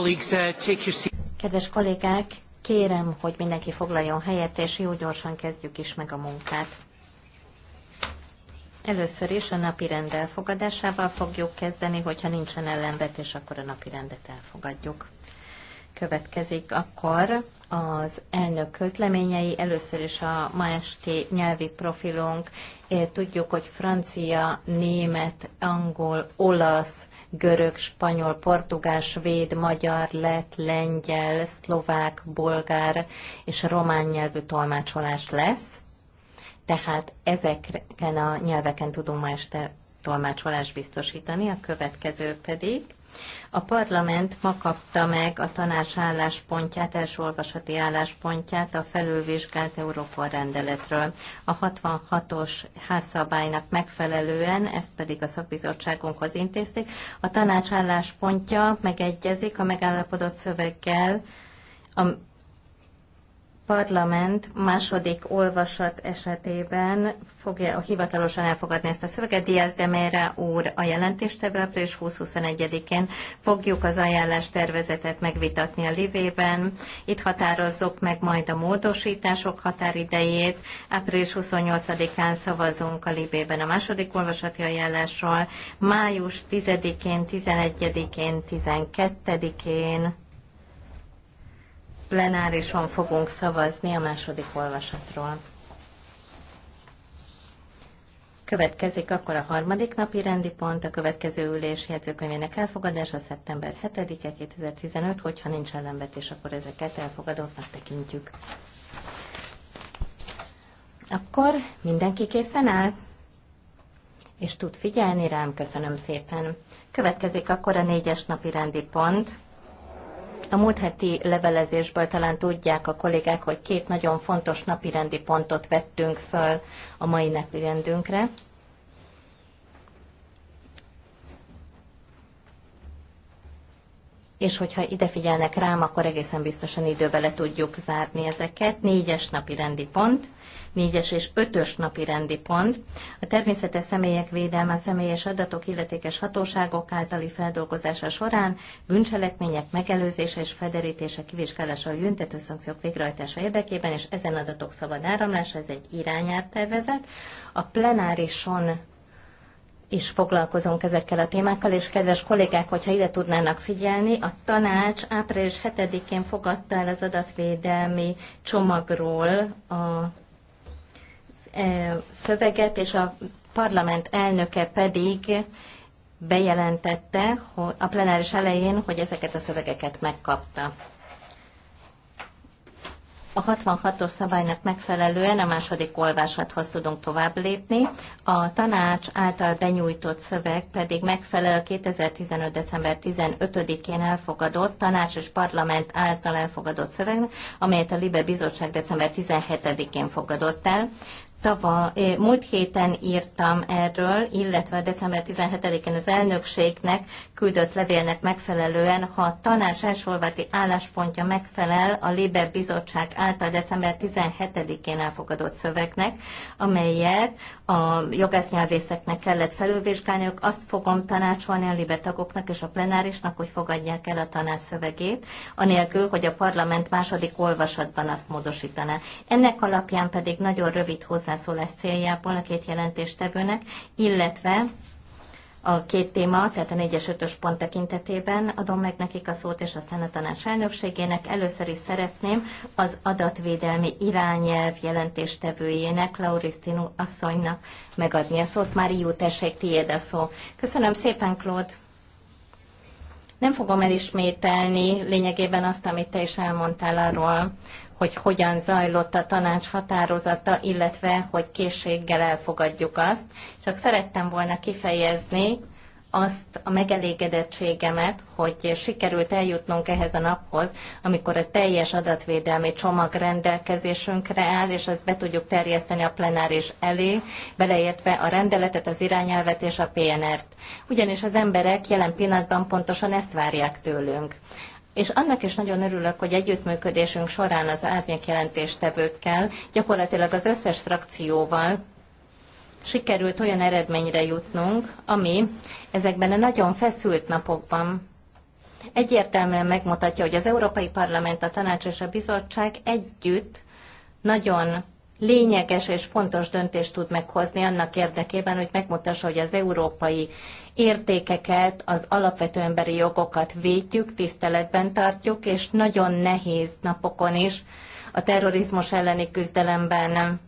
Uh, Kedves kollégák, kérem, hogy mindenki foglaljon helyet, és jó gyorsan kezdjük is meg a munkát. Először is a napi rend elfogadásával fogjuk kezdeni, hogyha nincsen ellenvetés, akkor a napi rendet elfogadjuk. Következik akkor az elnök közleményei. Először is a ma esti nyelvi profilunk. Tudjuk, hogy francia, német, angol, olasz, görög, spanyol, portugál, svéd, magyar, lett, lengyel, szlovák, bolgár és román nyelvű tolmácsolás lesz. Tehát ezeken a nyelveken tudunk ma este tolmácsolást biztosítani, a következő pedig a parlament ma kapta meg a tanács álláspontját, első olvasati álláspontját a felülvizsgált Európa rendeletről. A 66-os házszabálynak megfelelően, ezt pedig a szakbizottságunkhoz intézték, a tanács álláspontja megegyezik a megállapodott szöveggel, a parlament második olvasat esetében fogja hivatalosan elfogadni ezt a szöveget. Diaz de Mera úr a jelentéstevő április 20-21-én fogjuk az ajánlás tervezetet megvitatni a livében. Itt határozzuk meg majd a módosítások határidejét. Április 28-án szavazunk a libében a második olvasati ajánlásról. Május 10-én, 11-én, 12-én plenárison fogunk szavazni a második olvasatról. Következik akkor a harmadik napi rendi pont, a következő ülés jegyzőkönyvének elfogadása szeptember 7-e 2015, hogyha nincs ellenvetés, akkor ezeket elfogadottnak tekintjük. Akkor mindenki készen áll? És tud figyelni rám, köszönöm szépen. Következik akkor a négyes napi rendi pont, a múlt heti levelezésből talán tudják a kollégák, hogy két nagyon fontos napirendi pontot vettünk föl a mai napirendünkre. és hogyha ide figyelnek rám, akkor egészen biztosan időbe le tudjuk zárni ezeket. Négyes napi rendi pont négyes és ötös napi rendi pont. A természetes személyek védelme a személyes adatok illetékes hatóságok általi feldolgozása során bűncselekmények megelőzése és federítése kivizsgálása a büntető szankciók végrehajtása érdekében, és ezen adatok szabad áramlása, ez egy tervezett A plenárison is foglalkozunk ezekkel a témákkal, és kedves kollégák, hogyha ide tudnának figyelni, a tanács április 7-én fogadta el az adatvédelmi csomagról a E, szöveget, és a parlament elnöke pedig bejelentette hogy a plenáris elején, hogy ezeket a szövegeket megkapta. A 66-os szabálynak megfelelően a második olvasathoz tudunk tovább lépni, a tanács által benyújtott szöveg pedig megfelel a 2015. december 15-én elfogadott tanács és parlament által elfogadott szövegnek, amelyet a Libe Bizottság december 17-én fogadott el. Tava, múlt héten írtam erről, illetve december 17-én az elnökségnek küldött levélnek megfelelően, ha a tanács elsolvati álláspontja megfelel a Libe Bizottság által december 17-én elfogadott szövegnek, amelyet a jogásznyelvészeknek kellett felülvizsgálniuk, azt fogom tanácsolni a Libe tagoknak és a plenárisnak, hogy fogadják el a tanács szövegét, anélkül, hogy a parlament második olvasatban azt módosítaná. Ennek alapján pedig nagyon rövid hozzá hozzászólás céljából a két jelentéstevőnek, illetve a két téma, tehát a 4-es 5-ös pont tekintetében adom meg nekik a szót, és aztán a tanács elnökségének. Először is szeretném az adatvédelmi irányelv jelentéstevőjének, Laurisztinu asszonynak megadni a szót. már jó, tessék, tiéd a szó. Köszönöm szépen, Claude. Nem fogom elismételni lényegében azt, amit te is elmondtál arról, hogy hogyan zajlott a tanács határozata, illetve hogy készséggel elfogadjuk azt. Csak szerettem volna kifejezni, azt a megelégedettségemet, hogy sikerült eljutnunk ehhez a naphoz, amikor a teljes adatvédelmi csomag rendelkezésünkre áll, és ezt be tudjuk terjeszteni a plenáris elé, beleértve a rendeletet, az irányelvet és a PNR-t. Ugyanis az emberek jelen pillanatban pontosan ezt várják tőlünk. És annak is nagyon örülök, hogy együttműködésünk során az árnyék jelentéstevőkkel, gyakorlatilag az összes frakcióval sikerült olyan eredményre jutnunk, ami ezekben a nagyon feszült napokban egyértelműen megmutatja, hogy az Európai Parlament, a Tanács és a Bizottság együtt nagyon lényeges és fontos döntést tud meghozni annak érdekében, hogy megmutassa, hogy az európai értékeket, az alapvető emberi jogokat védjük, tiszteletben tartjuk, és nagyon nehéz napokon is a terrorizmus elleni küzdelemben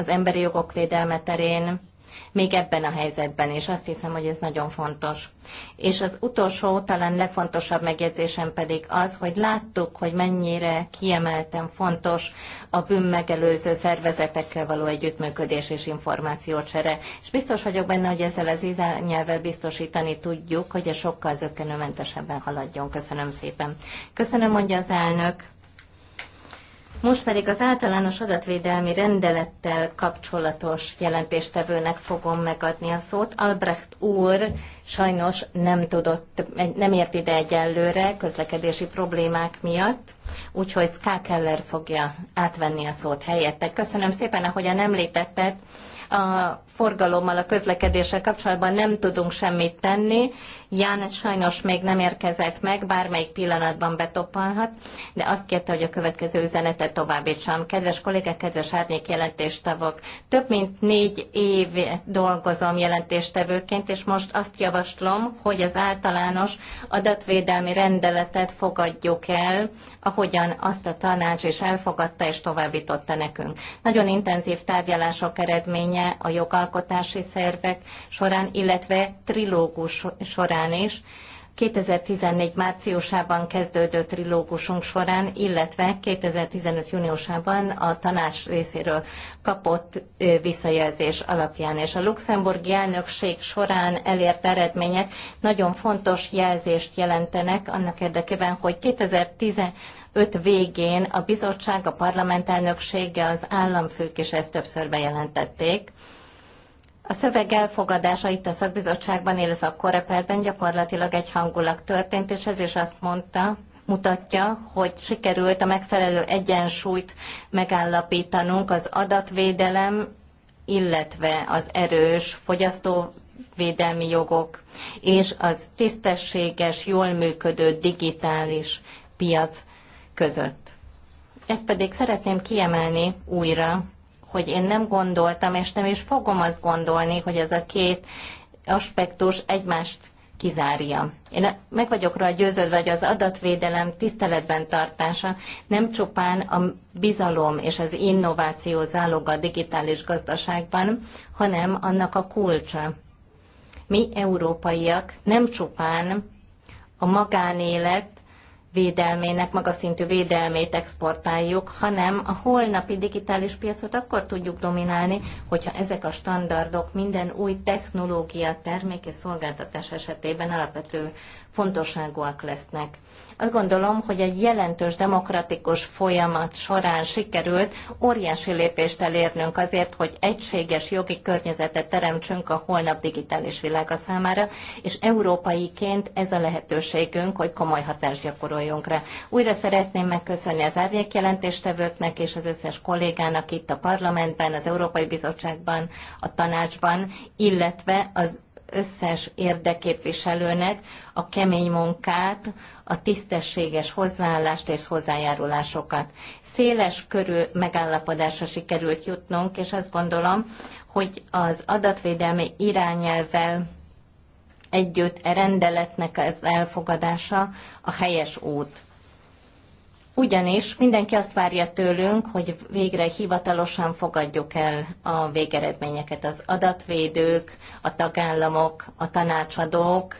az emberi jogok védelme terén, még ebben a helyzetben, és azt hiszem, hogy ez nagyon fontos. És az utolsó, talán legfontosabb megjegyzésem pedig az, hogy láttuk, hogy mennyire kiemelten fontos a bűn megelőző szervezetekkel való együttműködés és információcsere. És biztos vagyok benne, hogy ezzel az izányelvel biztosítani tudjuk, hogy ez sokkal zökkenőmentesebben haladjon. Köszönöm szépen. Köszönöm, mondja az elnök. Most pedig az általános adatvédelmi rendelettel kapcsolatos jelentéstevőnek fogom megadni a szót. Albrecht úr sajnos nem tudott, nem ért ide egyelőre közlekedési problémák miatt, úgyhogy Ská Keller fogja átvenni a szót helyette. Köszönöm szépen, ahogyan említetted, a forgalommal, a közlekedéssel kapcsolatban nem tudunk semmit tenni, János sajnos még nem érkezett meg, bármelyik pillanatban betoppanhat, de azt kérte, hogy a következő üzenetet továbbítsam. Kedves kollégák, kedves árnyék jelentéstevők, több mint négy év dolgozom jelentéstevőként, és most azt javaslom, hogy az általános adatvédelmi rendeletet fogadjuk el, ahogyan azt a tanács is elfogadta és továbbította nekünk. Nagyon intenzív tárgyalások eredménye a jogalkotási szervek során, illetve trilógus során során is, 2014 márciusában kezdődő trilógusunk során, illetve 2015 júniusában a tanács részéről kapott visszajelzés alapján. És a luxemburgi elnökség során elért eredmények nagyon fontos jelzést jelentenek annak érdekében, hogy 2010 öt végén a bizottság, a parlament elnöksége, az államfők is ezt többször bejelentették, a szöveg elfogadása itt a szakbizottságban, illetve a koreperben gyakorlatilag egyhangulag történt, és ez is azt mondta, mutatja, hogy sikerült a megfelelő egyensúlyt megállapítanunk az adatvédelem, illetve az erős fogyasztóvédelmi jogok és az tisztességes, jól működő digitális piac között. Ezt pedig szeretném kiemelni újra, hogy én nem gondoltam, és nem is fogom azt gondolni, hogy ez a két aspektus egymást kizárja. Én meg vagyok rá győződve, hogy az adatvédelem tiszteletben tartása nem csupán a bizalom és az innováció záloga a digitális gazdaságban, hanem annak a kulcsa. Mi európaiak nem csupán a magánélet védelmének, magas szintű védelmét exportáljuk, hanem a holnapi digitális piacot akkor tudjuk dominálni, hogyha ezek a standardok minden új technológia, termék és szolgáltatás esetében alapvető fontosságúak lesznek. Azt gondolom, hogy egy jelentős demokratikus folyamat során sikerült óriási lépést elérnünk azért, hogy egységes jogi környezetet teremtsünk a holnap digitális világa számára, és európaiként ez a lehetőségünk, hogy komoly hatást gyakoroljunk rá. Újra szeretném megköszönni az árnyékjelentéstevőknek és az összes kollégának itt a parlamentben, az Európai Bizottságban, a tanácsban, illetve az összes érdeképviselőnek a kemény munkát, a tisztességes hozzáállást és hozzájárulásokat. Széles körű megállapodásra sikerült jutnunk, és azt gondolom, hogy az adatvédelmi irányelvvel együtt a rendeletnek az elfogadása a helyes út. Ugyanis mindenki azt várja tőlünk, hogy végre hivatalosan fogadjuk el a végeredményeket. Az adatvédők, a tagállamok, a tanácsadók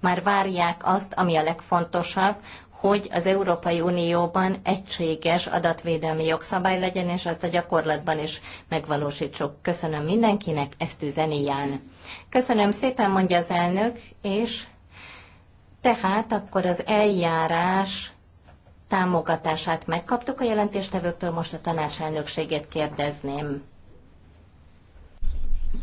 már várják azt, ami a legfontosabb, hogy az Európai Unióban egységes adatvédelmi jogszabály legyen, és azt a gyakorlatban is megvalósítsuk. Köszönöm mindenkinek, ezt üzeni Ján. Köszönöm szépen, mondja az elnök, és tehát akkor az eljárás támogatását megkaptuk a jelentéstevőktől, most a tanács kérdezném.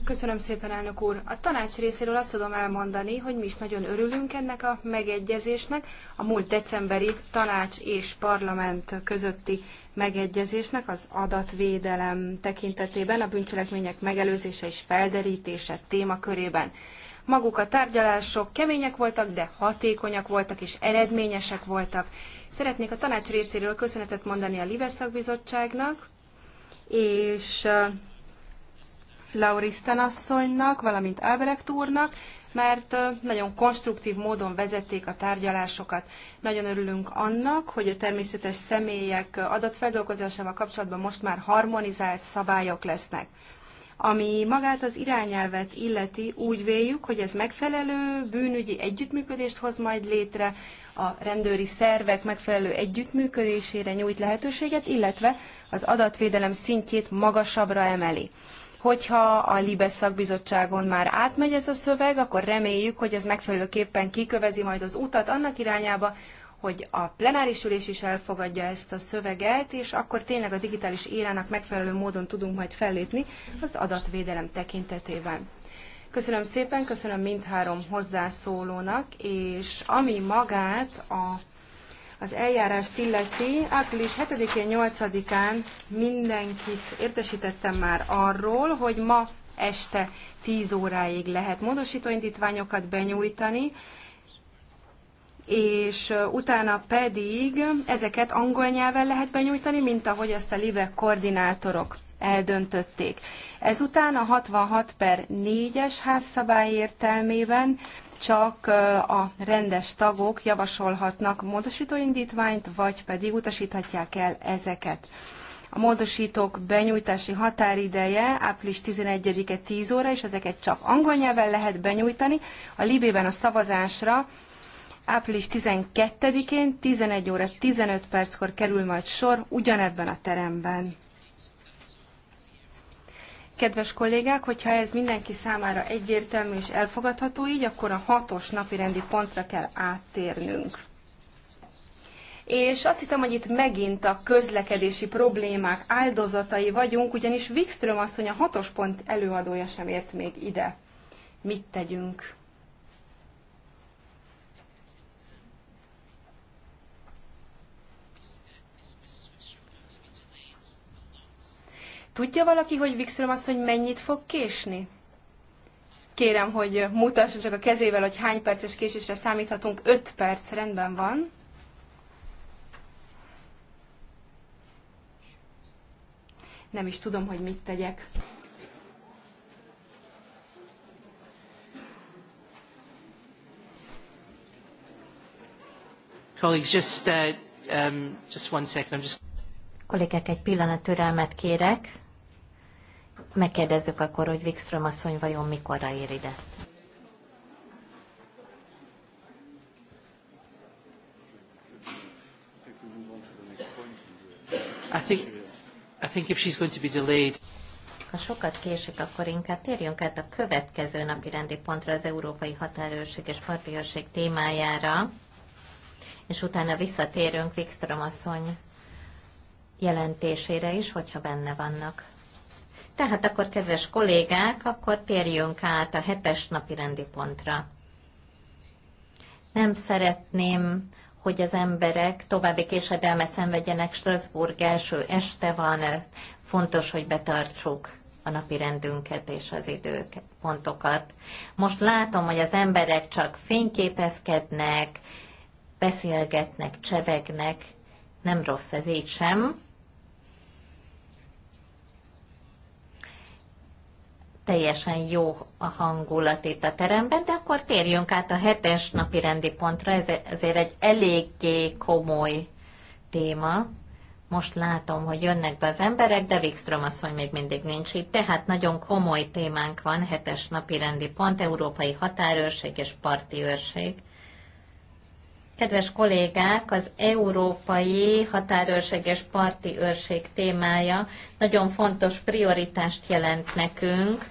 Köszönöm szépen, elnök úr. A tanács részéről azt tudom elmondani, hogy mi is nagyon örülünk ennek a megegyezésnek, a múlt decemberi tanács és parlament közötti megegyezésnek az adatvédelem tekintetében, a bűncselekmények megelőzése és felderítése témakörében. Maguk a tárgyalások kemények voltak, de hatékonyak voltak és eredményesek voltak. Szeretnék a tanács részéről köszönetet mondani a Libe szakbizottságnak, és Lauristen asszonynak, valamint Albrecht úrnak, mert nagyon konstruktív módon vezették a tárgyalásokat. Nagyon örülünk annak, hogy a természetes személyek adatfeldolgozásával kapcsolatban most már harmonizált szabályok lesznek. Ami magát az irányelvet illeti, úgy véljük, hogy ez megfelelő bűnügyi együttműködést hoz majd létre, a rendőri szervek megfelelő együttműködésére nyújt lehetőséget, illetve az adatvédelem szintjét magasabbra emeli hogyha a Libes szakbizottságon már átmegy ez a szöveg, akkor reméljük, hogy ez megfelelőképpen kikövezi majd az utat annak irányába, hogy a plenáris ülés is elfogadja ezt a szöveget, és akkor tényleg a digitális érának megfelelő módon tudunk majd fellépni az adatvédelem tekintetében. Köszönöm szépen, köszönöm mindhárom hozzászólónak, és ami magát a, az eljárást illeti, április 7-én, 8-án mindenkit értesítettem már arról, hogy ma este 10 óráig lehet módosítóindítványokat benyújtani, és utána pedig ezeket angol nyelven lehet benyújtani, mint ahogy ezt a LIBE koordinátorok eldöntötték. Ezután a 66 per 4-es házszabály értelmében csak a rendes tagok javasolhatnak módosítóindítványt, indítványt, vagy pedig utasíthatják el ezeket. A módosítók benyújtási határideje április 11-e 10 óra, és ezeket csak angol nyelven lehet benyújtani. A Libében a szavazásra április 12-én 11 óra 15 perckor kerül majd sor ugyanebben a teremben. Kedves kollégák, hogyha ez mindenki számára egyértelmű és elfogadható így, akkor a hatos napi rendi pontra kell áttérnünk. És azt hiszem, hogy itt megint a közlekedési problémák áldozatai vagyunk, ugyanis Wikström asszony a hatos pont előadója sem ért még ide. Mit tegyünk? Tudja valaki, hogy Wikström azt, hogy mennyit fog késni? Kérem, hogy mutassa csak a kezével, hogy hány perces késésre számíthatunk. 5 perc, rendben van. Nem is tudom, hogy mit tegyek. Colleagues, just, uh, um, just one second. Kollégák, egy pillanat türelmet kérek. Megkérdezzük akkor, hogy Wikström asszony vajon mikorra ér ide. I think, I think if she's going to be delayed. Ha sokat késik, akkor inkább térjünk át a következő napi rendi pontra az Európai Határőrség és partiőrség témájára, és utána visszatérünk Wikström asszony jelentésére is, hogyha benne vannak. Tehát akkor, kedves kollégák, akkor térjünk át a hetes napi rendi pontra. Nem szeretném, hogy az emberek további késedelmet szenvedjenek. Strasbourg első este van, fontos, hogy betartsuk a napi rendünket és az időpontokat. Most látom, hogy az emberek csak fényképezkednek, beszélgetnek, csevegnek, nem rossz ez így sem. teljesen jó a hangulat itt a teremben, de akkor térjünk át a hetes napi rendi pontra, ez azért egy eléggé komoly téma. Most látom, hogy jönnek be az emberek, de Wikström mondja, még mindig nincs itt, tehát nagyon komoly témánk van, hetes napi rendi pont, európai határőrség és parti őrség. Kedves kollégák, az európai határőrség és parti őrség témája nagyon fontos prioritást jelent nekünk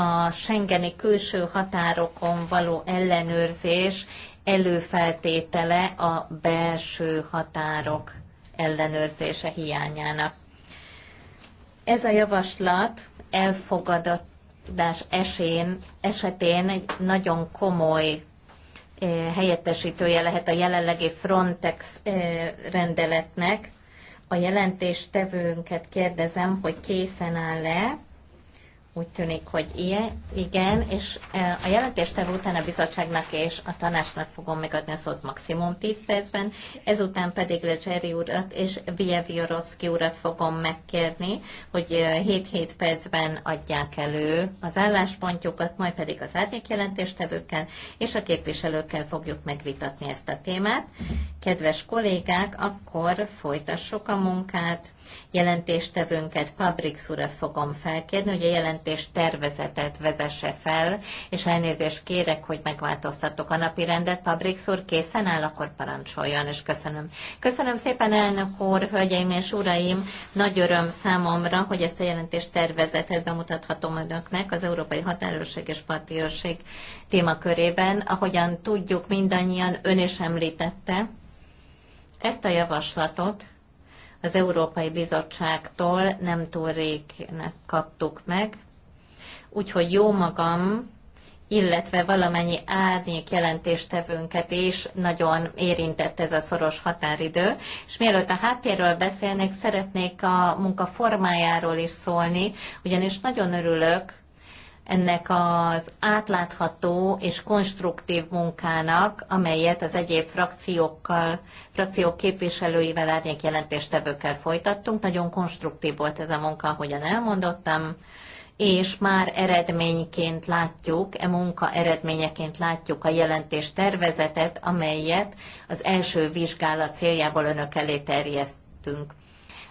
a Schengeni külső határokon való ellenőrzés előfeltétele a belső határok ellenőrzése hiányának. Ez a javaslat elfogadás esén, esetén egy nagyon komoly eh, helyettesítője lehet a jelenlegi Frontex eh, rendeletnek. A jelentéstevőnket kérdezem, hogy készen áll-e úgy tűnik, hogy ilyen, igen, és e, a jelentéstevő után a bizottságnak és a tanácsnak fogom megadni a szót maximum 10 percben, ezután pedig Lecseri urat és Vievorovszki urat fogom megkérni, hogy 7-7 e, percben adják elő az álláspontjukat, majd pedig az árnyék jelentéstevőkkel és a képviselőkkel fogjuk megvitatni ezt a témát. Kedves kollégák, akkor folytassuk a munkát. Jelentéstevőnket, Pabrix urat fogom felkérni, hogy a jelent jelentés tervezetet vezesse fel, és elnézést kérek, hogy megváltoztattuk a napi rendet. Pabrik szúr készen áll, akkor parancsoljon, és köszönöm. Köszönöm szépen, elnök úr, hölgyeim és uraim, nagy öröm számomra, hogy ezt a jelentés tervezetet bemutathatom önöknek az Európai Határőrség és Partiőrség témakörében. Ahogyan tudjuk, mindannyian ön is említette, ezt a javaslatot az Európai Bizottságtól nem túl rég kaptuk meg, úgyhogy jó magam, illetve valamennyi árnyék jelentéstevőnket is nagyon érintett ez a szoros határidő. És mielőtt a háttérről beszélnék, szeretnék a munka formájáról is szólni, ugyanis nagyon örülök ennek az átlátható és konstruktív munkának, amelyet az egyéb frakciókkal, frakciók képviselőivel, árnyék jelentéstevőkkel folytattunk. Nagyon konstruktív volt ez a munka, ahogyan elmondottam és már eredményként látjuk, e munka eredményeként látjuk a jelentés tervezetet, amelyet az első vizsgálat céljából önök elé terjesztünk.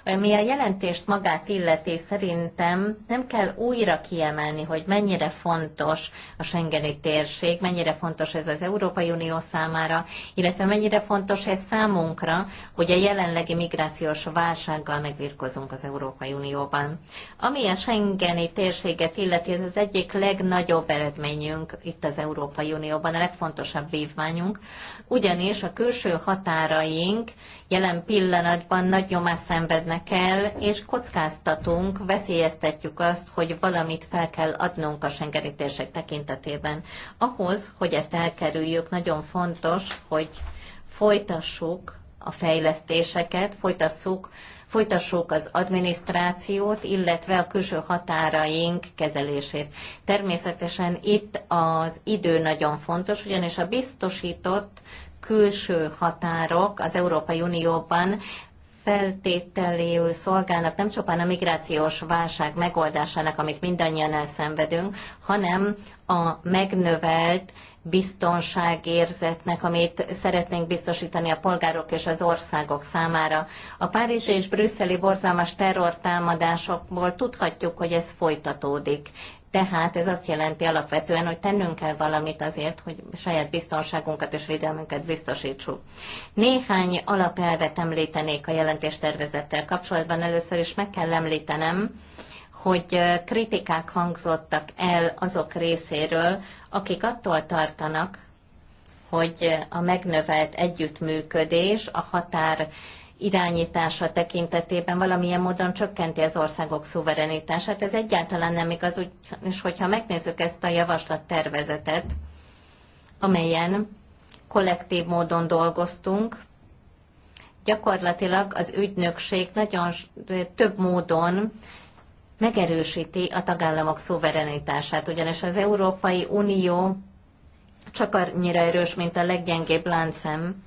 Ami a jelentést magát illeti, szerintem nem kell újra kiemelni, hogy mennyire fontos a Schengeni térség, mennyire fontos ez az Európai Unió számára, illetve mennyire fontos ez számunkra, hogy a jelenlegi migrációs válsággal megvirkozunk az Európai Unióban. Ami a Schengeni térséget illeti, ez az egyik legnagyobb eredményünk itt az Európai Unióban, a legfontosabb vívmányunk, ugyanis a külső határaink jelen pillanatban nagy nyomás szenvednek el, és kockáztatunk, veszélyeztetjük azt, hogy valamit fel kell adnunk a sengerítések tekintetében. Ahhoz, hogy ezt elkerüljük, nagyon fontos, hogy folytassuk a fejlesztéseket, folytassuk, folytassuk az adminisztrációt, illetve a külső határaink kezelését. Természetesen itt az idő nagyon fontos, ugyanis a biztosított külső határok az Európai Unióban feltételéül szolgálnak nem csupán a migrációs válság megoldásának, amit mindannyian elszenvedünk, hanem a megnövelt biztonságérzetnek, amit szeretnénk biztosítani a polgárok és az országok számára. A párizsi és brüsszeli borzalmas terrortámadásokból tudhatjuk, hogy ez folytatódik. Tehát ez azt jelenti alapvetően, hogy tennünk kell valamit azért, hogy saját biztonságunkat és védelmünket biztosítsuk. Néhány alapelvet említenék a jelentéstervezettel kapcsolatban. Először is meg kell említenem, hogy kritikák hangzottak el azok részéről, akik attól tartanak, hogy a megnövelt együttműködés a határ irányítása tekintetében valamilyen módon csökkenti az országok szuverenitását. Ez egyáltalán nem igaz, úgy, és hogyha megnézzük ezt a javaslattervezetet, amelyen kollektív módon dolgoztunk, gyakorlatilag az ügynökség nagyon több módon megerősíti a tagállamok szuverenitását, ugyanis az Európai Unió csak annyira erős, mint a leggyengébb láncem,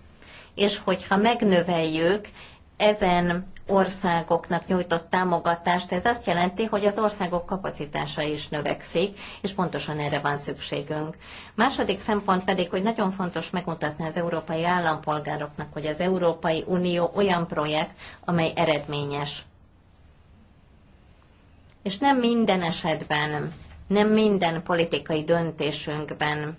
és hogyha megnöveljük ezen országoknak nyújtott támogatást, ez azt jelenti, hogy az országok kapacitása is növekszik, és pontosan erre van szükségünk. Második szempont pedig, hogy nagyon fontos megmutatni az európai állampolgároknak, hogy az Európai Unió olyan projekt, amely eredményes. És nem minden esetben, nem minden politikai döntésünkben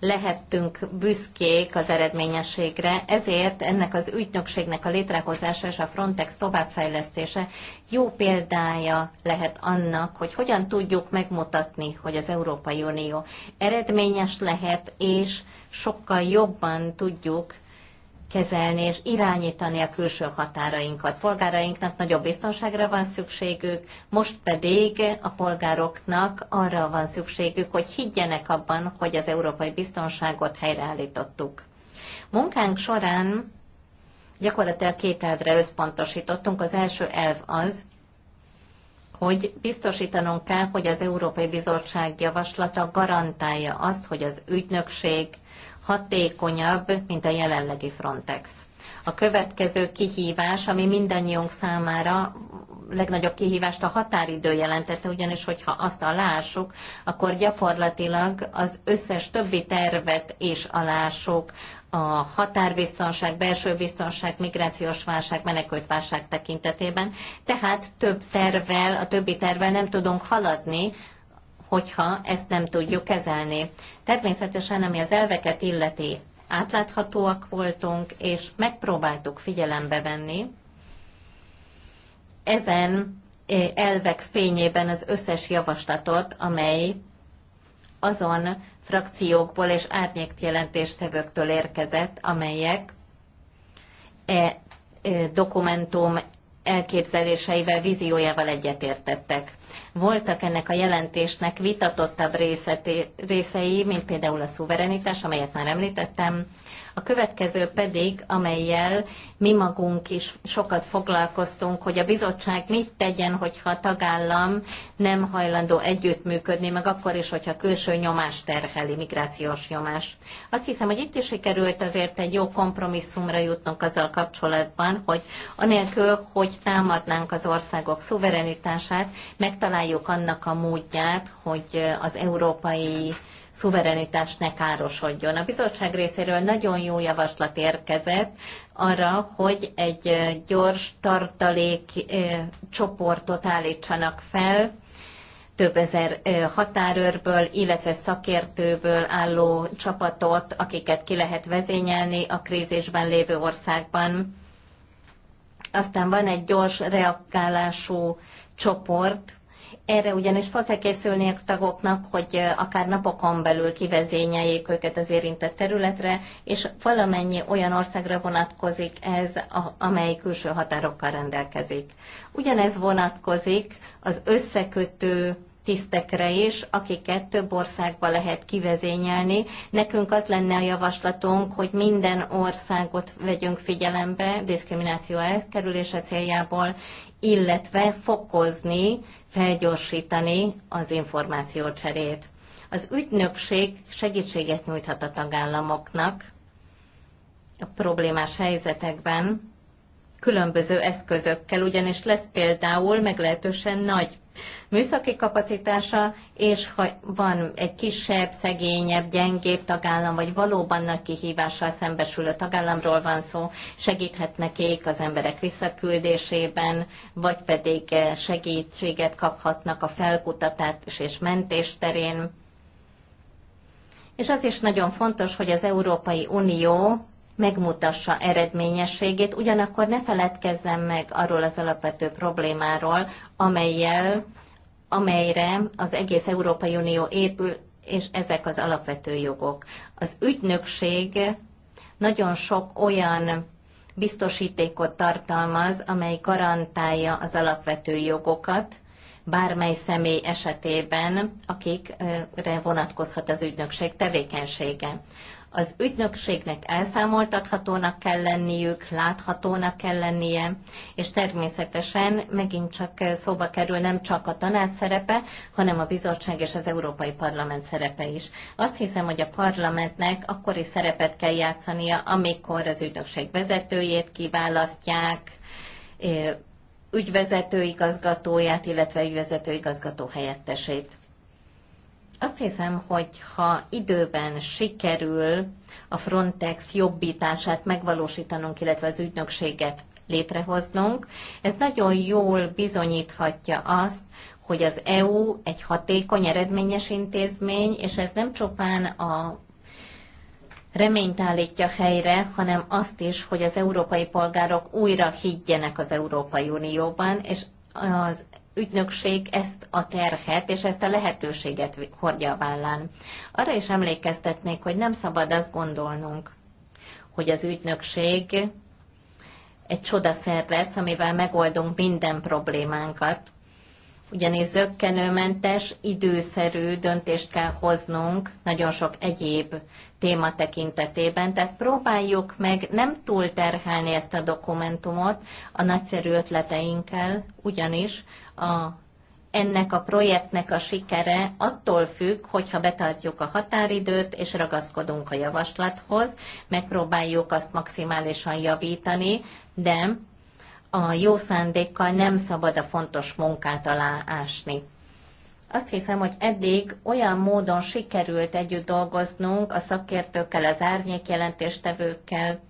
lehettünk büszkék az eredményességre, ezért ennek az ügynökségnek a létrehozása és a Frontex továbbfejlesztése jó példája lehet annak, hogy hogyan tudjuk megmutatni, hogy az Európai Unió eredményes lehet, és sokkal jobban tudjuk kezelni és irányítani a külső határainkat. Polgárainknak nagyobb biztonságra van szükségük, most pedig a polgároknak arra van szükségük, hogy higgyenek abban, hogy az európai biztonságot helyreállítottuk. Munkánk során gyakorlatilag két elvre összpontosítottunk. Az első elv az, hogy biztosítanunk kell, hogy az Európai Bizottság javaslata garantálja azt, hogy az ügynökség hatékonyabb, mint a jelenlegi Frontex. A következő kihívás, ami mindannyiunk számára legnagyobb kihívást a határidő jelentette, ugyanis hogyha azt alássuk, akkor gyakorlatilag az összes többi tervet is alássuk, a határbiztonság, belső biztonság, migrációs válság, menekült válság tekintetében. Tehát több tervel, a többi tervel nem tudunk haladni, hogyha ezt nem tudjuk kezelni. Természetesen, ami az elveket illeti, átláthatóak voltunk, és megpróbáltuk figyelembe venni ezen eh, elvek fényében az összes javaslatot, amely azon frakciókból és árnyékjelentéstevőktől érkezett, amelyek e dokumentum elképzeléseivel, víziójával egyetértettek. Voltak ennek a jelentésnek vitatottabb részeti, részei, mint például a szuverenitás, amelyet már említettem, a következő pedig, amelyel mi magunk is sokat foglalkoztunk, hogy a bizottság mit tegyen, hogyha a tagállam nem hajlandó együttműködni, meg akkor is, hogyha külső nyomás terheli, migrációs nyomás. Azt hiszem, hogy itt is sikerült azért egy jó kompromisszumra jutnunk azzal kapcsolatban, hogy anélkül, hogy támadnánk az országok szuverenitását, megtaláljuk megtaláljuk annak a módját, hogy az európai szuverenitás ne károsodjon. A bizottság részéről nagyon jó javaslat érkezett arra, hogy egy gyors tartalék csoportot állítsanak fel, több ezer határőrből, illetve szakértőből álló csapatot, akiket ki lehet vezényelni a krízisben lévő országban. Aztán van egy gyors reagálású csoport, erre ugyanis fel kell készülni a tagoknak, hogy akár napokon belül kivezényeljék őket az érintett területre, és valamennyi olyan országra vonatkozik ez, amely külső határokkal rendelkezik. Ugyanez vonatkozik az összekötő tisztekre is, akiket több országba lehet kivezényelni. Nekünk az lenne a javaslatunk, hogy minden országot vegyünk figyelembe diszkrimináció elkerülése céljából, illetve fokozni, felgyorsítani az információcserét. Az ügynökség segítséget nyújthat a tagállamoknak a problémás helyzetekben, különböző eszközökkel, ugyanis lesz például meglehetősen nagy műszaki kapacitása, és ha van egy kisebb, szegényebb, gyengébb tagállam, vagy valóban nagy kihívással szembesülő tagállamról van szó, segíthet nekik az emberek visszaküldésében, vagy pedig eh, segítséget kaphatnak a felkutatás és mentés terén. És az is nagyon fontos, hogy az Európai Unió megmutassa eredményességét, ugyanakkor ne feledkezzen meg arról az alapvető problémáról, amelyel, amelyre az egész Európai Unió épül, és ezek az alapvető jogok. Az ügynökség nagyon sok olyan biztosítékot tartalmaz, amely garantálja az alapvető jogokat, bármely személy esetében, akikre vonatkozhat az ügynökség tevékenysége. Az ügynökségnek elszámoltathatónak kell lenniük, láthatónak kell lennie, és természetesen megint csak szóba kerül nem csak a tanács szerepe, hanem a bizottság és az Európai Parlament szerepe is. Azt hiszem, hogy a parlamentnek akkori szerepet kell játszania, amikor az ügynökség vezetőjét kiválasztják, eh, ügyvezető igazgatóját, illetve ügyvezető igazgató helyettesét. Azt hiszem, hogy ha időben sikerül a Frontex jobbítását megvalósítanunk, illetve az ügynökséget létrehoznunk, ez nagyon jól bizonyíthatja azt, hogy az EU egy hatékony, eredményes intézmény, és ez nem csupán a reményt állítja helyre, hanem azt is, hogy az európai polgárok újra higgyenek az Európai Unióban, és az ügynökség ezt a terhet és ezt a lehetőséget hordja a vállán. Arra is emlékeztetnék, hogy nem szabad azt gondolnunk, hogy az ügynökség egy csodaszer lesz, amivel megoldunk minden problémánkat, ugyanis zöggenőmentes, időszerű döntést kell hoznunk nagyon sok egyéb téma tekintetében, tehát próbáljuk meg nem túlterhelni ezt a dokumentumot a nagyszerű ötleteinkkel, ugyanis a, ennek a projektnek a sikere attól függ, hogyha betartjuk a határidőt és ragaszkodunk a javaslathoz, megpróbáljuk azt maximálisan javítani, de a jó szándékkal nem szabad a fontos munkát aláásni. Azt hiszem, hogy eddig olyan módon sikerült együtt dolgoznunk a szakértőkkel, az árnyékjelentéstevőkkel,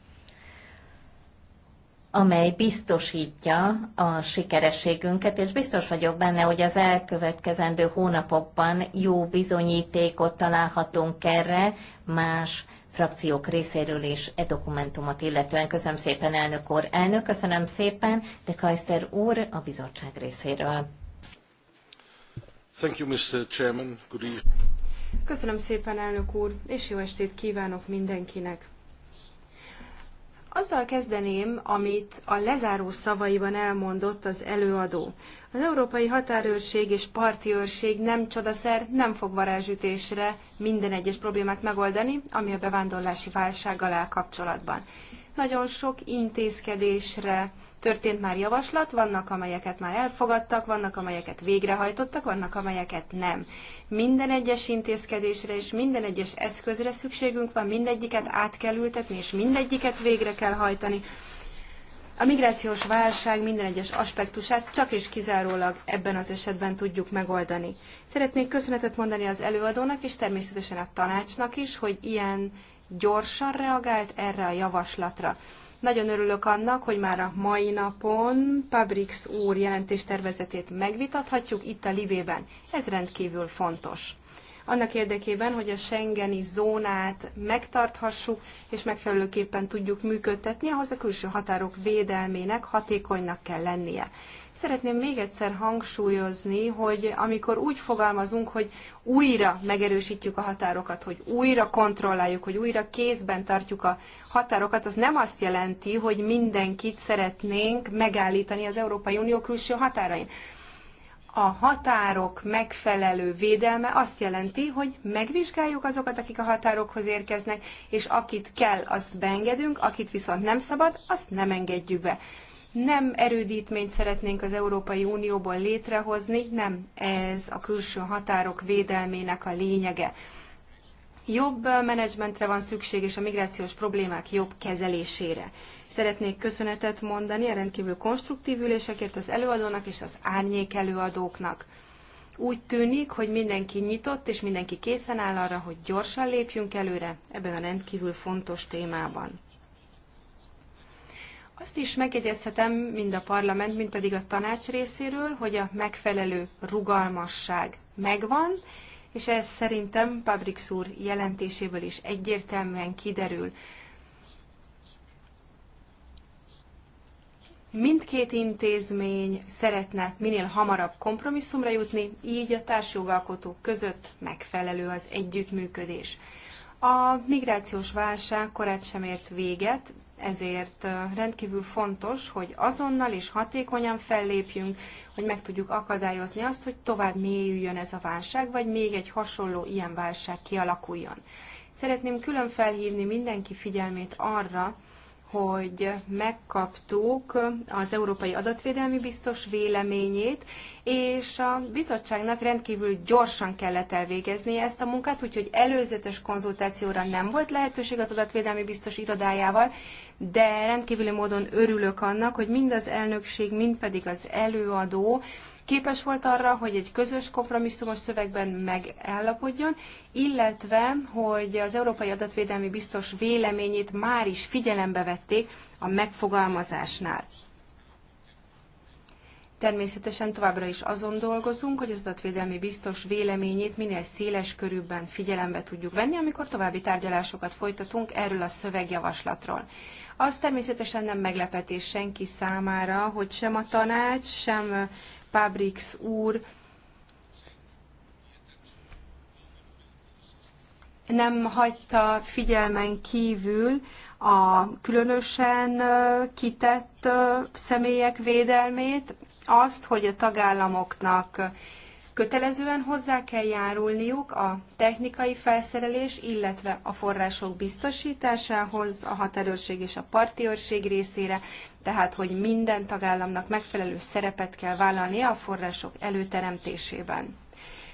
amely biztosítja a sikerességünket, és biztos vagyok benne, hogy az elkövetkezendő hónapokban jó bizonyítékot találhatunk erre más frakciók részéről és e dokumentumot illetően. Köszönöm szépen, elnök úr. Elnök, köszönöm szépen, de Kajszter úr a bizottság részéről. Thank you, Mr. Chairman. Good evening. Köszönöm szépen, elnök úr, és jó estét kívánok mindenkinek. Azzal kezdeném, amit a lezáró szavaiban elmondott az előadó. Az európai határőrség és parti őrség nem csodaszer, nem fog varázsütésre minden egyes problémát megoldani, ami a bevándorlási válsággal áll kapcsolatban. Nagyon sok intézkedésre, Történt már javaslat, vannak, amelyeket már elfogadtak, vannak, amelyeket végrehajtottak, vannak, amelyeket nem. Minden egyes intézkedésre és minden egyes eszközre szükségünk van, mindegyiket át kell ültetni, és mindegyiket végre kell hajtani. A migrációs válság minden egyes aspektusát csak és kizárólag ebben az esetben tudjuk megoldani. Szeretnék köszönetet mondani az előadónak és természetesen a tanácsnak is, hogy ilyen gyorsan reagált erre a javaslatra. Nagyon örülök annak, hogy már a mai napon Pabrix úr jelentéstervezetét megvitathatjuk itt a Libében. Ez rendkívül fontos. Annak érdekében, hogy a Schengeni zónát megtarthassuk, és megfelelőképpen tudjuk működtetni, ahhoz a külső határok védelmének hatékonynak kell lennie. Szeretném még egyszer hangsúlyozni, hogy amikor úgy fogalmazunk, hogy újra megerősítjük a határokat, hogy újra kontrolláljuk, hogy újra kézben tartjuk a határokat, az nem azt jelenti, hogy mindenkit szeretnénk megállítani az Európai Unió külső határain a határok megfelelő védelme azt jelenti, hogy megvizsgáljuk azokat, akik a határokhoz érkeznek, és akit kell, azt beengedünk, akit viszont nem szabad, azt nem engedjük be nem erődítményt szeretnénk az Európai Unióból létrehozni, nem ez a külső határok védelmének a lényege. Jobb menedzsmentre van szükség, és a migrációs problémák jobb kezelésére. Szeretnék köszönetet mondani a rendkívül konstruktív ülésekért az előadónak és az árnyék előadóknak. Úgy tűnik, hogy mindenki nyitott, és mindenki készen áll arra, hogy gyorsan lépjünk előre ebben a rendkívül fontos témában. Azt is megjegyezhetem mind a parlament, mind pedig a tanács részéről, hogy a megfelelő rugalmasság megvan, és ez szerintem Pabrik úr jelentéséből is egyértelműen kiderül. Mindkét intézmény szeretne minél hamarabb kompromisszumra jutni, így a társjogalkotók között megfelelő az együttműködés. A migrációs válság korát sem ért véget, ezért rendkívül fontos, hogy azonnal és hatékonyan fellépjünk, hogy meg tudjuk akadályozni azt, hogy tovább mélyüljön ez a válság, vagy még egy hasonló ilyen válság kialakuljon. Szeretném külön felhívni mindenki figyelmét arra, hogy megkaptuk az Európai Adatvédelmi Biztos véleményét, és a bizottságnak rendkívül gyorsan kellett elvégezni ezt a munkát, úgyhogy előzetes konzultációra nem volt lehetőség az Adatvédelmi Biztos irodájával, de rendkívüli módon örülök annak, hogy mind az elnökség, mind pedig az előadó képes volt arra, hogy egy közös kompromisszumos szövegben megállapodjon, illetve, hogy az Európai Adatvédelmi Biztos véleményét már is figyelembe vették a megfogalmazásnál. Természetesen továbbra is azon dolgozunk, hogy az adatvédelmi biztos véleményét minél széles körülben figyelembe tudjuk venni, amikor további tárgyalásokat folytatunk erről a szövegjavaslatról. Az természetesen nem meglepetés senki számára, hogy sem a tanács, sem Pabrix úr nem hagyta figyelmen kívül a különösen kitett személyek védelmét, azt, hogy a tagállamoknak kötelezően hozzá kell járulniuk a technikai felszerelés, illetve a források biztosításához, a határőrség és a partiőrség részére, tehát hogy minden tagállamnak megfelelő szerepet kell vállalnia a források előteremtésében.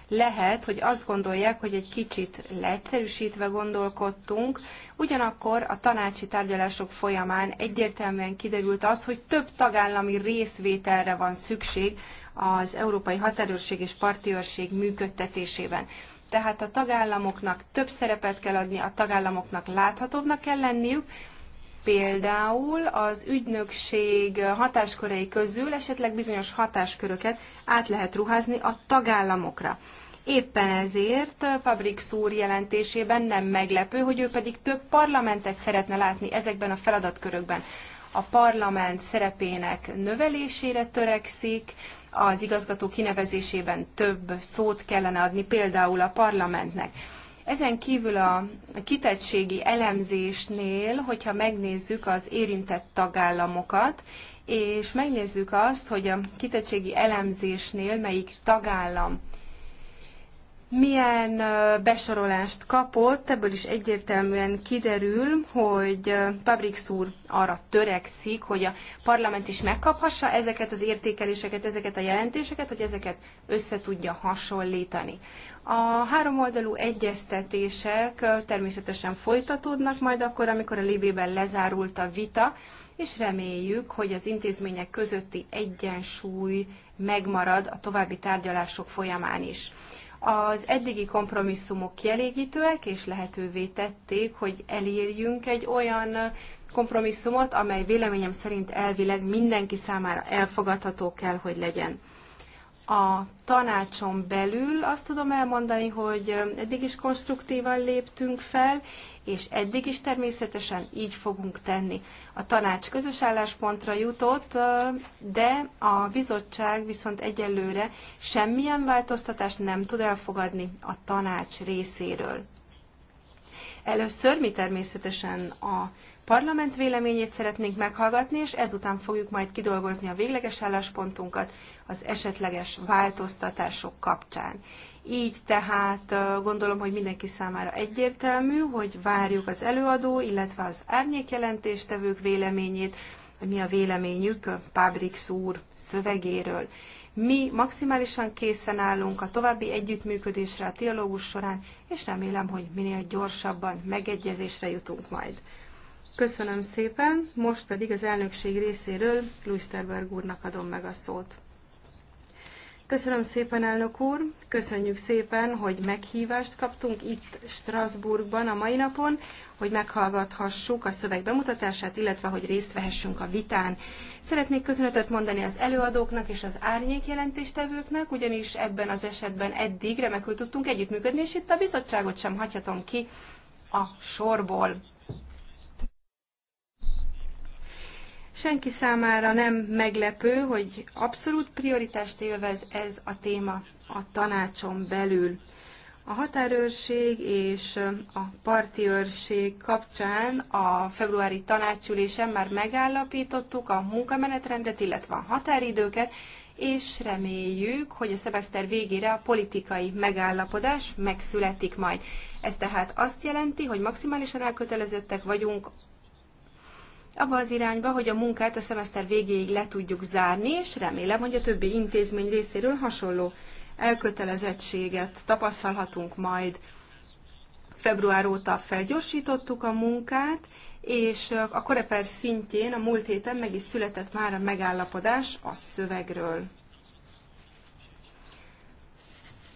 Lehet, hogy azt gondolják, hogy egy kicsit leegyszerűsítve gondolkodtunk, ugyanakkor a tanácsi tárgyalások folyamán egyértelműen kiderült az, hogy több tagállami részvételre van szükség az Európai Határőrség és Partiőrség működtetésében tehát a tagállamoknak több szerepet kell adni, a tagállamoknak láthatóbbnak kell lenniük, Például az ügynökség hatáskörei közül esetleg bizonyos hatásköröket át lehet ruházni a tagállamokra. Éppen ezért Pabrik szúr jelentésében nem meglepő, hogy ő pedig több parlamentet szeretne látni ezekben a feladatkörökben. A parlament szerepének növelésére törekszik, az igazgató kinevezésében több szót kellene adni például a parlamentnek ezen kívül a kitettségi elemzésnél, hogyha megnézzük az érintett tagállamokat, és megnézzük azt, hogy a kitettségi elemzésnél melyik tagállam milyen besorolást kapott, ebből is egyértelműen kiderül, hogy Pabrik úr arra törekszik, hogy a parlament is megkaphassa ezeket az értékeléseket, ezeket a jelentéseket, hogy ezeket össze tudja hasonlítani. A háromoldalú egyeztetések természetesen folytatódnak majd akkor, amikor a Libében lezárult a vita, és reméljük, hogy az intézmények közötti egyensúly megmarad a további tárgyalások folyamán is. Az eddigi kompromisszumok kielégítőek, és lehetővé tették, hogy elérjünk egy olyan kompromisszumot, amely véleményem szerint elvileg mindenki számára elfogadható kell, hogy legyen. A tanácson belül azt tudom elmondani, hogy eddig is konstruktívan léptünk fel, és eddig is természetesen így fogunk tenni. A tanács közös álláspontra jutott, de a bizottság viszont egyelőre semmilyen változtatást nem tud elfogadni a tanács részéről. Először mi természetesen a parlament véleményét szeretnénk meghallgatni, és ezután fogjuk majd kidolgozni a végleges álláspontunkat az esetleges változtatások kapcsán. Így tehát gondolom, hogy mindenki számára egyértelmű, hogy várjuk az előadó, illetve az árnyékjelentéstevők véleményét, hogy mi a véleményük Pábrix úr szövegéről. Mi maximálisan készen állunk a további együttműködésre a dialógus során, és remélem, hogy minél gyorsabban megegyezésre jutunk majd. Köszönöm szépen, most pedig az elnökség részéről Luisterberg úrnak adom meg a szót. Köszönöm szépen, elnök úr! Köszönjük szépen, hogy meghívást kaptunk itt Strasbourgban a mai napon, hogy meghallgathassuk a szöveg bemutatását, illetve hogy részt vehessünk a vitán. Szeretnék köszönetet mondani az előadóknak és az árnyék jelentéstevőknek, ugyanis ebben az esetben eddig remekül tudtunk együttműködni, és itt a bizottságot sem hagyhatom ki a sorból. Senki számára nem meglepő, hogy abszolút prioritást élvez ez a téma a tanácson belül. A határőrség és a parti őrség kapcsán a februári tanácsülésen már megállapítottuk a munkamenetrendet, illetve a határidőket, és reméljük, hogy a szemeszter végére a politikai megállapodás megszületik majd. Ez tehát azt jelenti, hogy maximálisan elkötelezettek vagyunk abba az irányba, hogy a munkát a szemeszter végéig le tudjuk zárni, és remélem, hogy a többi intézmény részéről hasonló elkötelezettséget tapasztalhatunk majd. Február óta felgyorsítottuk a munkát, és a Koreper szintjén a múlt héten meg is született már a megállapodás a szövegről.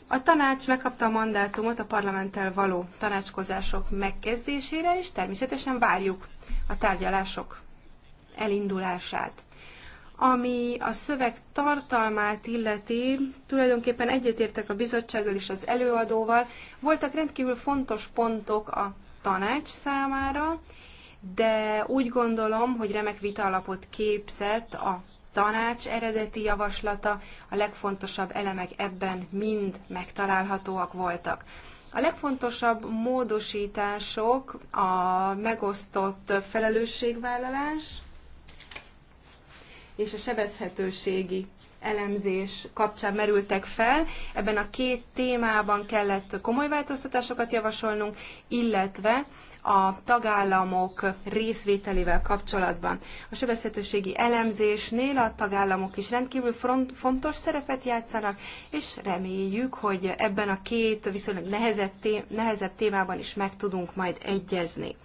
A tanács megkapta a mandátumot a parlamenttel való tanácskozások megkezdésére, és természetesen várjuk a tárgyalások elindulását. Ami a szöveg tartalmát illeti, tulajdonképpen egyetértek a bizottsággal és az előadóval. Voltak rendkívül fontos pontok a tanács számára, de úgy gondolom, hogy remek vita alapot képzett a tanács eredeti javaslata, a legfontosabb elemek ebben mind megtalálhatóak voltak. A legfontosabb módosítások a megosztott felelősségvállalás és a sebezhetőségi elemzés kapcsán merültek fel. Ebben a két témában kellett komoly változtatásokat javasolnunk, illetve a tagállamok részvételével kapcsolatban. A sebezhetőségi elemzésnél a tagállamok is rendkívül fontos szerepet játszanak, és reméljük, hogy ebben a két viszonylag nehezebb témában is meg tudunk majd egyezni.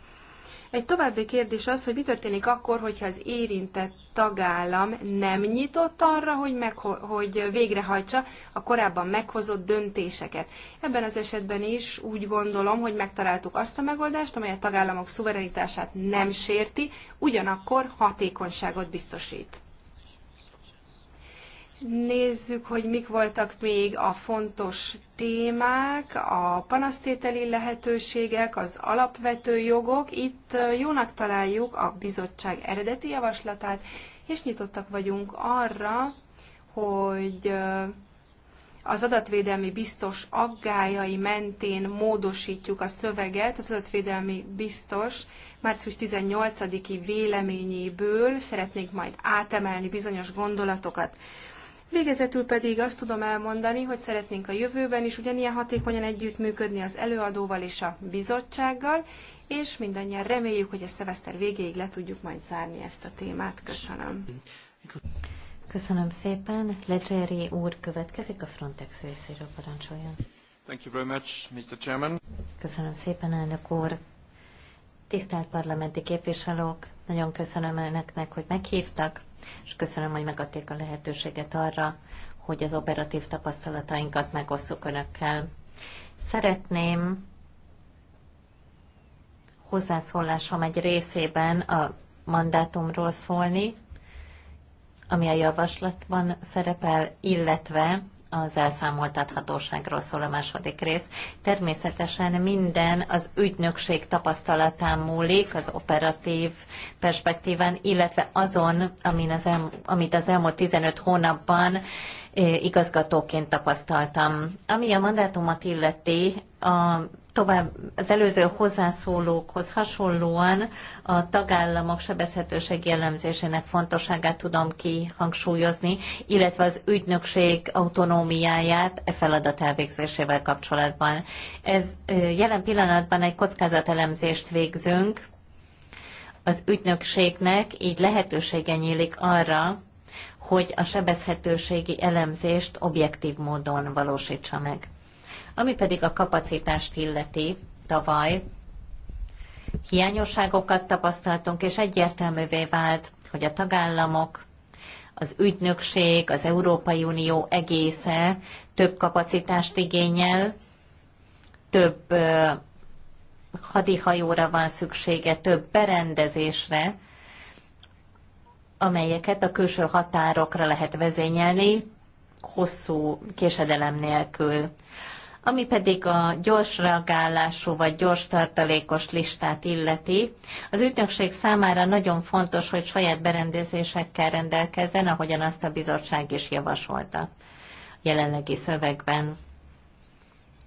Egy további kérdés az, hogy mi történik akkor, hogyha az érintett tagállam nem nyitott arra, hogy, meg, hogy végrehajtsa a korábban meghozott döntéseket. Ebben az esetben is úgy gondolom, hogy megtaláltuk azt a megoldást, amely a tagállamok szuverenitását nem sérti, ugyanakkor hatékonyságot biztosít. Nézzük, hogy mik voltak még a fontos témák, a panasztételi lehetőségek, az alapvető jogok. Itt jónak találjuk a bizottság eredeti javaslatát, és nyitottak vagyunk arra, hogy az adatvédelmi biztos aggájai mentén módosítjuk a szöveget. Az adatvédelmi biztos március 18-i véleményéből szeretnénk majd átemelni bizonyos gondolatokat. Végezetül pedig azt tudom elmondani, hogy szeretnénk a jövőben is ugyanilyen hatékonyan együttműködni az előadóval és a bizottsággal, és mindannyian reméljük, hogy a szeveszter végéig le tudjuk majd zárni ezt a témát. Köszönöm. Köszönöm szépen. Legeri úr következik a Frontex részéről, parancsoljon. Thank you very much, Mr. Chairman. Köszönöm szépen, elnök úr. Tisztelt parlamenti képviselők, nagyon köszönöm önöknek, hogy meghívtak, és köszönöm, hogy megadték a lehetőséget arra, hogy az operatív tapasztalatainkat megosszuk önökkel. Szeretném hozzászólásom egy részében a mandátumról szólni, ami a javaslatban szerepel, illetve az elszámoltathatóságról szól a második rész. Természetesen minden az ügynökség tapasztalatán múlik, az operatív perspektíván, illetve azon, amin az el, amit az elmúlt 15 hónapban eh, igazgatóként tapasztaltam. Ami a mandátumot illeti, a Tovább az előző hozzászólókhoz hasonlóan a tagállamok sebezhetőség jellemzésének fontosságát tudom kihangsúlyozni, illetve az ügynökség autonómiáját e feladat elvégzésével kapcsolatban. Ez jelen pillanatban egy kockázatelemzést végzünk az ügynökségnek, így lehetősége nyílik arra, hogy a sebezhetőségi elemzést objektív módon valósítsa meg. Ami pedig a kapacitást illeti, tavaly hiányosságokat tapasztaltunk, és egyértelművé vált, hogy a tagállamok, az ügynökség, az Európai Unió egésze több kapacitást igényel, több hadihajóra van szüksége, több berendezésre, amelyeket a külső határokra lehet vezényelni hosszú késedelem nélkül. Ami pedig a gyors reagálású vagy gyors tartalékos listát illeti, az ügynökség számára nagyon fontos, hogy saját berendezésekkel rendelkezzen, ahogyan azt a bizottság is javasolta jelenlegi szövegben.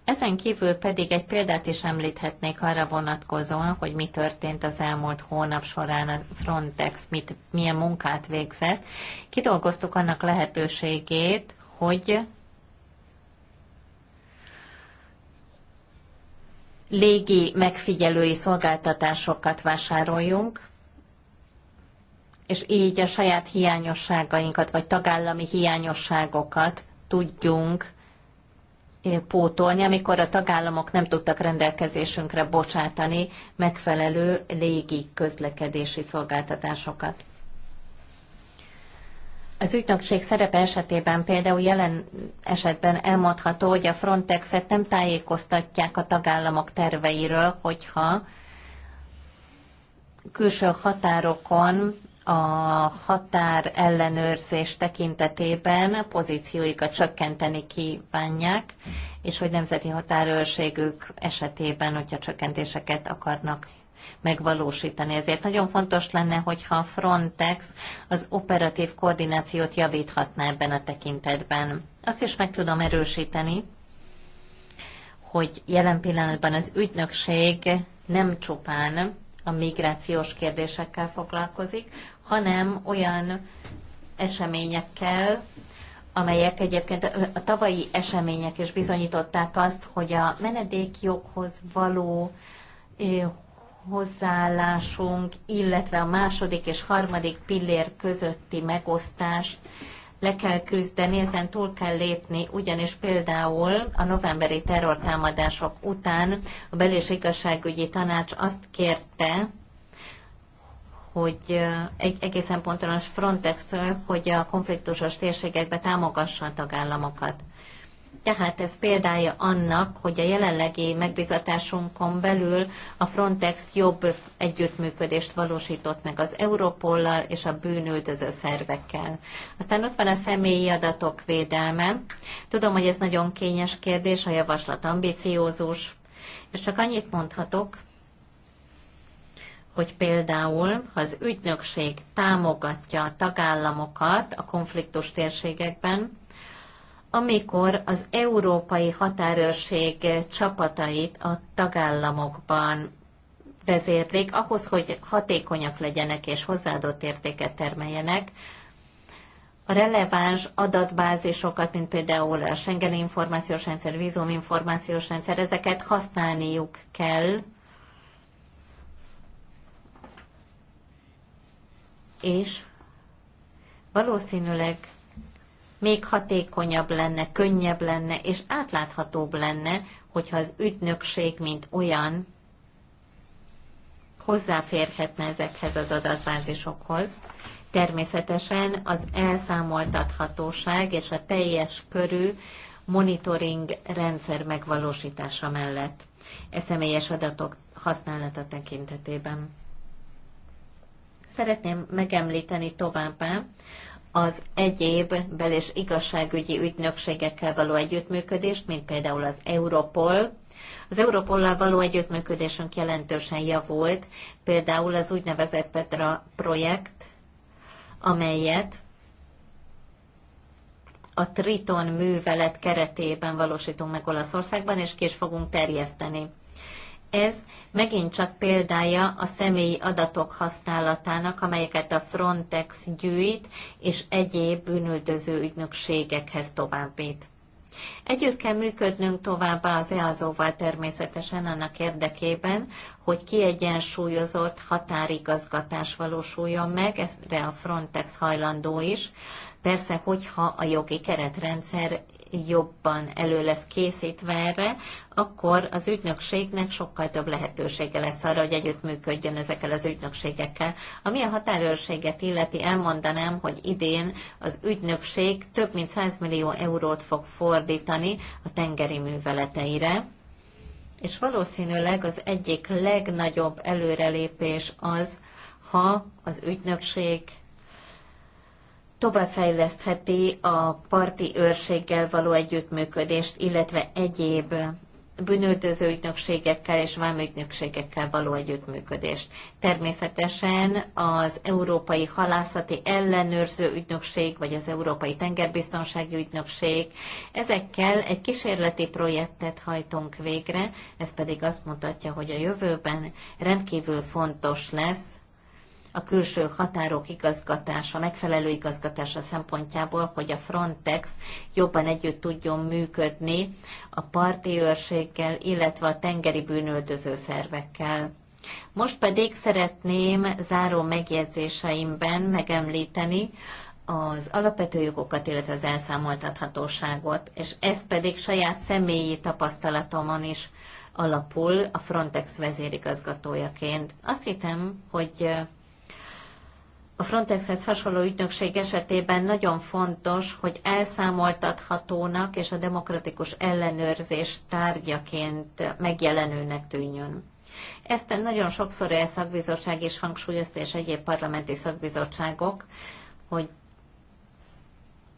Ezen kívül pedig egy példát is említhetnék arra vonatkozóan, hogy mi történt az elmúlt hónap során a Frontex, mit, milyen munkát végzett. Kidolgoztuk annak lehetőségét, hogy légi megfigyelői szolgáltatásokat vásároljunk, és így a saját hiányosságainkat, vagy tagállami hiányosságokat tudjunk pótolni, amikor a tagállamok nem tudtak rendelkezésünkre bocsátani megfelelő légi közlekedési szolgáltatásokat. Az ügynökség szerepe esetében például jelen esetben elmondható, hogy a Frontexet nem tájékoztatják a tagállamok terveiről, hogyha külső határokon a határ ellenőrzés tekintetében pozícióikat csökkenteni kívánják, és hogy nemzeti határőrségük esetében, hogyha csökkentéseket akarnak megvalósítani. Ezért nagyon fontos lenne, hogyha a Frontex az operatív koordinációt javíthatná ebben a tekintetben. Azt is meg tudom erősíteni, hogy jelen pillanatban az ügynökség nem csupán a migrációs kérdésekkel foglalkozik, hanem olyan eseményekkel, amelyek egyébként a tavalyi események is bizonyították azt, hogy a menedékjoghoz való eh, hozzáállásunk, illetve a második és harmadik pillér közötti megosztást le kell küzdeni, ezen túl kell lépni, ugyanis például a novemberi terrortámadások után a Bel- és Igazságügyi Tanács azt kérte, hogy egy egészen pontosan Frontex-től, hogy a konfliktusos térségekbe támogassa a tagállamokat. Tehát ez példája annak, hogy a jelenlegi megbizatásunkon belül a Frontex jobb együttműködést valósított meg az Europollal és a bűnöldöző szervekkel. Aztán ott van a személyi adatok védelme. Tudom, hogy ez nagyon kényes kérdés, a javaslat ambiciózus, és csak annyit mondhatok, hogy például, ha az ügynökség támogatja a tagállamokat a konfliktus térségekben, amikor az európai határőrség csapatait a tagállamokban vezérlik, ahhoz, hogy hatékonyak legyenek és hozzáadott értéket termeljenek, a releváns adatbázisokat, mint például a Schengen információs rendszer, vízum információs rendszer, ezeket használniuk kell, és valószínűleg még hatékonyabb lenne, könnyebb lenne és átláthatóbb lenne, hogyha az ügynökség, mint olyan, hozzáférhetne ezekhez az adatbázisokhoz. Természetesen az elszámoltathatóság és a teljes körű monitoring rendszer megvalósítása mellett e személyes adatok használata tekintetében. Szeretném megemlíteni továbbá az egyéb bel- és igazságügyi ügynökségekkel való együttműködést, mint például az Europol. Az Europollal való együttműködésünk jelentősen javult, például az úgynevezett Petra projekt, amelyet a Triton művelet keretében valósítunk meg Olaszországban, és ki is fogunk terjeszteni. Ez megint csak példája a személyi adatok használatának, amelyeket a Frontex gyűjt, és egyéb bűnüldöző ügynökségekhez továbbít. Együtt kell működnünk továbbá az EASO-val természetesen annak érdekében, hogy kiegyensúlyozott határigazgatás valósuljon meg, ezre a Frontex hajlandó is, persze, hogyha a jogi keretrendszer jobban elő lesz készítve erre, akkor az ügynökségnek sokkal több lehetősége lesz arra, hogy együttműködjön ezekkel az ügynökségekkel. Ami a határőrséget illeti, elmondanám, hogy idén az ügynökség több mint 100 millió eurót fog fordítani a tengeri műveleteire, és valószínűleg az egyik legnagyobb előrelépés az, ha az ügynökség továbbfejlesztheti a parti őrséggel való együttműködést, illetve egyéb bűnöldöző ügynökségekkel és vámügynökségekkel való együttműködést. Természetesen az Európai Halászati Ellenőrző Ügynökség, vagy az Európai Tengerbiztonsági Ügynökség, ezekkel egy kísérleti projektet hajtunk végre, ez pedig azt mutatja, hogy a jövőben rendkívül fontos lesz a külső határok igazgatása, megfelelő igazgatása szempontjából, hogy a Frontex jobban együtt tudjon működni a parti őrséggel, illetve a tengeri bűnöldöző szervekkel. Most pedig szeretném záró megjegyzéseimben megemlíteni, az alapvető jogokat, illetve az elszámoltathatóságot, és ez pedig saját személyi tapasztalatomon is alapul a Frontex vezérigazgatójaként. Azt hittem, hogy a Frontexhez hasonló ügynökség esetében nagyon fontos, hogy elszámoltathatónak és a demokratikus ellenőrzés tárgyaként megjelenőnek tűnjön. Ezt nagyon sokszor a szakbizottság is hangsúlyozta, és egyéb parlamenti szakbizottságok, hogy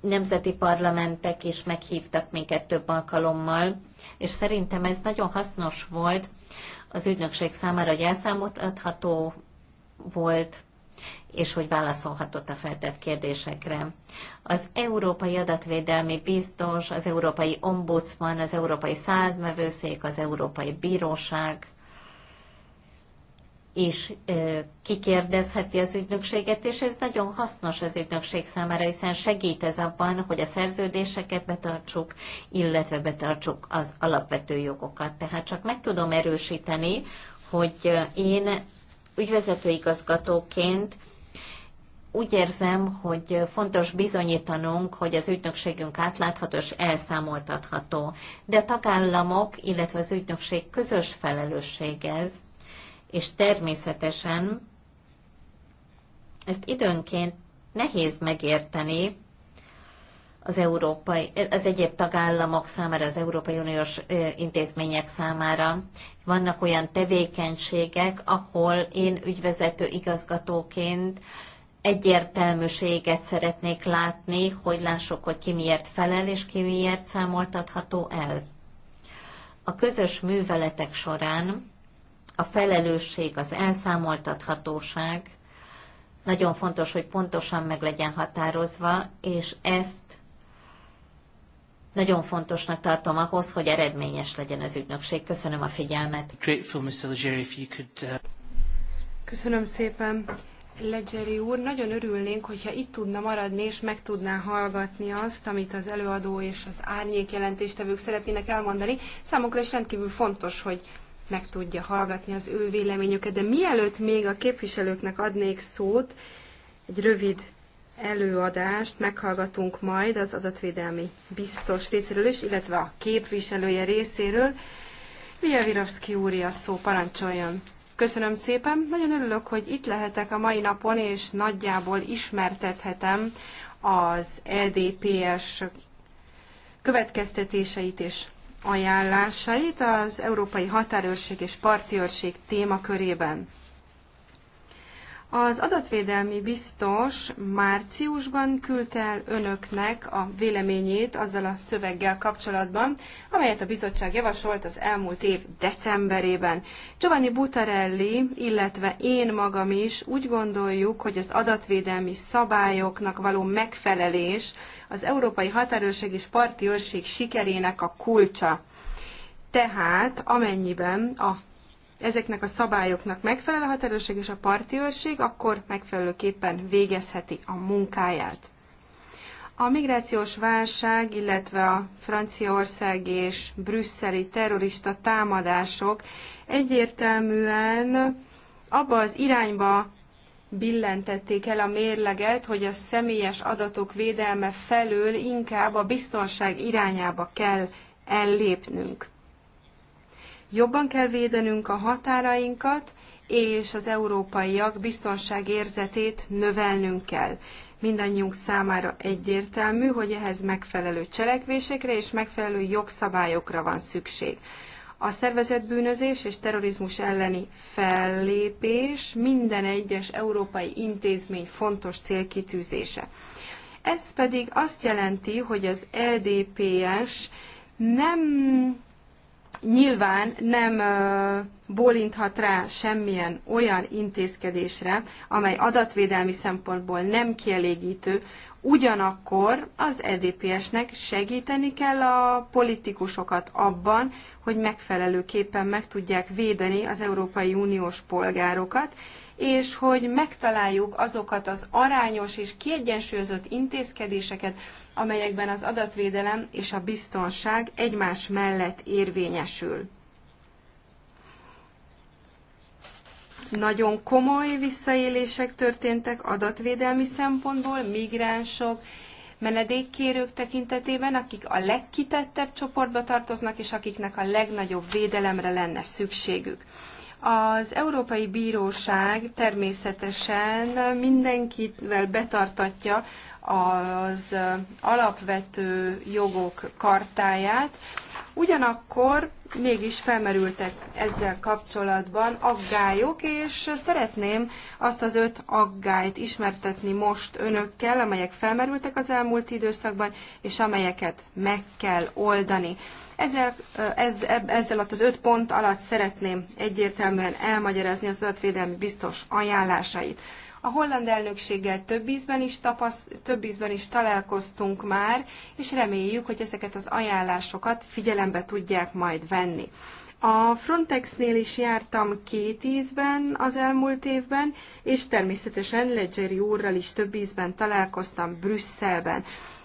nemzeti parlamentek is meghívtak minket több alkalommal, és szerintem ez nagyon hasznos volt az ügynökség számára, hogy elszámoltatható volt, és hogy válaszolhatott a feltett kérdésekre. Az Európai Adatvédelmi Biztos, az Európai Ombudsman, az Európai Százmevőszék, az Európai Bíróság is kikérdezheti az ügynökséget, és ez nagyon hasznos az ügynökség számára, hiszen segít ez abban, hogy a szerződéseket betartsuk, illetve betartsuk az alapvető jogokat. Tehát csak meg tudom erősíteni, hogy én ügyvezetőigazgatóként igazgatóként úgy érzem, hogy fontos bizonyítanunk, hogy az ügynökségünk átlátható és elszámoltatható. De a tagállamok, illetve az ügynökség közös felelősség ez, és természetesen ezt időnként nehéz megérteni, az európai, az egyéb tagállamok számára, az Európai Uniós intézmények számára. Vannak olyan tevékenységek, ahol én ügyvezető igazgatóként egyértelműséget szeretnék látni, hogy lássuk, hogy ki miért felel és ki miért számoltatható el. A közös műveletek során a felelősség, az elszámoltathatóság nagyon fontos, hogy pontosan meg legyen határozva, és ezt nagyon fontosnak tartom ahhoz, hogy eredményes legyen az ügynökség. Köszönöm a figyelmet. Uh, Köszönöm szépen. Legyeri úr, nagyon örülnénk, hogyha itt tudna maradni, és meg tudná hallgatni azt, amit az előadó és az árnyék jelentéstevők szeretnének elmondani. Számunkra is rendkívül fontos, hogy meg tudja hallgatni az ő véleményüket, de mielőtt még a képviselőknek adnék szót, egy rövid előadást meghallgatunk majd az adatvédelmi biztos részéről is, illetve a képviselője részéről. Vija Virovszki úri a szó, parancsoljon! Köszönöm szépen, nagyon örülök, hogy itt lehetek a mai napon, és nagyjából ismertethetem az EDPS következtetéseit és ajánlásait az Európai Határőrség és Partiőrség témakörében. Az adatvédelmi biztos márciusban küldte el önöknek a véleményét azzal a szöveggel kapcsolatban, amelyet a bizottság javasolt az elmúlt év decemberében. Giovanni Butarelli, illetve én magam is úgy gondoljuk, hogy az adatvédelmi szabályoknak való megfelelés az Európai Határőrség és Parti Őrség sikerének a kulcsa. Tehát amennyiben a ezeknek a szabályoknak megfelel a határőrség és a parti őrség, akkor megfelelőképpen végezheti a munkáját. A migrációs válság, illetve a Franciaország és brüsszeli terrorista támadások egyértelműen abba az irányba billentették el a mérleget, hogy a személyes adatok védelme felől inkább a biztonság irányába kell ellépnünk. Jobban kell védenünk a határainkat, és az európaiak biztonságérzetét növelnünk kell. Mindannyiunk számára egyértelmű, hogy ehhez megfelelő cselekvésekre és megfelelő jogszabályokra van szükség. A szervezetbűnözés és terrorizmus elleni fellépés minden egyes európai intézmény fontos célkitűzése. Ez pedig azt jelenti, hogy az EDPS nem nyilván nem bólinthat rá semmilyen olyan intézkedésre, amely adatvédelmi szempontból nem kielégítő, ugyanakkor az EDPS-nek segíteni kell a politikusokat abban, hogy megfelelőképpen meg tudják védeni az Európai Uniós polgárokat, és hogy megtaláljuk azokat az arányos és kiegyensúlyozott intézkedéseket, amelyekben az adatvédelem és a biztonság egymás mellett érvényesül. Nagyon komoly visszaélések történtek adatvédelmi szempontból, migránsok, menedékkérők tekintetében, akik a legkitettebb csoportba tartoznak, és akiknek a legnagyobb védelemre lenne szükségük. Az Európai Bíróság természetesen mindenkivel betartatja az alapvető jogok kartáját, ugyanakkor mégis felmerültek ezzel kapcsolatban aggályok, és szeretném azt az öt aggályt ismertetni most önökkel, amelyek felmerültek az elmúlt időszakban, és amelyeket meg kell oldani. Ezzel, ez, ezzel az öt pont alatt szeretném egyértelműen elmagyarázni az adatvédelmi biztos ajánlásait. A holland elnökséggel több ízben, is tapaszt, több ízben is találkoztunk már, és reméljük, hogy ezeket az ajánlásokat figyelembe tudják majd venni. A Frontexnél is jártam két ízben az elmúlt évben, és természetesen Ledgeri úrral is több ízben találkoztam Brüsszelben.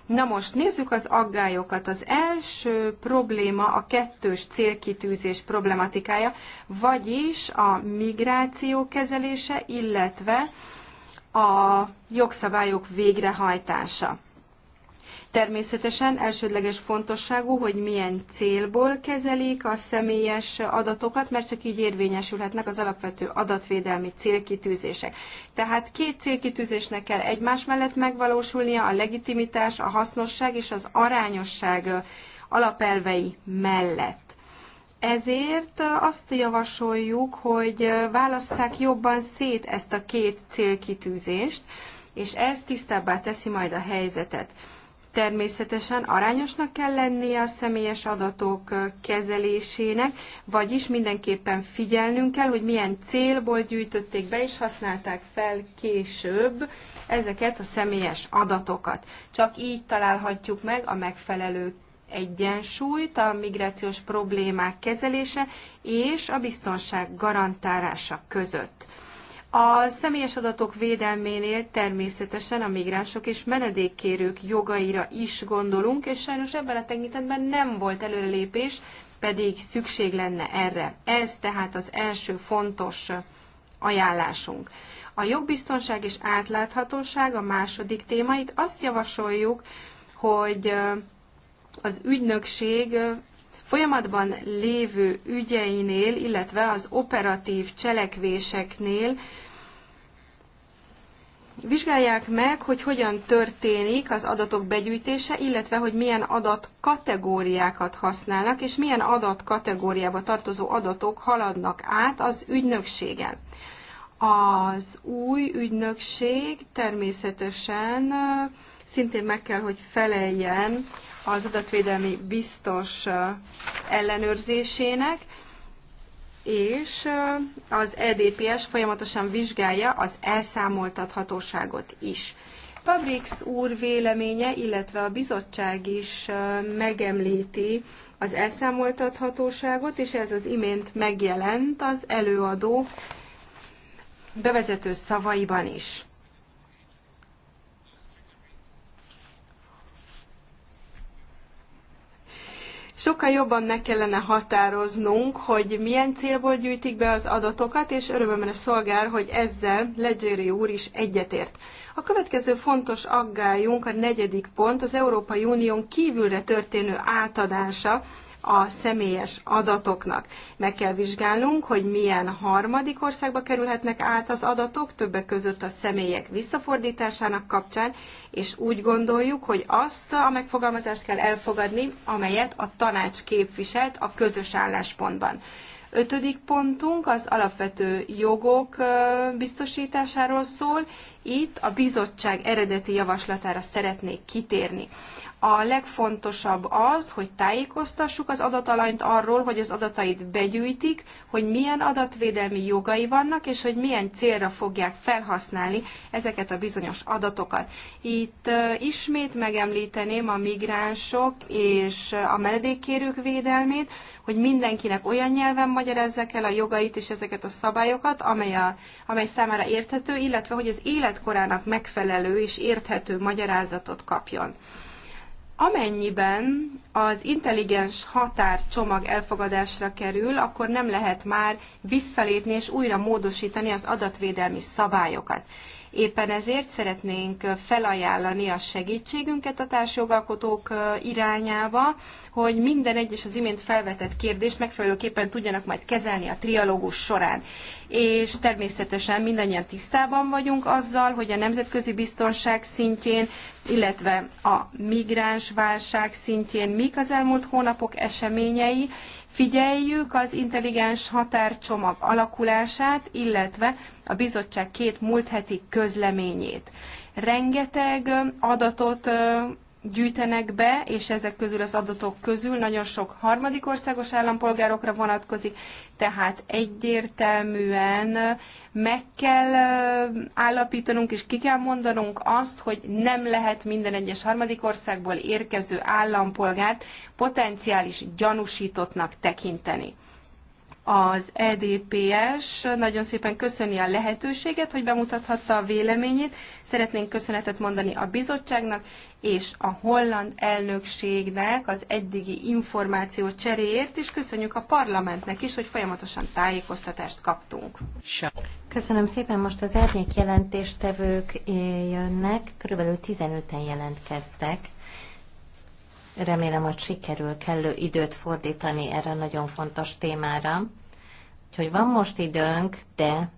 Na most nézzük az aggályokat. Az első probléma a kettős célkitűzés problematikája, vagyis a migráció kezelése, illetve a jogszabályok végrehajtása. Természetesen elsődleges fontosságú, hogy milyen célból kezelik a személyes adatokat, mert csak így érvényesülhetnek az alapvető adatvédelmi célkitűzések. Tehát két célkitűzésnek kell egymás mellett megvalósulnia, a legitimitás, a hasznosság és az arányosság alapelvei mellett. Ezért azt javasoljuk, hogy válasszák jobban szét ezt a két célkitűzést, és ez tisztábbá teszi majd a helyzetet. Természetesen arányosnak kell lennie a személyes adatok kezelésének, vagyis mindenképpen figyelnünk kell, hogy milyen célból gyűjtötték be és használták fel később ezeket a személyes adatokat. Csak így találhatjuk meg a megfelelő egyensúlyt, a migrációs problémák kezelése és a biztonság garantálása között. A személyes adatok védelménél természetesen a migránsok és menedékkérők jogaira is gondolunk, és sajnos ebben a tekintetben nem volt előrelépés, pedig szükség lenne erre. Ez tehát az első fontos ajánlásunk. A jogbiztonság és átláthatóság a második téma. Itt azt javasoljuk, hogy az ügynökség folyamatban lévő ügyeinél, illetve az operatív cselekvéseknél vizsgálják meg, hogy hogyan történik az adatok begyűjtése, illetve hogy milyen adatkategóriákat használnak, és milyen adatkategóriába tartozó adatok haladnak át az ügynökségen. Az új ügynökség természetesen szintén meg kell, hogy feleljen az adatvédelmi biztos ellenőrzésének, és az EDPS folyamatosan vizsgálja az elszámoltathatóságot is. Pabrix úr véleménye, illetve a bizottság is megemlíti az elszámoltathatóságot, és ez az imént megjelent az előadó bevezető szavaiban is. sokkal jobban meg kellene határoznunk, hogy milyen célból gyűjtik be az adatokat, és örömömre szolgál, hogy ezzel Legeri úr is egyetért. A következő fontos aggályunk, a negyedik pont, az Európai Unión kívülre történő átadása a személyes adatoknak. Meg kell vizsgálnunk, hogy milyen harmadik országba kerülhetnek át az adatok, többek között a személyek visszafordításának kapcsán, és úgy gondoljuk, hogy azt a megfogalmazást kell elfogadni, amelyet a tanács képviselt a közös álláspontban. Ötödik pontunk az alapvető jogok biztosításáról szól. Itt a bizottság eredeti javaslatára szeretnék kitérni a legfontosabb az, hogy tájékoztassuk az adatalanyt arról, hogy az adatait begyűjtik, hogy milyen adatvédelmi jogai vannak, és hogy milyen célra fogják felhasználni ezeket a bizonyos adatokat. Itt ismét megemlíteném a migránsok és a menedékkérők védelmét, hogy mindenkinek olyan nyelven magyarázzák el a jogait és ezeket a szabályokat, amely, a, amely számára érthető, illetve hogy az életkorának megfelelő és érthető magyarázatot kapjon. Amennyiben az intelligens határcsomag elfogadásra kerül, akkor nem lehet már visszalépni és újra módosítani az adatvédelmi szabályokat. Éppen ezért szeretnénk felajánlani a segítségünket a társjogalkotók irányába, hogy minden egyes az imént felvetett kérdést megfelelőképpen tudjanak majd kezelni a trialógus során. És természetesen mindannyian tisztában vagyunk azzal, hogy a nemzetközi biztonság szintjén, illetve a migráns válság szintjén mik az elmúlt hónapok eseményei, Figyeljük az intelligens határcsomag alakulását, illetve a bizottság két múlt heti közleményét. Rengeteg adatot gyűjtenek be, és ezek közül az adatok közül nagyon sok harmadik országos állampolgárokra vonatkozik, tehát egyértelműen meg kell állapítanunk és ki kell mondanunk azt, hogy nem lehet minden egyes harmadik országból érkező állampolgárt potenciális gyanúsítottnak tekinteni az EDPS nagyon szépen köszöni a lehetőséget, hogy bemutathatta a véleményét. Szeretnénk köszönetet mondani a bizottságnak és a holland elnökségnek az eddigi információ cseréért, és köszönjük a parlamentnek is, hogy folyamatosan tájékoztatást kaptunk. Köszönöm szépen, most az árnyék jelentéstevők eh, jönnek, körülbelül 15-en jelentkeztek. Remélem, hogy sikerül kellő időt fordítani erre a nagyon fontos témára. Úgyhogy van most időnk, de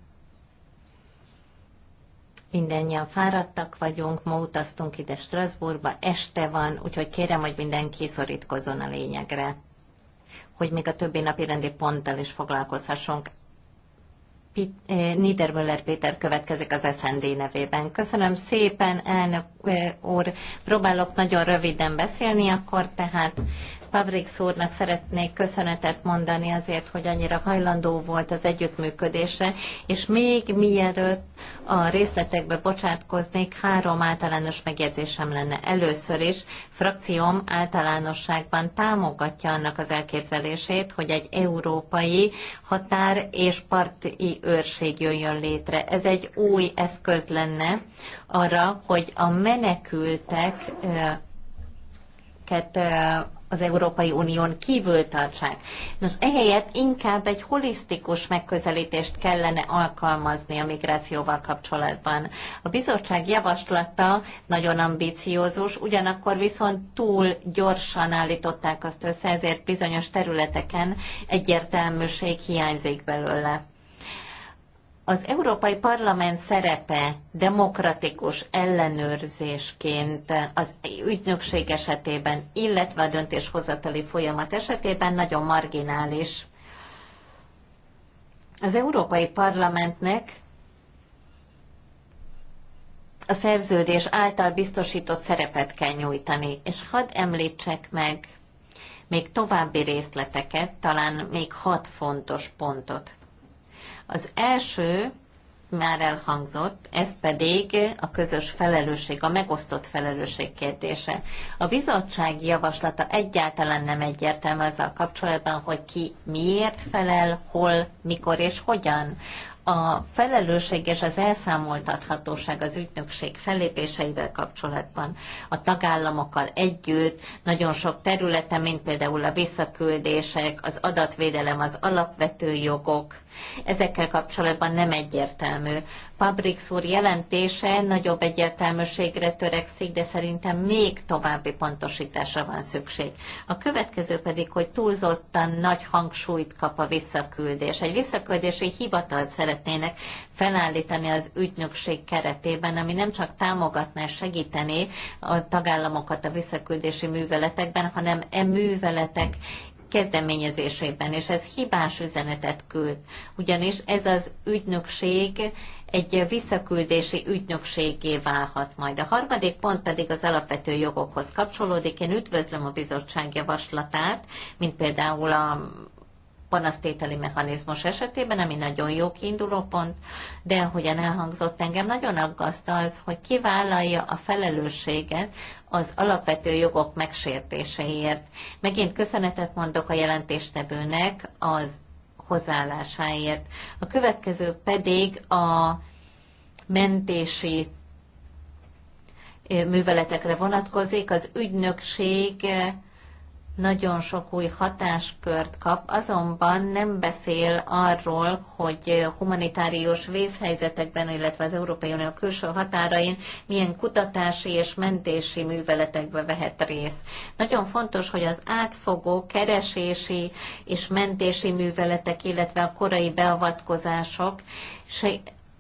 mindannyian fáradtak vagyunk, ma utaztunk ide Strasbourgba, este van, úgyhogy kérem, hogy mindenki szorítkozzon a lényegre, hogy még a többi napi rendi ponttal is foglalkozhassunk. Eh, Niedermüller Péter következik az SND nevében. Köszönöm szépen, elnök eh, úr. Próbálok nagyon röviden beszélni, akkor tehát Pavrik úrnak szeretnék köszönetet mondani azért, hogy annyira hajlandó volt az együttműködésre, és még mielőtt a részletekbe bocsátkoznék, három általános megjegyzésem lenne. Először is frakcióm általánosságban támogatja annak az elképzelését, hogy egy európai határ és parti őrség jöjjön létre. Ez egy új eszköz lenne arra, hogy a menekültek eh, ket eh, az Európai Unión kívül tartsák. Nos, ehelyett inkább egy holisztikus megközelítést kellene alkalmazni a migrációval kapcsolatban. A bizottság javaslata nagyon ambiciózus, ugyanakkor viszont túl gyorsan állították azt össze, ezért bizonyos területeken egyértelműség hiányzik belőle. Az Európai Parlament szerepe demokratikus ellenőrzésként az ügynökség esetében, illetve a döntéshozatali folyamat esetében nagyon marginális. Az Európai Parlamentnek a szerződés által biztosított szerepet kell nyújtani, és hadd említsek meg még további részleteket, talán még hat fontos pontot. Az első már elhangzott, ez pedig a közös felelősség, a megosztott felelősség kérdése. A bizottság javaslata egyáltalán nem egyértelmű azzal kapcsolatban, hogy ki miért felel, hol, mikor és hogyan a felelősség és az elszámoltathatóság az ügynökség fellépéseivel kapcsolatban a tagállamokkal együtt nagyon sok területen, mint például a visszaküldések, az adatvédelem, az alapvető jogok, ezekkel kapcsolatban nem egyértelmű, Fabrix úr jelentése nagyobb egyértelműségre törekszik, de szerintem még további pontosításra van szükség. A következő pedig, hogy túlzottan nagy hangsúlyt kap a visszaküldés. Egy visszaküldési hivatalt szeretnének felállítani az ügynökség keretében, ami nem csak támogatná, segíteni a tagállamokat a visszaküldési műveletekben, hanem e műveletek kezdeményezésében, és ez hibás üzenetet küld. Ugyanis ez az ügynökség egy visszaküldési ügynökségé válhat majd. A harmadik pont pedig az alapvető jogokhoz kapcsolódik. Én üdvözlöm a bizottság javaslatát, mint például a panasztételi mechanizmus esetében, ami nagyon jó kiinduló pont, de ahogyan elhangzott engem, nagyon aggaszt az, hogy kivállalja a felelősséget az alapvető jogok megsértéseért. Megint köszönetet mondok a jelentéstevőnek az hozzáállásáért. A következő pedig a mentési műveletekre vonatkozik. Az ügynökség nagyon sok új hatáskört kap, azonban nem beszél arról, hogy humanitárius vészhelyzetekben, illetve az Európai Unió külső határain milyen kutatási és mentési műveletekbe vehet részt. Nagyon fontos, hogy az átfogó keresési és mentési műveletek, illetve a korai beavatkozások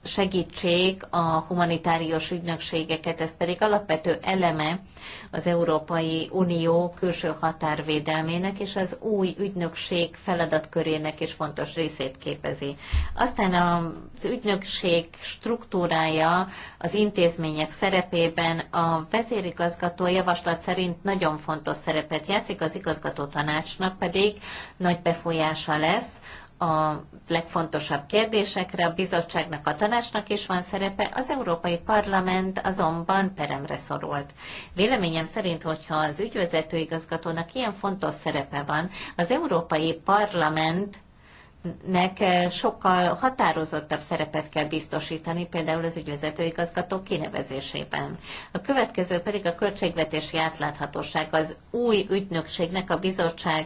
segítség a humanitárius ügynökségeket, ez pedig alapvető eleme az Európai Unió külső határvédelmének és az új ügynökség feladatkörének is fontos részét képezi. Aztán az ügynökség struktúrája az intézmények szerepében a vezérigazgató javaslat szerint nagyon fontos szerepet játszik, az igazgató tanácsnak pedig nagy befolyása lesz, a legfontosabb kérdésekre, a bizottságnak, a tanácsnak is van szerepe, az Európai Parlament azonban peremre szorult. Véleményem szerint, hogyha az ügyvezető igazgatónak ilyen fontos szerepe van, az Európai Parlament nek eh, sokkal határozottabb szerepet kell biztosítani, például az ügyvezető igazgató kinevezésében. A következő pedig a költségvetési átláthatóság az új ügynökségnek a bizottság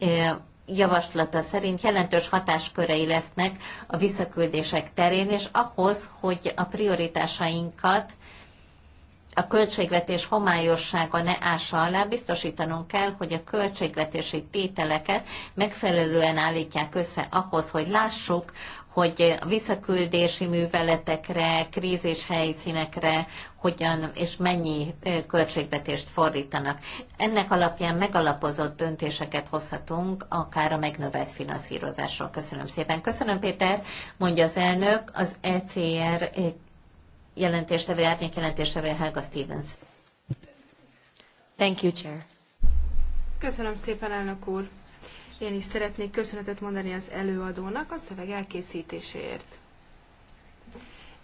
eh, javaslata szerint jelentős hatáskörei lesznek a visszaküldések terén, és ahhoz, hogy a prioritásainkat a költségvetés homályossága ne ássa alá, biztosítanunk kell, hogy a költségvetési tételeket megfelelően állítják össze ahhoz, hogy lássuk hogy a visszaküldési műveletekre, krízis helyszínekre hogyan és mennyi költségvetést fordítanak. Ennek alapján megalapozott döntéseket hozhatunk, akár a megnövelt finanszírozásról. Köszönöm szépen. Köszönöm, Péter, mondja az elnök, az ECR jelentéstevő, árnyék jelentéstevő Helga Stevens. Thank you, Chair. Köszönöm szépen, elnök úr. Én is szeretnék köszönetet mondani az előadónak a szöveg elkészítéséért.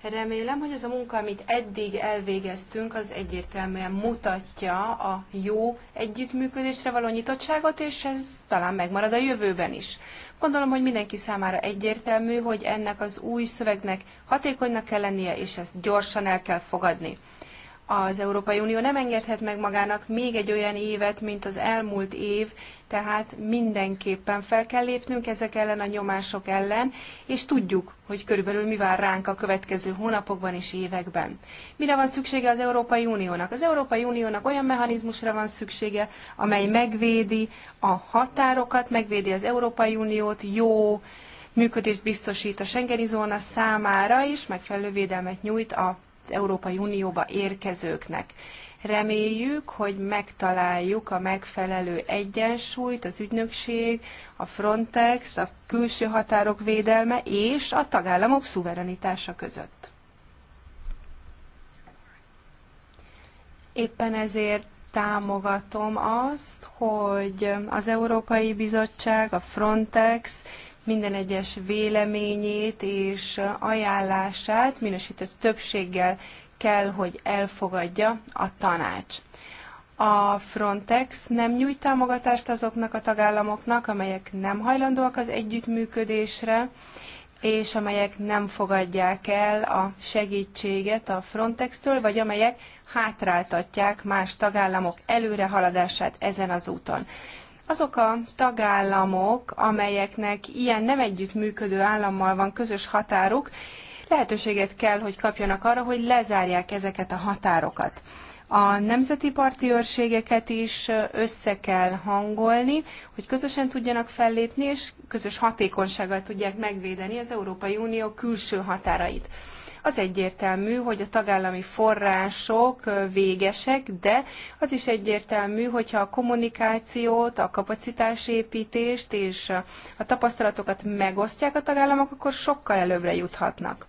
Remélem, hogy az a munka, amit eddig elvégeztünk, az egyértelműen mutatja a jó együttműködésre való nyitottságot, és ez talán megmarad a jövőben is. Gondolom, hogy mindenki számára egyértelmű, hogy ennek az új szövegnek hatékonynak kell lennie, és ezt gyorsan el kell fogadni az Európai Unió nem engedhet meg magának még egy olyan évet, mint az elmúlt év, tehát mindenképpen fel kell lépnünk ezek ellen a nyomások ellen, és tudjuk, hogy körülbelül mi vár ránk a következő hónapokban és években. Mire van szüksége az Európai Uniónak? Az Európai Uniónak olyan mechanizmusra van szüksége, amely megvédi a határokat, megvédi az Európai Uniót, jó működést biztosít a Schengeni zóna számára is, megfelelő védelmet nyújt a Európai Unióba érkezőknek. Reméljük, hogy megtaláljuk a megfelelő egyensúlyt az ügynökség, a Frontex, a külső határok védelme és a tagállamok szuverenitása között. Éppen ezért támogatom azt, hogy az Európai Bizottság, a Frontex minden egyes véleményét és ajánlását minősített többséggel kell, hogy elfogadja a tanács. A Frontex nem nyújt támogatást azoknak a tagállamoknak, amelyek nem hajlandóak az együttműködésre, és amelyek nem fogadják el a segítséget a Frontextől, vagy amelyek hátráltatják más tagállamok előrehaladását ezen az úton. Azok a tagállamok, amelyeknek ilyen nem együttműködő állammal van közös határuk, lehetőséget kell, hogy kapjanak arra, hogy lezárják ezeket a határokat. A nemzeti parti őrségeket is össze kell hangolni, hogy közösen tudjanak fellépni, és közös hatékonysággal tudják megvédeni az Európai Unió külső határait. Az egyértelmű, hogy a tagállami források végesek, de az is egyértelmű, hogyha a kommunikációt, a kapacitásépítést és a tapasztalatokat megosztják a tagállamok, akkor sokkal előbbre juthatnak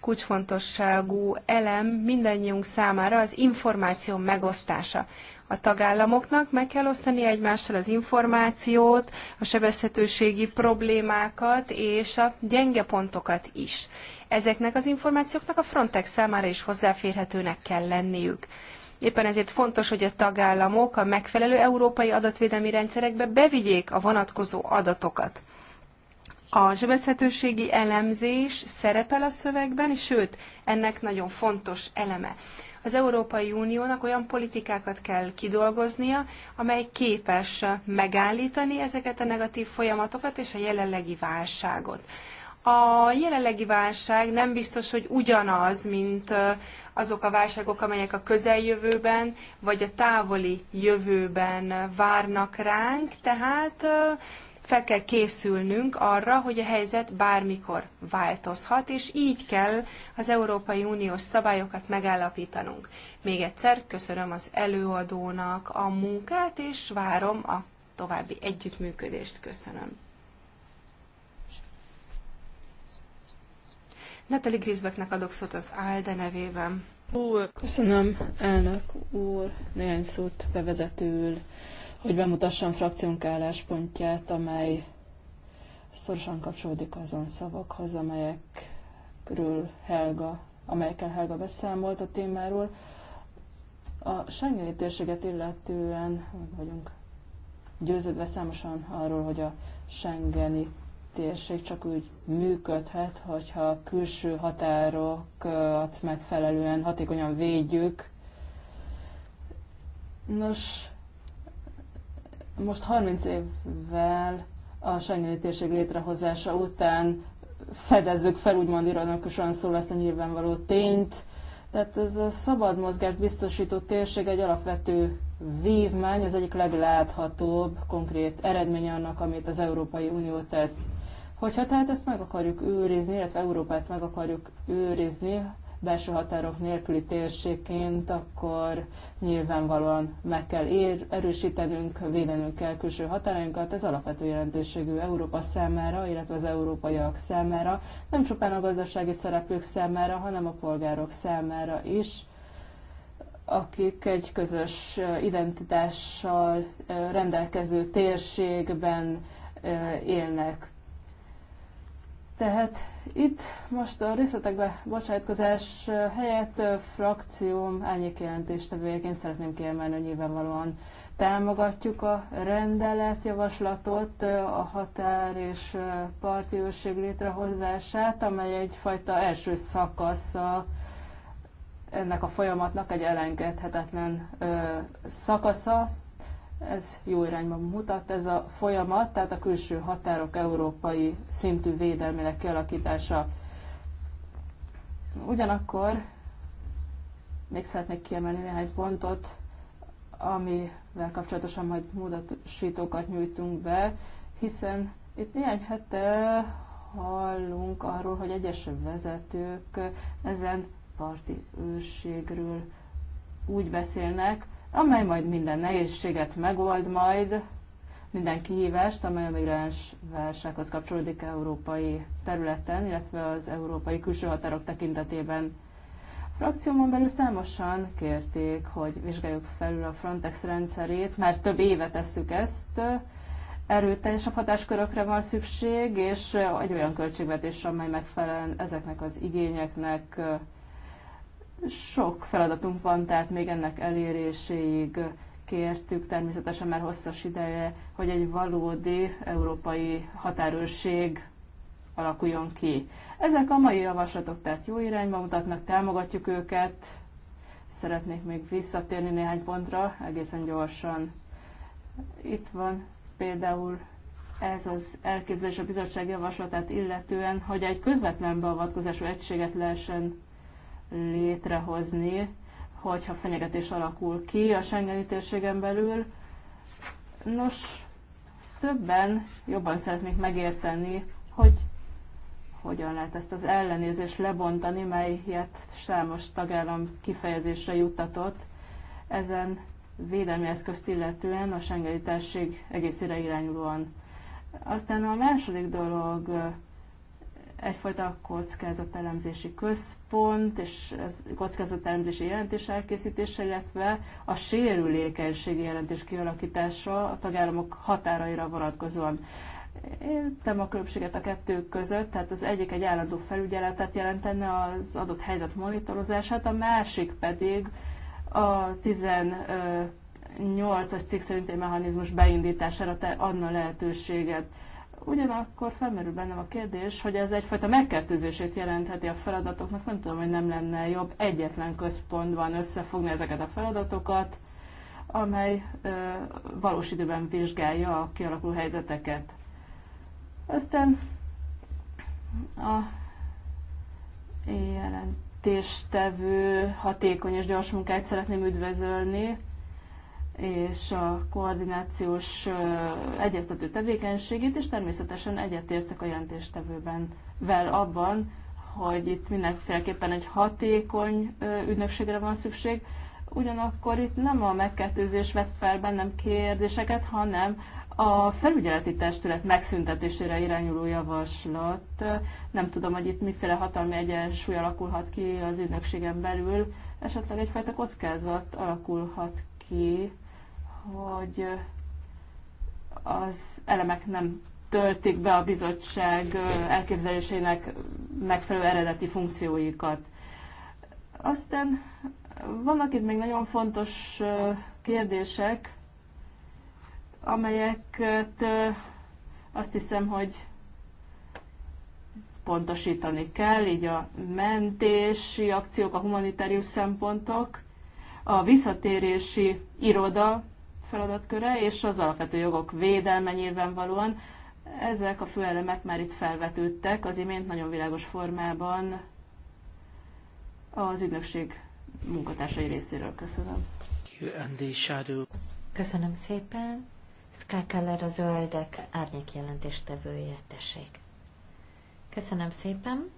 kulcsfontosságú elem mindannyiunk számára az információ megosztása. A tagállamoknak meg kell osztani egymással az információt, a sebezhetőségi problémákat és a gyenge pontokat is ezeknek az információknak a Frontex számára is hozzáférhetőnek kell lenniük. Éppen ezért fontos, hogy a tagállamok a megfelelő európai adatvédelmi rendszerekbe bevigyék a vonatkozó adatokat. A sebezhetőségi elemzés szerepel a szövegben, sőt, ennek nagyon fontos eleme. Az Európai Uniónak olyan politikákat kell kidolgoznia, amely képes megállítani ezeket a negatív folyamatokat és a jelenlegi válságot a jelenlegi válság nem biztos, hogy ugyanaz, mint azok a válságok, amelyek a közeljövőben vagy a távoli jövőben várnak ránk, tehát fel kell készülnünk arra, hogy a helyzet bármikor változhat, és így kell az Európai Uniós szabályokat megállapítanunk. Még egyszer köszönöm az előadónak a munkát, és várom a további együttműködést. Köszönöm. Natalie Grisbecknek adok szót az ALDE nevében. Köszönöm, elnök úr, néhány szót bevezetőül, hogy bemutassam frakciónk álláspontját, amely szorosan kapcsolódik azon szavakhoz, amelyekről Helga, amelyekkel Helga beszámolt a témáról. A Schengeni térséget illetően vagyunk győződve számosan arról, hogy a Schengeni térség csak úgy működhet, hogyha a külső határokat megfelelően hatékonyan védjük. Nos, most 30 évvel a Schengeni térség létrehozása után fedezzük fel, úgymond ironikusan szól ezt a nyilvánvaló tényt. Tehát ez a szabad mozgás biztosító térség egy alapvető vívmány, az egyik legláthatóbb konkrét eredménye annak, amit az Európai Unió tesz. Hogyha tehát ezt meg akarjuk őrizni, illetve Európát meg akarjuk őrizni, belső határok nélküli térségként, akkor nyilvánvalóan meg kell ér, erősítenünk, védenünk kell külső határainkat. Ez alapvető jelentőségű Európa számára, illetve az európaiak számára, nem csupán a gazdasági szereplők számára, hanem a polgárok számára is akik egy közös identitással rendelkező térségben élnek. Tehát itt most a részletekbe bocsájtkozás helyett frakcióm árnyékjelentéstevőjeként szeretném kiemelni, hogy nyilvánvalóan támogatjuk a rendelet javaslatot, a határ és parti őrség létrehozását, amely egyfajta első szakasza ennek a folyamatnak egy elengedhetetlen szakasza, ez jó irányba mutat ez a folyamat, tehát a külső határok európai szintű védelmének kialakítása. Ugyanakkor még szeretnék kiemelni néhány pontot, amivel kapcsolatosan majd módosítókat nyújtunk be, hiszen itt néhány hete hallunk arról, hogy egyes vezetők ezen parti őrségről úgy beszélnek, amely majd minden nehézséget megold majd, minden kihívást, amely a migráns válsághoz kapcsolódik európai területen, illetve az európai külső határok tekintetében. A frakciómon belül számosan kérték, hogy vizsgáljuk felül a Frontex rendszerét, már több éve tesszük ezt, erőteljesebb hatáskörökre van szükség, és egy olyan költségvetés, amely megfelel ezeknek az igényeknek, sok feladatunk van, tehát még ennek eléréséig kértük természetesen már hosszas ideje, hogy egy valódi európai határőrség alakuljon ki. Ezek a mai javaslatok tehát jó irányba mutatnak, támogatjuk őket. Szeretnék még visszatérni néhány pontra, egészen gyorsan. Itt van például ez az elképzelés a bizottság javaslatát illetően, hogy egy közvetlen beavatkozású egységet lehessen létrehozni, hogyha fenyegetés alakul ki a Schengeni térségen belül. Nos, többen jobban szeretnék megérteni, hogy hogyan lehet ezt az ellenézést lebontani, melyet számos tagállam kifejezésre juttatott ezen védelmi eszközt illetően a Schengeni térség egészére irányulóan. Aztán a második dolog, egyfajta kockázatelemzési központ és kockázatelemzési jelentés elkészítése, illetve a sérülékenységi jelentés kialakítása a tagállamok határaira vonatkozóan. Értem a különbséget a kettő között, tehát az egyik egy állandó felügyeletet jelentene az adott helyzet monitorozását, a másik pedig a 18-as cikk szerinti mechanizmus beindítására adna lehetőséget. Ugyanakkor felmerül bennem a kérdés, hogy ez egyfajta megkettőzését jelentheti a feladatoknak. Nem tudom, hogy nem lenne jobb egyetlen központban összefogni ezeket a feladatokat, amely ö, valós időben vizsgálja a kialakuló helyzeteket. Aztán a jelentéstevő hatékony és gyors munkát szeretném üdvözölni és a koordinációs egyeztető tevékenységét, és természetesen egyetértek a jelentéstevőben vel abban, hogy itt mindenféleképpen egy hatékony ügynökségre van szükség, ugyanakkor itt nem a megkettőzés vett fel bennem kérdéseket, hanem a felügyeleti testület megszüntetésére irányuló javaslat. Nem tudom, hogy itt miféle hatalmi egyensúly alakulhat ki az ügynökségen belül, esetleg egyfajta kockázat alakulhat ki hogy az elemek nem töltik be a bizottság elképzeléseinek megfelelő eredeti funkcióikat. Aztán vannak itt még nagyon fontos kérdések, amelyeket azt hiszem, hogy pontosítani kell, így a mentési akciók, a humanitárius szempontok, a visszatérési iroda, feladatköre, és az alapvető jogok védelme nyilvánvalóan. Ezek a főelemek már itt felvetődtek az imént nagyon világos formában az ügynökség munkatársai részéről. Köszönöm. Köszönöm szépen. Sky Keller a Zöldek árnyék jelentéstevője, tessék. Köszönöm szépen.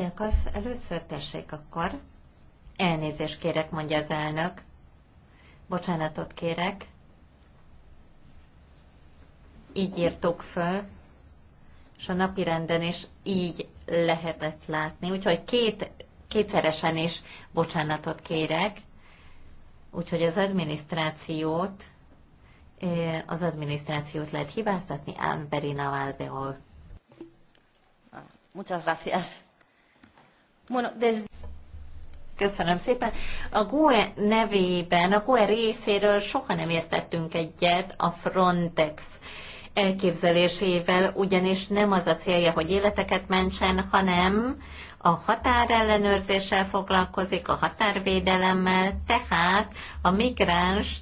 Te akarsz először tessék akkor? Elnézést kérek, mondja az elnök. Bocsánatot kérek. Így írtuk föl, és a napi renden is így lehetett látni. Úgyhogy két, kétszeresen is bocsánatot kérek. Úgyhogy az adminisztrációt, eh, az adminisztrációt lehet hibáztatni, ám Berina Valbeol. Muchas gracias. Köszönöm szépen. A GUE nevében, a GUE részéről soha nem értettünk egyet a Frontex elképzelésével, ugyanis nem az a célja, hogy életeket mentsen, hanem a határellenőrzéssel foglalkozik, a határvédelemmel, tehát a migráns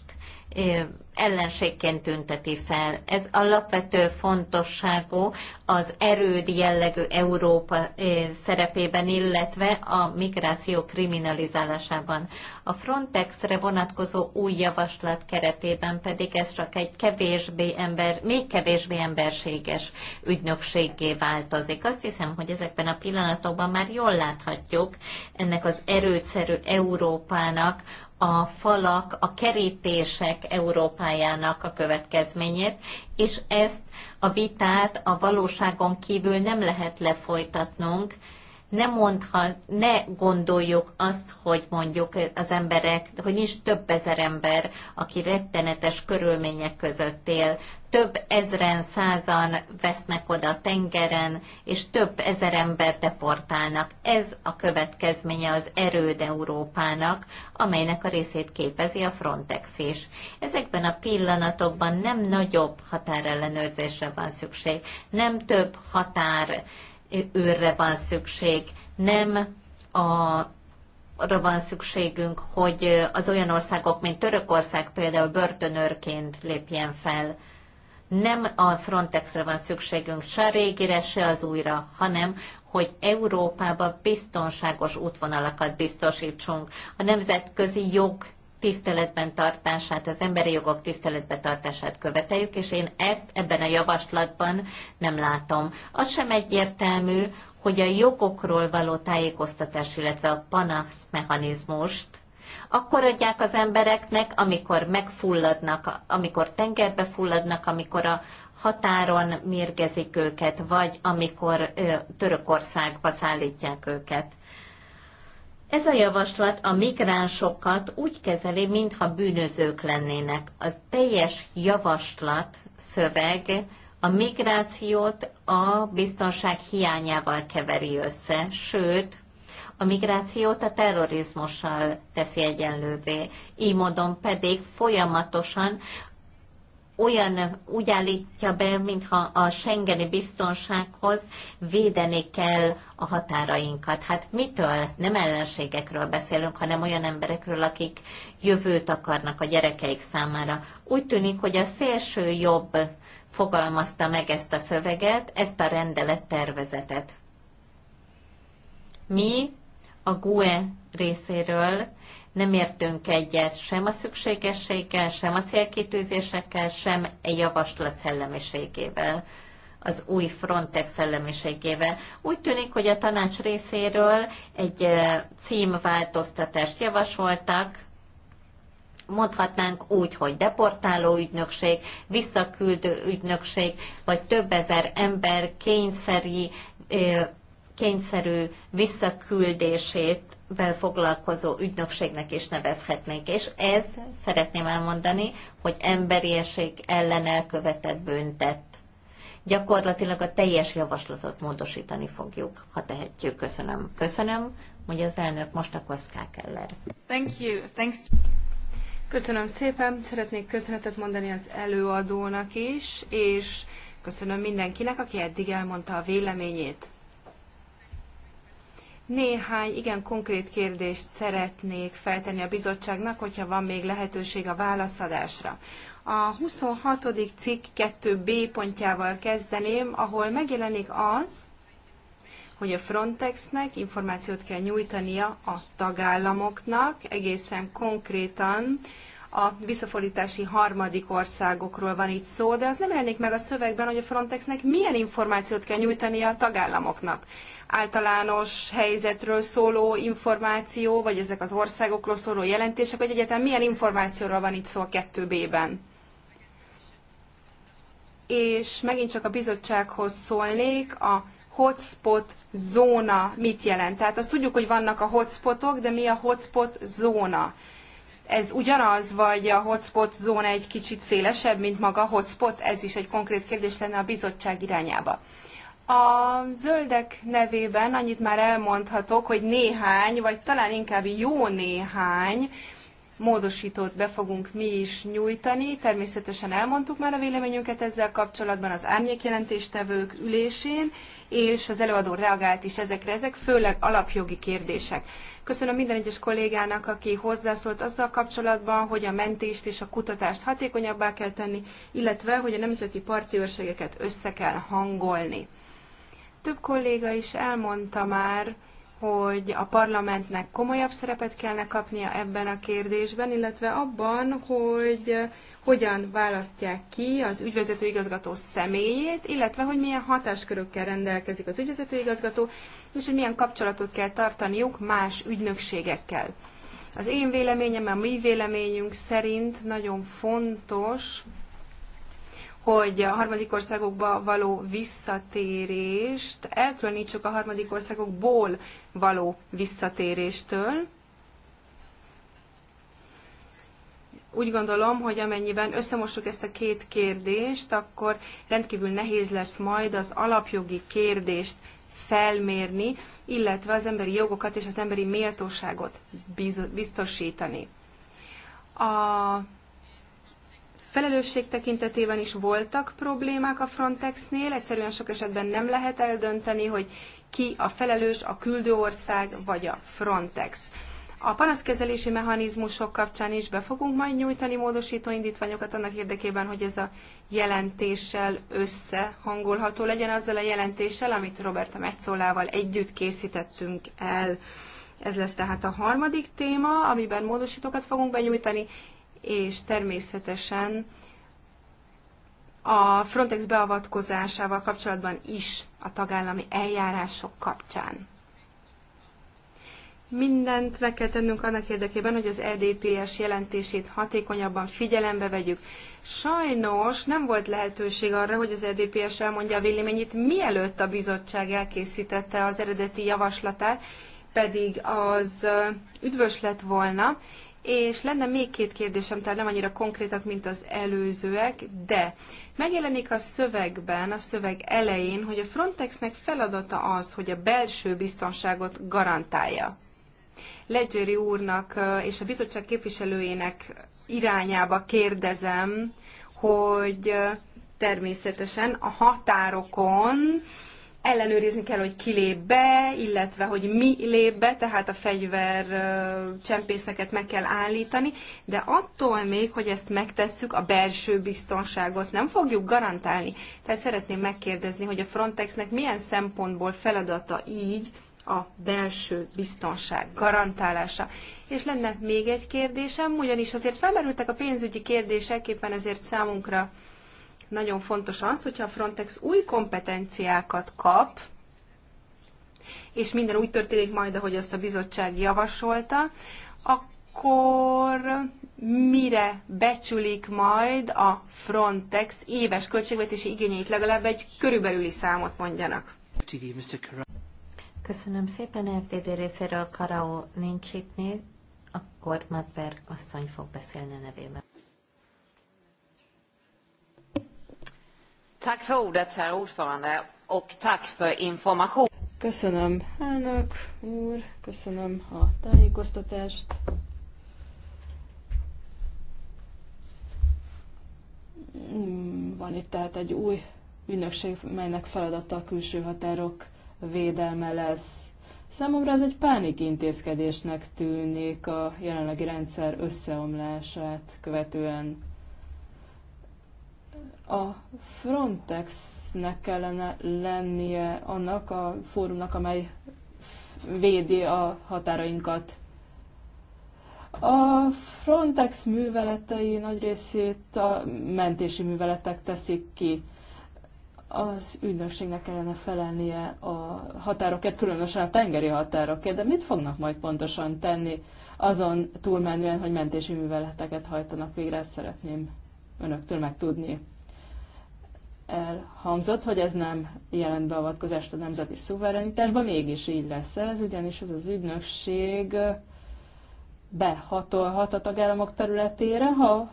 ellenségként tünteti fel. Ez alapvető fontosságú az erőd jellegű Európa szerepében, illetve a migráció kriminalizálásában. A Frontexre vonatkozó új javaslat keretében pedig ez csak egy kevésbé ember, még kevésbé emberséges ügynökségé változik. Azt hiszem, hogy ezekben a pillanatokban már jól láthatjuk ennek az erőszerű Európának a falak, a kerítések Európájának a következményét, és ezt a vitát a valóságon kívül nem lehet lefolytatnunk, ne mondha, ne gondoljuk azt, hogy mondjuk az emberek, hogy nincs több ezer ember, aki rettenetes körülmények között él, több ezren, százan vesznek oda a tengeren, és több ezer ember deportálnak. Ez a következménye az erőd Európának, amelynek a részét képezi a Frontex is. Ezekben a pillanatokban nem nagyobb határellenőrzésre van szükség, nem több határ őrre van szükség, nem a arra van szükségünk, hogy az olyan országok, mint Törökország például börtönőrként lépjen fel. Nem a Frontexre van szükségünk, se a régire, se az újra, hanem hogy Európába biztonságos útvonalakat biztosítsunk. A nemzetközi jog tiszteletben tartását, az emberi jogok tiszteletben tartását követeljük, és én ezt ebben a javaslatban nem látom. Az sem egyértelmű, hogy a jogokról való tájékoztatás, illetve a panasz mechanizmust akkor adják az embereknek, amikor megfulladnak, amikor tengerbe fulladnak, amikor a határon mérgezik őket, vagy amikor Törökországba szállítják őket. Ez a javaslat a migránsokat úgy kezeli, mintha bűnözők lennének. Az teljes javaslat szöveg a migrációt a biztonság hiányával keveri össze, sőt, a migrációt a terrorizmussal teszi egyenlővé. Így módon pedig folyamatosan olyan úgy állítja be, mintha a Schengeni biztonsághoz védeni kell a határainkat. Hát mitől? Nem ellenségekről beszélünk, hanem olyan emberekről, akik jövőt akarnak a gyerekeik számára. Úgy tűnik, hogy a szélső jobb fogalmazta meg ezt a szöveget, ezt a rendelet tervezetet. Mi a GUE részéről nem értünk egyet sem a szükségességgel, sem a célkitűzésekkel, sem egy javaslat szellemiségével az új Frontex szellemiségével. Úgy tűnik, hogy a tanács részéről egy címváltoztatást javasoltak, mondhatnánk úgy, hogy deportáló ügynökség, visszaküldő ügynökség, vagy több ezer ember kényszeri, kényszerű visszaküldését vel foglalkozó ügynökségnek is nevezhetnénk. És ez, szeretném elmondani, hogy emberiesség ellen elkövetett bűntett. Gyakorlatilag a teljes javaslatot módosítani fogjuk, ha tehetjük. Köszönöm. Köszönöm, hogy az elnök most a Koszká Keller. Thank you. Thanks. Köszönöm szépen, szeretnék köszönetet mondani az előadónak is, és köszönöm mindenkinek, aki eddig elmondta a véleményét. Néhány igen konkrét kérdést szeretnék feltenni a bizottságnak, hogyha van még lehetőség a válaszadásra. A 26. cikk 2b pontjával kezdeném, ahol megjelenik az, hogy a Frontexnek információt kell nyújtania a tagállamoknak, egészen konkrétan a visszafordítási harmadik országokról van itt szó, de az nem jelenik meg a szövegben, hogy a Frontexnek milyen információt kell nyújtania a tagállamoknak általános helyzetről szóló információ, vagy ezek az országokról szóló jelentések, hogy egyáltalán milyen információról van itt szó a 2B-ben. És megint csak a bizottsághoz szólnék, a hotspot zóna mit jelent. Tehát azt tudjuk, hogy vannak a hotspotok, de mi a hotspot zóna? Ez ugyanaz, vagy a hotspot zóna egy kicsit szélesebb, mint maga a hotspot? Ez is egy konkrét kérdés lenne a bizottság irányába. A zöldek nevében annyit már elmondhatok, hogy néhány, vagy talán inkább jó néhány módosítót be fogunk mi is nyújtani. Természetesen elmondtuk már a véleményünket ezzel kapcsolatban az árnyékjelentéstevők ülésén, és az előadó reagált is ezekre, ezek főleg alapjogi kérdések. Köszönöm minden egyes kollégának, aki hozzászólt azzal kapcsolatban, hogy a mentést és a kutatást hatékonyabbá kell tenni, illetve hogy a nemzeti partiőrségeket össze kell hangolni. Több kolléga is elmondta már, hogy a parlamentnek komolyabb szerepet kellene kapnia ebben a kérdésben, illetve abban, hogy hogyan választják ki az ügyvezető igazgató személyét, illetve hogy milyen hatáskörökkel rendelkezik az ügyvezető igazgató, és hogy milyen kapcsolatot kell tartaniuk más ügynökségekkel. Az én véleményem, a mi véleményünk szerint nagyon fontos, hogy a harmadik országokba való visszatérést elkülönítsük a harmadik országokból való visszatéréstől. Úgy gondolom, hogy amennyiben összemossuk ezt a két kérdést, akkor rendkívül nehéz lesz majd az alapjogi kérdést felmérni, illetve az emberi jogokat és az emberi méltóságot biztosítani. A Felelősség tekintetében is voltak problémák a Frontexnél, egyszerűen sok esetben nem lehet eldönteni, hogy ki a felelős, a küldő ország vagy a Frontex. A panaszkezelési mechanizmusok kapcsán is be fogunk majd nyújtani módosító indítványokat annak érdekében, hogy ez a jelentéssel összehangolható legyen azzal a jelentéssel, amit Roberta Metzolával együtt készítettünk el. Ez lesz tehát a harmadik téma, amiben módosítókat fogunk benyújtani, és természetesen a Frontex beavatkozásával kapcsolatban is a tagállami eljárások kapcsán. Mindent meg kell tennünk annak érdekében, hogy az EDPS jelentését hatékonyabban figyelembe vegyük. Sajnos nem volt lehetőség arra, hogy az EDPS elmondja a véleményét, mielőtt a bizottság elkészítette az eredeti javaslatát, pedig az üdvös lett volna, és lenne még két kérdésem, tehát nem annyira konkrétak, mint az előzőek, de megjelenik a szövegben, a szöveg elején, hogy a Frontexnek feladata az, hogy a belső biztonságot garantálja. Ledgeri úrnak és a bizottság képviselőjének irányába kérdezem, hogy természetesen a határokon ellenőrizni kell, hogy ki lép be, illetve hogy mi lép be, tehát a fegyver csempészeket meg kell állítani, de attól még, hogy ezt megtesszük, a belső biztonságot nem fogjuk garantálni. Tehát szeretném megkérdezni, hogy a Frontexnek milyen szempontból feladata így, a belső biztonság garantálása. És lenne még egy kérdésem, ugyanis azért felmerültek a pénzügyi kérdések, éppen ezért számunkra nagyon fontos az, hogyha a Frontex új kompetenciákat kap, és minden úgy történik majd, ahogy azt a bizottság javasolta, akkor mire becsülik majd a Frontex éves költségvetési igényeit, legalább egy körülbelüli számot mondjanak. Köszönöm szépen, FDD részéről Karao nincs itt, né? akkor Madberg asszony fog beszélni a nevében. Tack för ordet, herr ordförande, och tack för information. Köszönöm, elnök úr, köszönöm a tájékoztatást. Van itt tehát egy új ügynökség, melynek feladata a külső határok védelme lesz. Számomra ez egy pánik intézkedésnek tűnik a jelenlegi rendszer összeomlását követően a Frontexnek kellene lennie annak a fórumnak, amely védi a határainkat. A Frontex műveletei nagy részét a mentési műveletek teszik ki. Az ügynökségnek kellene felelnie a határokért, különösen a tengeri határokért, de mit fognak majd pontosan tenni azon túlmenően, hogy mentési műveleteket hajtanak végre, ezt szeretném önöktől megtudni elhangzott, hogy ez nem jelent beavatkozást a nemzeti szuverenitásba, mégis így lesz ez, ugyanis ez az ügynökség behatolhat a tagállamok területére, ha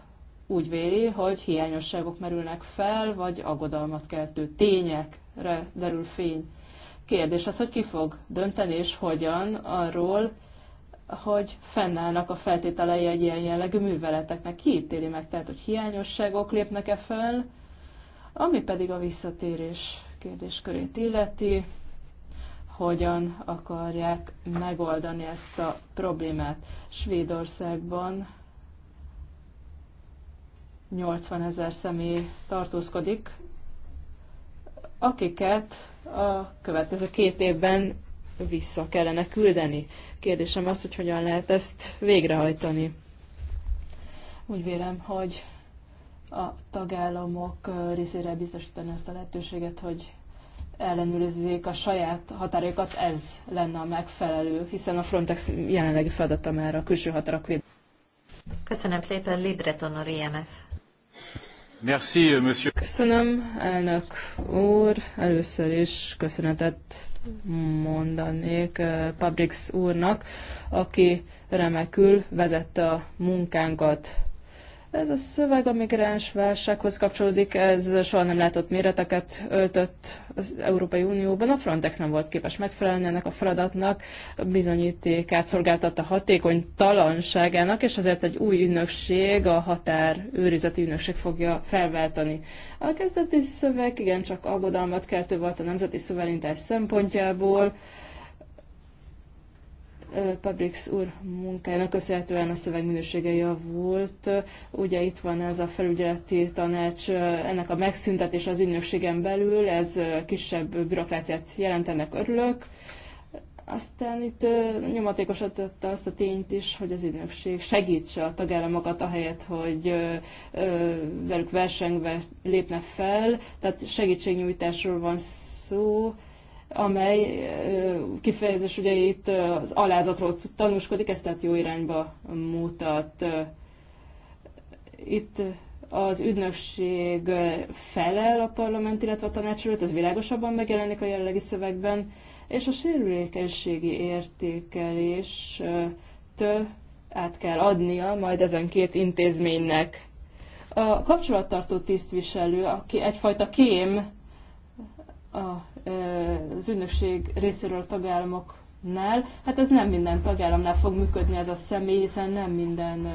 úgy véli, hogy hiányosságok merülnek fel, vagy aggodalmat keltő tényekre derül fény. Kérdés az, hogy ki fog dönteni és hogyan arról, hogy fennállnak a feltételei egy ilyen jellegű műveleteknek. Ki ítéli meg, tehát hogy hiányosságok lépnek-e fel, ami pedig a visszatérés kérdéskörét illeti, hogyan akarják megoldani ezt a problémát. Svédországban 80 ezer személy tartózkodik, akiket a következő két évben vissza kellene küldeni. Kérdésem az, hogy hogyan lehet ezt végrehajtani. Úgy vélem, hogy a tagállamok részére biztosítani azt a lehetőséget, hogy ellenőrizzék a saját határaikat, ez lenne a megfelelő, hiszen a Frontex jelenlegi feladata már a külső határok véd. Köszönöm szépen, Libreton a RMF. Merci, monsieur. Köszönöm, elnök úr. Először is köszönetet mondanék Pabrix úrnak, aki remekül vezette a munkánkat ez a szöveg a migráns válsághoz kapcsolódik, ez soha nem látott méreteket öltött az Európai Unióban. A Frontex nem volt képes megfelelni ennek a feladatnak, bizonyítékát szolgáltatta hatékony talanságának, és ezért egy új ünnökség, a határ őrizeti ünnökség fogja felváltani. A kezdeti szöveg igencsak aggodalmat keltő volt a nemzeti szuverenitás szempontjából, Pabrix úr munkájának köszönhetően a szöveg minősége javult. Ugye itt van ez a felügyeleti tanács, ennek a megszüntetés az ügynökségen belül, ez kisebb bürokráciát jelentenek, örülök. Aztán itt nyomatékosította azt a tényt is, hogy az ügynökség segítse a tagállamokat ahelyett, hogy velük versengve lépne fel, tehát segítségnyújtásról van szó, amely kifejezés ugye itt az alázatról tanúskodik, ez tehát jó irányba mutat. Itt az ügynökség felel a parlament, illetve a tanács előtt, ez világosabban megjelenik a jelenlegi szövegben, és a sérülékenységi értékelést át kell adnia majd ezen két intézménynek. A kapcsolattartó tisztviselő, aki egyfajta kém a Eh, az ügynökség részéről a tagállamoknál. Hát ez nem minden tagállamnál fog működni ez a személy, hiszen nem minden eh,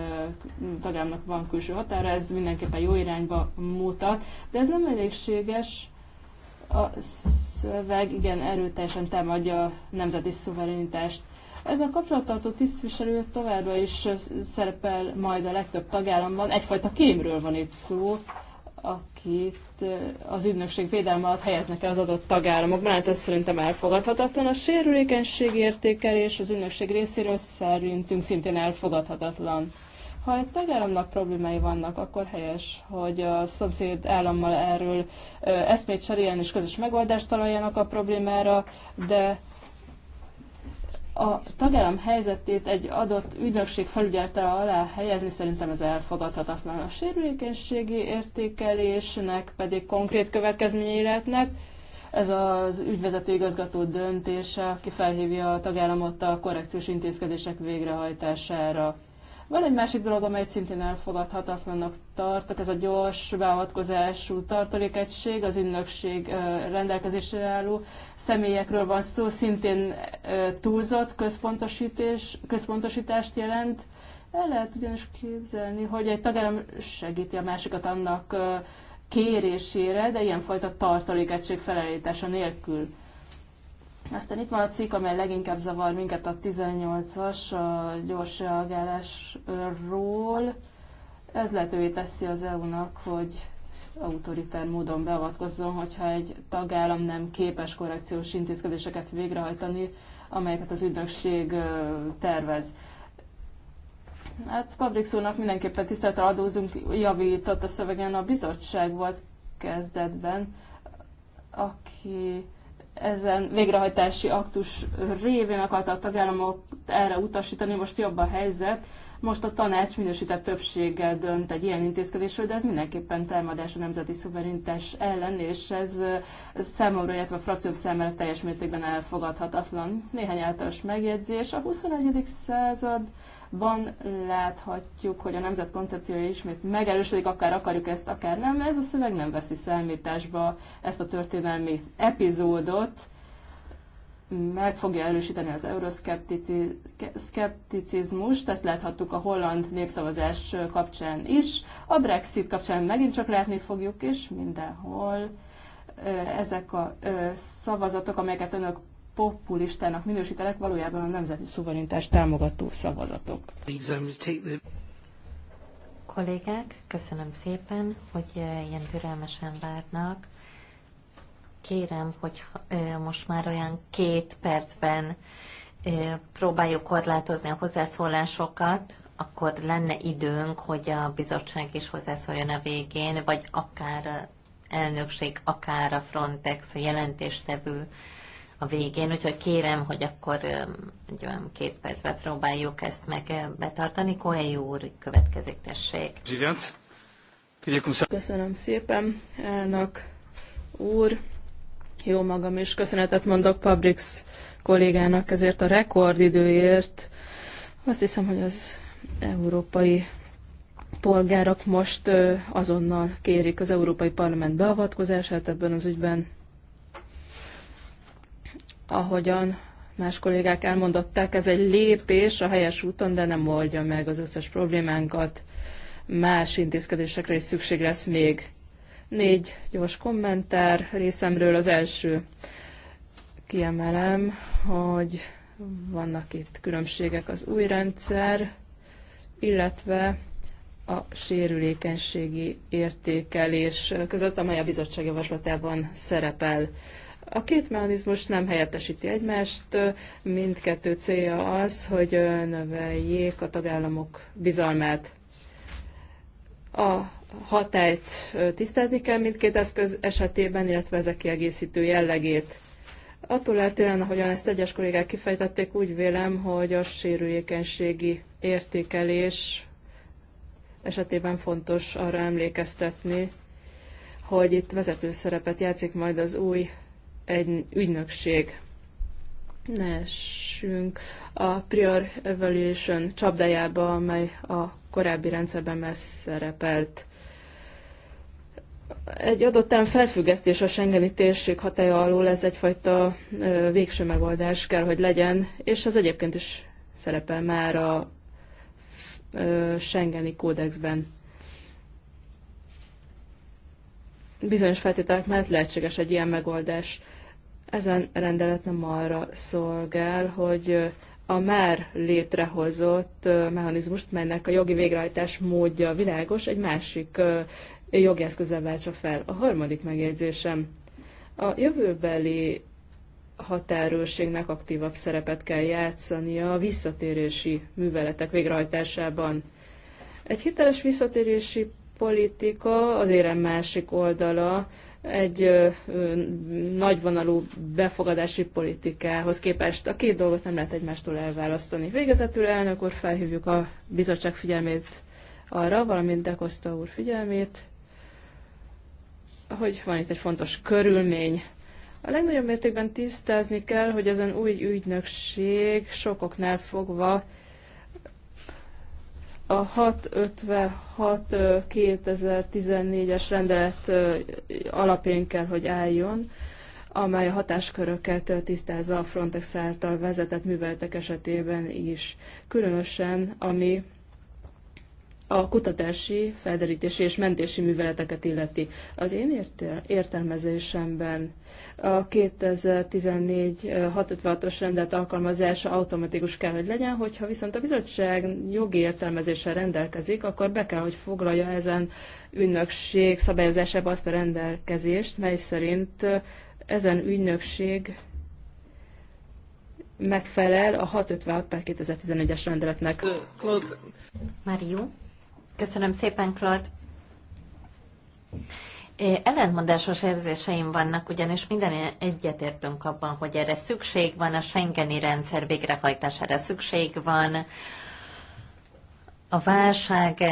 tagállamnak van külső határa, ez mindenképpen jó irányba mutat, de ez nem elégséges. A szöveg igen erőteljesen támadja a nemzeti szuverenitást. Ez a kapcsolattartó tisztviselő továbbra is eh, szerepel majd a legtöbb tagállamban. Egyfajta kémről van itt szó, akit eh, az ügynökség védelme alatt helyeznek el az adott tagállamokban, hát ez szerintem elfogadhatatlan. A sérülékenység értékelés az ügynökség részéről szerintünk szintén elfogadhatatlan. Ha egy tagállamnak problémái vannak, akkor helyes, hogy a szomszéd állammal erről eh, eszmét cseréljen és közös megoldást találjanak a problémára, de a tagállam helyzetét egy adott ügynökség felügyelte alá helyezni szerintem ez elfogadhatatlan. A sérülékenységi értékelésnek pedig konkrét következményei lehetnek. Ez az ügyvezető igazgató döntése, aki felhívja a tagállamot a korrekciós intézkedések végrehajtására. Van egy másik dolog, amelyet szintén elfogadhatatlannak tartok, ez a gyors beavatkozású tartalékegység, az ünnökség rendelkezésre álló személyekről van szó, szintén túlzott központosítás, központosítást jelent. El lehet ugyanis képzelni, hogy egy tagállam segíti a másikat annak kérésére, de ilyenfajta tartalékegység felállítása nélkül. Aztán itt van a cikk, amely leginkább zavar minket a 18-as, a gyors reagálásról. Ez lehetővé teszi az EU-nak, hogy autoritár módon beavatkozzon, hogyha egy tagállam nem képes korrekciós intézkedéseket végrehajtani, amelyeket az ügynökség tervez. Hát Fabrik szónak mindenképpen tiszteletre adózunk, javított a szövegen, a bizottság volt kezdetben, aki ezen végrehajtási aktus révén akarta a tagállamok erre utasítani, most jobb a helyzet. Most a tanács minősített többséggel dönt egy ilyen intézkedésről, de ez mindenképpen támadás a nemzeti szuverenitás ellen, és ez számomra, illetve a frakcióm számára teljes mértékben elfogadhatatlan. Néhány általános megjegyzés. A 21. század van. Láthatjuk, hogy a nemzet koncepciója ismét megerősödik, akár akarjuk ezt, akár nem. Ez a szöveg nem veszi számításba ezt a történelmi epizódot, meg fogja erősíteni az euroszkepticizmust, ezt láthattuk a holland népszavazás kapcsán is, a Brexit kapcsán megint csak látni fogjuk, és mindenhol ezek a szavazatok, amelyeket önök populistának minősítelek, valójában a nemzeti szuverenitás támogató szavazatok. Kollégák, köszönöm szépen, hogy eh, ilyen türelmesen várnak. Kérem, hogy eh, most már olyan két percben eh, próbáljuk korlátozni a hozzászólásokat, akkor lenne időnk, hogy a bizottság is hozzászóljon a végén, vagy akár elnökség, akár a Frontex a jelentéstevő a végén, úgyhogy kérem, hogy akkor egy olyan két percben próbáljuk ezt meg betartani. Koei úr, következik, tessék. Köszönöm szépen, elnök úr. Jó magam is. Köszönetet mondok Pabrix kollégának ezért a rekordidőért. Azt hiszem, hogy az európai polgárok most azonnal kérik az Európai Parlament beavatkozását ebben az ügyben ahogyan más kollégák elmondották, ez egy lépés a helyes úton, de nem oldja meg az összes problémánkat. Más intézkedésekre is szükség lesz még. Négy gyors kommentár részemről az első. Kiemelem, hogy vannak itt különbségek az új rendszer, illetve a sérülékenységi értékelés között, amely a bizottság javaslatában szerepel. A két mechanizmus nem helyettesíti egymást, mindkettő célja az, hogy növeljék a tagállamok bizalmát. A hatályt tisztázni kell mindkét eszköz esetében, illetve ezek kiegészítő jellegét. Attól eltérően, ahogyan ezt egyes kollégák kifejtették, úgy vélem, hogy a sérülékenységi értékelés esetében fontos arra emlékeztetni, hogy itt vezető szerepet játszik majd az új egy ügynökség. Ne a prior evaluation csapdájába, amely a korábbi rendszerben messz szerepelt. Egy adott felfüggesztés a Schengeni térség hatája alól, ez egyfajta végső megoldás kell, hogy legyen, és az egyébként is szerepel már a Schengeni kódexben. Bizonyos feltételek mellett lehetséges egy ilyen megoldás. Ezen rendelet nem arra szolgál, hogy a már létrehozott mechanizmust, melynek a jogi végrehajtás módja világos, egy másik jogi eszközzel váltsa fel. A harmadik megjegyzésem. A jövőbeli határőrségnek aktívabb szerepet kell játszania a visszatérési műveletek végrehajtásában. Egy hiteles visszatérési politika az érem másik oldala, egy nagyvonalú befogadási politikához képest. A két dolgot nem lehet egymástól elválasztani. Végezetül elnök úr felhívjuk a bizottság figyelmét arra, valamint Dekoszta úr figyelmét, hogy van itt egy fontos körülmény. A legnagyobb mértékben tisztázni kell, hogy ezen új ügynökség sokoknál fogva a 656 2014-es rendelet alapján kell, hogy álljon, amely a hatásköröket tisztázza a Frontex által vezetett műveletek esetében is, különösen ami a kutatási, felderítési és mentési műveleteket illeti. Az én értelmezésemben a 2014 656-os rendelet alkalmazása automatikus kell, hogy legyen, hogyha viszont a bizottság jogi értelmezéssel rendelkezik, akkor be kell, hogy foglalja ezen ügynökség szabályozásába azt a rendelkezést, mely szerint ezen ügynökség megfelel a 656 per 2011-es rendeletnek. Mario? Köszönöm szépen, Claude. Ellentmondásos érzéseim vannak, ugyanis minden egyetértünk abban, hogy erre szükség van, a Schengeni rendszer végrehajtására szükség van, a válság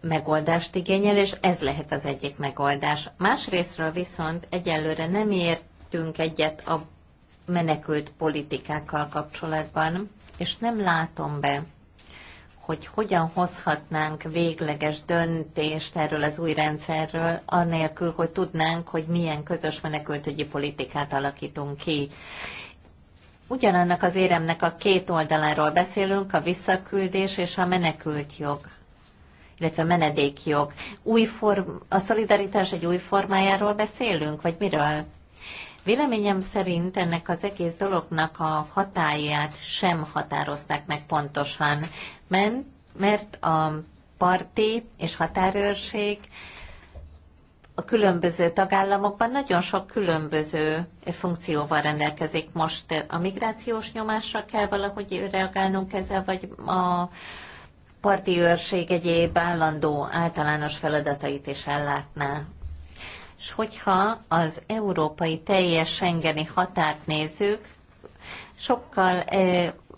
megoldást igényel, és ez lehet az egyik megoldás. Másrésztről viszont egyelőre nem értünk egyet a menekült politikákkal kapcsolatban, és nem látom be, hogy hogyan hozhatnánk végleges döntést erről az új rendszerről, anélkül, hogy tudnánk, hogy milyen közös menekültügyi politikát alakítunk ki. Ugyanannak az éremnek a két oldaláról beszélünk, a visszaküldés és a menekült jog illetve menedékjog. Új form, a szolidaritás egy új formájáról beszélünk, vagy miről? Véleményem szerint ennek az egész dolognak a hatáját sem határozták meg pontosan, mert a parti és határőrség a különböző tagállamokban nagyon sok különböző funkcióval rendelkezik. Most a migrációs nyomásra kell valahogy reagálnunk ezzel, vagy a parti őrség egyéb állandó általános feladatait is ellátná és hogyha az európai teljes Schengeni határt nézzük, sokkal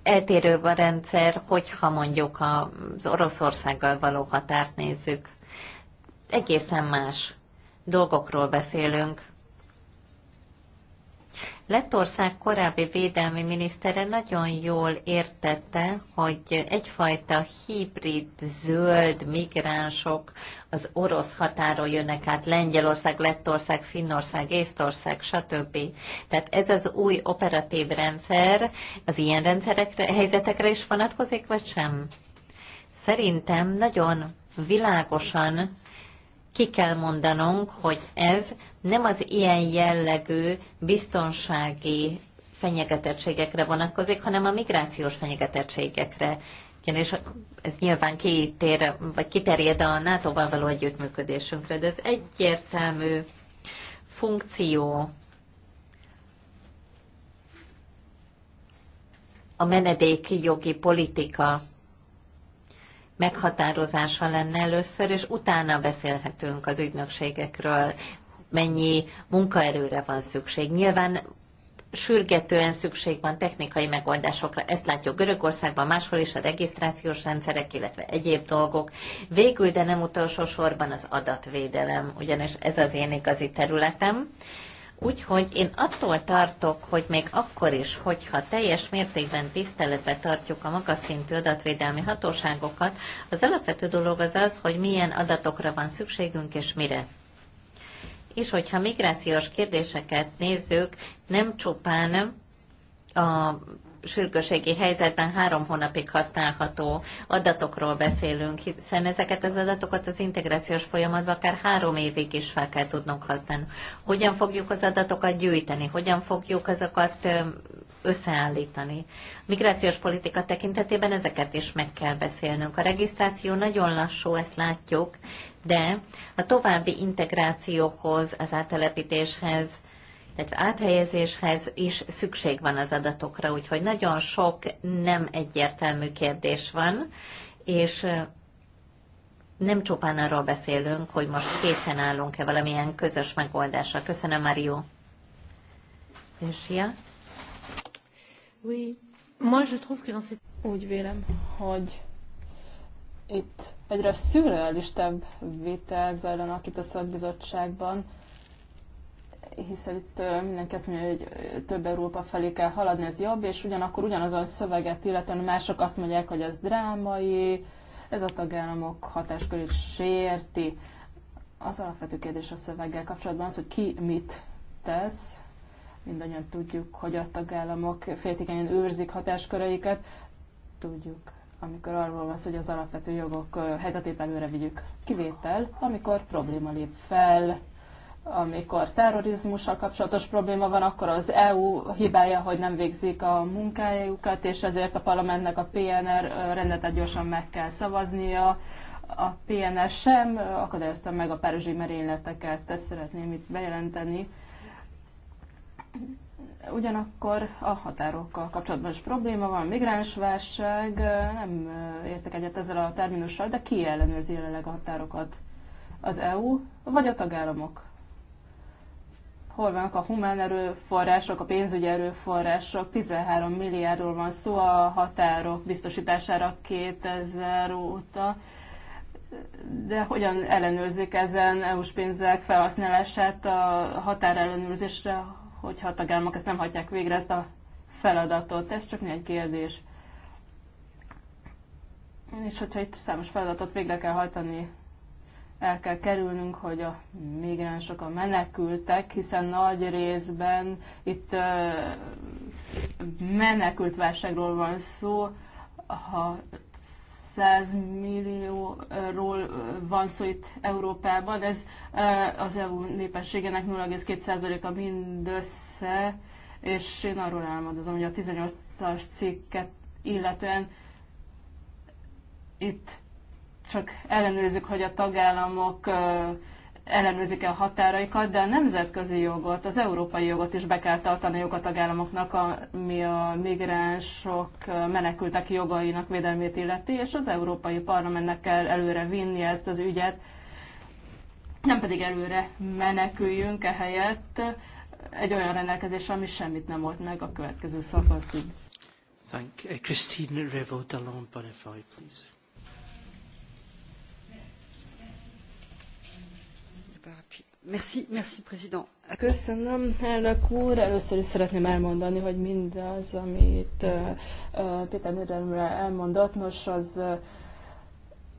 eltérőbb a rendszer, hogyha mondjuk az Oroszországgal való határt nézzük. Egészen más dolgokról beszélünk. Lettország korábbi védelmi minisztere nagyon jól értette, hogy egyfajta hibrid zöld migránsok az orosz határól jönnek át, Lengyelország, Lettország, Finnország, Észtország, stb. Tehát ez az új operatív rendszer az ilyen rendszerekre, helyzetekre is vonatkozik, vagy sem? Szerintem nagyon világosan ki kell mondanunk, hogy ez nem az ilyen jellegű biztonsági fenyegetettségekre vonatkozik, hanem a migrációs fenyegetettségekre. Ugyanis ez nyilván kitér, vagy kiterjed a NATO-val való együttműködésünkre, de ez egyértelmű funkció a menedéki jogi politika meghatározása lenne először, és utána beszélhetünk az ügynökségekről, mennyi munkaerőre van szükség. Nyilván sürgetően szükség van technikai megoldásokra. Ezt látjuk Görögországban, máshol is a regisztrációs rendszerek, illetve egyéb dolgok. Végül, de nem utolsó sorban az adatvédelem, ugyanis ez az én igazi területem. Úgyhogy én attól tartok, hogy még akkor is, hogyha teljes mértékben tiszteletbe tartjuk a magas szintű adatvédelmi hatóságokat, az alapvető dolog az az, hogy milyen adatokra van szükségünk és mire. És hogyha migrációs kérdéseket nézzük, nem csupán a sürgőségi helyzetben három hónapig használható adatokról beszélünk, hiszen ezeket az adatokat az integrációs folyamatban akár három évig is fel kell tudnunk használni. Hogyan fogjuk az adatokat gyűjteni, hogyan fogjuk azokat összeállítani. Migrációs politika tekintetében ezeket is meg kell beszélnünk. A regisztráció nagyon lassú, ezt látjuk, de a további integrációhoz, az áttelepítéshez, illetve áthelyezéshez is szükség van az adatokra, úgyhogy nagyon sok nem egyértelmű kérdés van, és nem csupán arról beszélünk, hogy most készen állunk-e valamilyen közös megoldásra. Köszönöm, Mario. És Oui. Úgy vélem, hogy itt egyre szürrealistább vétel zajlanak itt a szakbizottságban, hiszen itt mindenki azt mondja, hogy több Európa felé kell haladni, ez jobb, és ugyanakkor ugyanazon szöveget, illetve mások azt mondják, hogy ez drámai, ez a tagállamok hatáskörét sérti. Az alapvető kérdés a szöveggel kapcsolatban az, hogy ki mit tesz. Mindannyian tudjuk, hogy a tagállamok féltékenyen őrzik hatásköreiket. Tudjuk, amikor arról van szó, hogy az alapvető jogok helyzetét előre vigyük. Kivétel, amikor probléma lép fel, amikor terrorizmussal kapcsolatos probléma van, akkor az EU hibája, hogy nem végzik a munkájukat, és ezért a parlamentnek a PNR rendetet gyorsan meg kell szavaznia. A PNR sem akadályozta meg a párizsi merényleteket, ezt szeretném itt bejelenteni. Ugyanakkor a határokkal kapcsolatban is probléma van, migránsválság, nem értek egyet ezzel a terminussal, de ki ellenőrzi jelenleg a határokat? Az EU vagy a tagállamok? hol vannak a humán erőforrások, a pénzügyi erőforrások, 13 milliárdról van szó a határok biztosítására 2000 óta. De hogyan ellenőrzik ezen EU-s pénzek felhasználását a határellenőrzésre, hogyha a tagállamok ezt nem hagyják végre, ezt a feladatot? Ez csak egy kérdés. És hogyha itt számos feladatot végre kell hajtani el kell kerülnünk, hogy a migránsok, a menekültek, hiszen nagy részben itt menekült válságról van szó, ha 100 millióról van szó itt Európában, ez az EU népességének 0,2%-a mindössze, és én arról álmodozom, hogy a 18-as cikket illetően itt csak ellenőrizzük, hogy a tagállamok ellenőrzik-e a határaikat, de a nemzetközi jogot, az európai jogot is be kell tartaniuk a tagállamoknak, ami a migránsok menekültek jogainak védelmét illeti, és az Európai Parlamentnek kell előre vinni ezt az ügyet, nem pedig előre meneküljünk ehelyett egy olyan rendelkezés, ami semmit nem volt meg a következő szakaszig. Thank Christine Revo Dallon Bonifay, please. Merci, merci, président. Köszönöm, elnök úr. Először is szeretném elmondani, hogy mindaz, amit Péter Nödenre elmondott, nos, az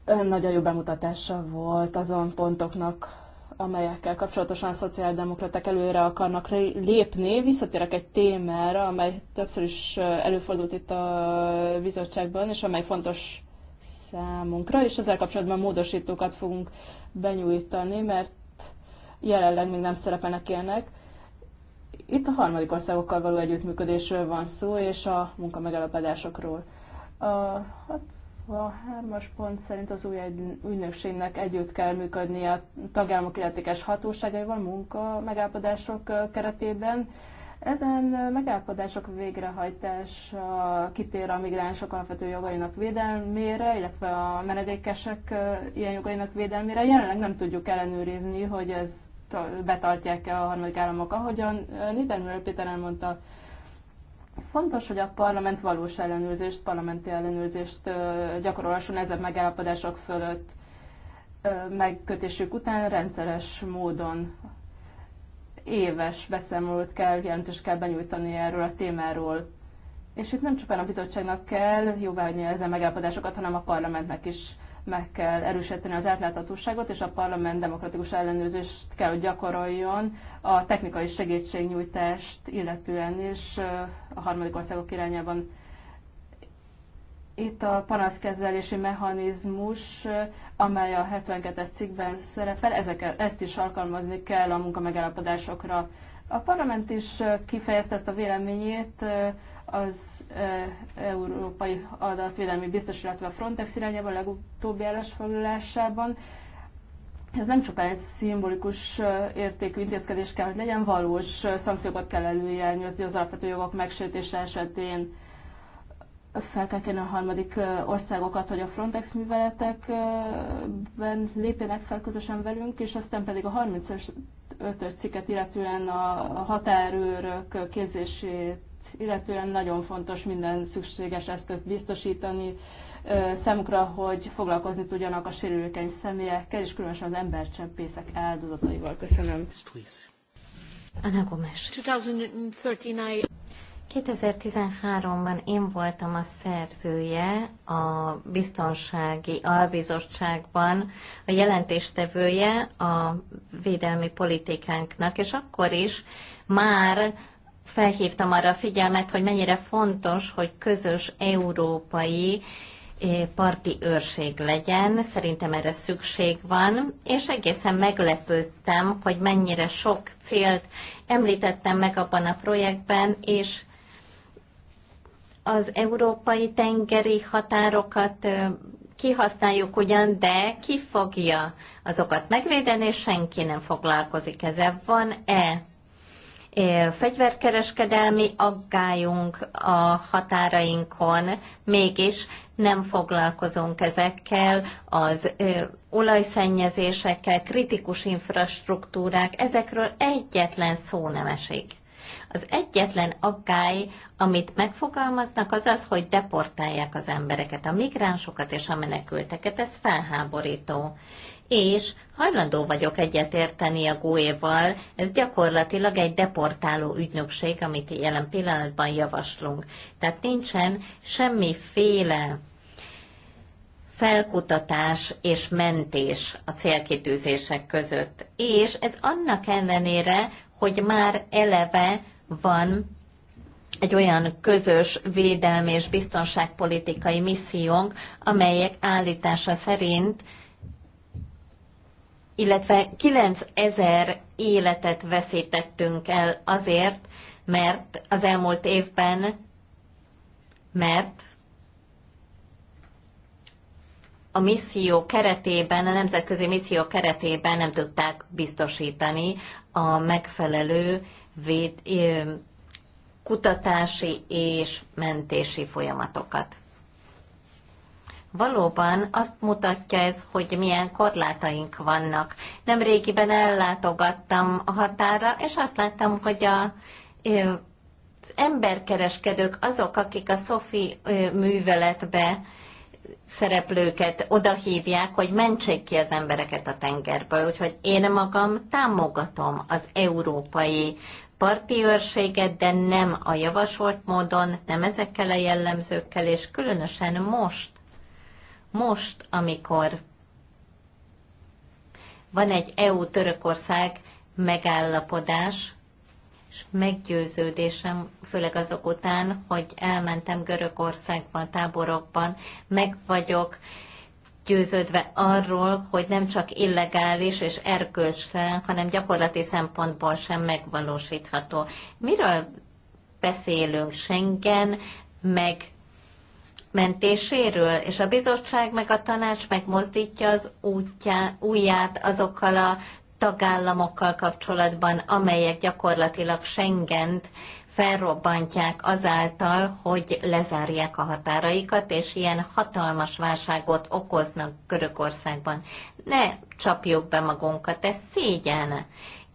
nagyon jó bemutatása volt azon pontoknak, amelyekkel kapcsolatosan a szociáldemokraták előre akarnak lépni. Visszatérek egy témára, amely többször is előfordult itt a bizottságban, és amely fontos számunkra, és ezzel kapcsolatban módosítókat fogunk benyújtani, mert jelenleg még nem szerepelnek ilyenek. Itt a harmadik országokkal való együttműködésről van szó, és a munkamegállapodásokról. A 63-as pont szerint az új ügynökségnek együtt kell működnie a tagállamok illetékes hatóságaival munka megállapodások keretében. Ezen megállapodások végrehajtása kitér a migránsok alapvető jogainak védelmére, illetve a menedékesek ilyen jogainak védelmére. Jelenleg nem tudjuk ellenőrizni, hogy ez betartják-e a harmadik államok. Ahogyan Niedermüller Péter elmondta, Fontos, hogy a parlament valós ellenőrzést, parlamenti ellenőrzést gyakorolhasson ezen megállapodások fölött megkötésük után rendszeres módon éves beszámolót kell, jelentős kell benyújtani erről a témáról. És itt nem csupán a bizottságnak kell jóváhagyni ezen megállapodásokat, hanem a parlamentnek is meg kell erősíteni az átláthatóságot, és a parlament demokratikus ellenőrzést kell, hogy gyakoroljon a technikai segítségnyújtást illetően is a harmadik országok irányában. Itt a panaszkezelési mechanizmus, amely a 72-es cikkben szerepel, ezeket, ezt is alkalmazni kell a munkamegállapodásokra. A parlament is kifejezte ezt a véleményét az Európai Adatvédelmi Biztos, illetve a Frontex irányában a legutóbbi állásfoglalásában. Ez nem csupán egy szimbolikus értékű intézkedés kell, hogy legyen, valós szankciókat kell előjelnyőzni az alapvető jogok megsértése esetén fel kell kérni a harmadik országokat, hogy a Frontex műveletekben lépjenek fel közösen velünk, és aztán pedig a 35-ös cikket illetően a határőrök képzését illetően nagyon fontos minden szükséges eszközt biztosítani szemükre, hogy foglalkozni tudjanak a sérülékeny személyekkel, és különösen az embercsempészek áldozataival. Köszönöm. 2013-ban én voltam a szerzője a biztonsági albizottságban, a jelentéstevője a védelmi politikánknak, és akkor is már felhívtam arra a figyelmet, hogy mennyire fontos, hogy közös európai eh, parti őrség legyen, szerintem erre szükség van, és egészen meglepődtem, hogy mennyire sok célt említettem meg abban a projektben, és az európai tengeri határokat eh, kihasználjuk ugyan, de ki fogja azokat megvédeni, és senki nem foglalkozik ezzel. Van-e fegyverkereskedelmi aggályunk a határainkon, mégis nem foglalkozunk ezekkel az olajszennyezésekkel, kritikus infrastruktúrák, ezekről egyetlen szó nem esik. Az egyetlen aggály, amit megfogalmaznak, az az, hogy deportálják az embereket, a migránsokat és a menekülteket. Ez felháborító és hajlandó vagyok egyetérteni a GUE-val, ez gyakorlatilag egy deportáló ügynökség, amit jelen pillanatban javaslunk. Tehát nincsen semmiféle felkutatás és mentés a célkitűzések között. És ez annak ellenére, hogy már eleve van egy olyan közös védelmi és biztonságpolitikai missziónk, amelyek állítása szerint illetve 9000 életet veszítettünk el azért, mert az elmúlt évben, mert a misszió keretében, a nemzetközi misszió keretében nem tudták biztosítani a megfelelő véd, kutatási és mentési folyamatokat. Valóban azt mutatja ez, hogy milyen korlátaink vannak. Nemrégiben ellátogattam a határa, és azt láttam, hogy a az emberkereskedők azok, akik a Szofi műveletbe szereplőket oda hívják, hogy mentsék ki az embereket a tengerből. Úgyhogy én magam támogatom az európai parti őrséget, de nem a javasolt módon, nem ezekkel a jellemzőkkel, és különösen most, most, amikor van egy EU-Törökország megállapodás, és meggyőződésem, főleg azok után, hogy elmentem Görögországban, táborokban, meg vagyok győződve arról, hogy nem csak illegális és erkölcstelen, hanem gyakorlati szempontból sem megvalósítható. Miről beszélünk? Schengen, meg mentéséről, és a bizottság meg a tanács megmozdítja az útjá, újját azokkal a tagállamokkal kapcsolatban, amelyek gyakorlatilag Schengent felrobbantják azáltal, hogy lezárják a határaikat, és ilyen hatalmas válságot okoznak Görögországban. Ne csapjuk be magunkat, ez szégyen.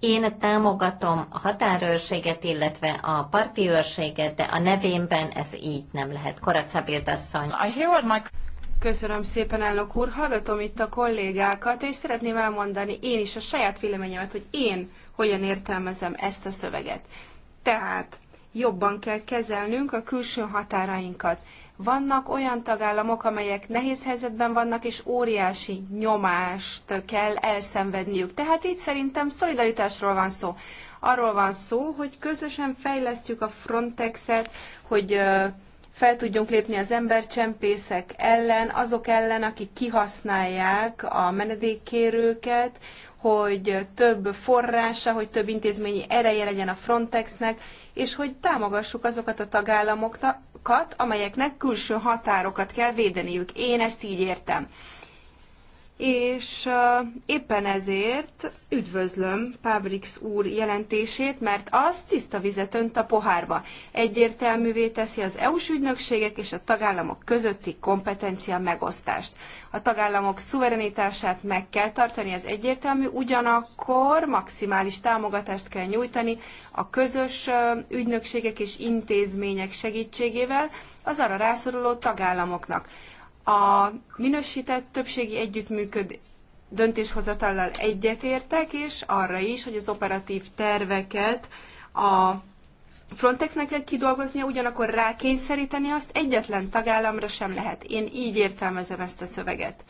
Én támogatom a határőrséget, illetve a parti őrséget, de a nevémben ez így nem lehet. Koracabéld asszony. Köszönöm szépen, elnök úr. Hallgatom itt a kollégákat, és szeretném elmondani én is a saját véleményemet, hogy én hogyan értelmezem ezt a szöveget. Tehát jobban kell kezelnünk a külső határainkat. Vannak olyan tagállamok, amelyek nehéz helyzetben vannak, és óriási nyomást kell elszenvedniük. Tehát itt szerintem szolidaritásról van szó. Arról van szó, hogy közösen fejlesztjük a Frontexet, hogy fel tudjunk lépni az embercsempészek ellen, azok ellen, akik kihasználják a menedékkérőket, hogy több forrása, hogy több intézményi ereje legyen a Frontexnek, és hogy támogassuk azokat a azokat, amelyeknek külső határokat kell védeniük. Én ezt így értem és éppen ezért üdvözlöm Pábrix úr jelentését, mert az tiszta vizet önt a pohárba. Egyértelművé teszi az EU-s ügynökségek és a tagállamok közötti kompetencia megosztást. A tagállamok szuverenitását meg kell tartani, ez egyértelmű, ugyanakkor maximális támogatást kell nyújtani a közös ügynökségek és intézmények segítségével az arra rászoruló tagállamoknak a minősített többségi együttműköd döntéshozatallal egyetértek, és arra is, hogy az operatív terveket a Frontexnek kell kidolgoznia, ugyanakkor rákényszeríteni azt egyetlen tagállamra sem lehet. Én így értelmezem ezt a szöveget.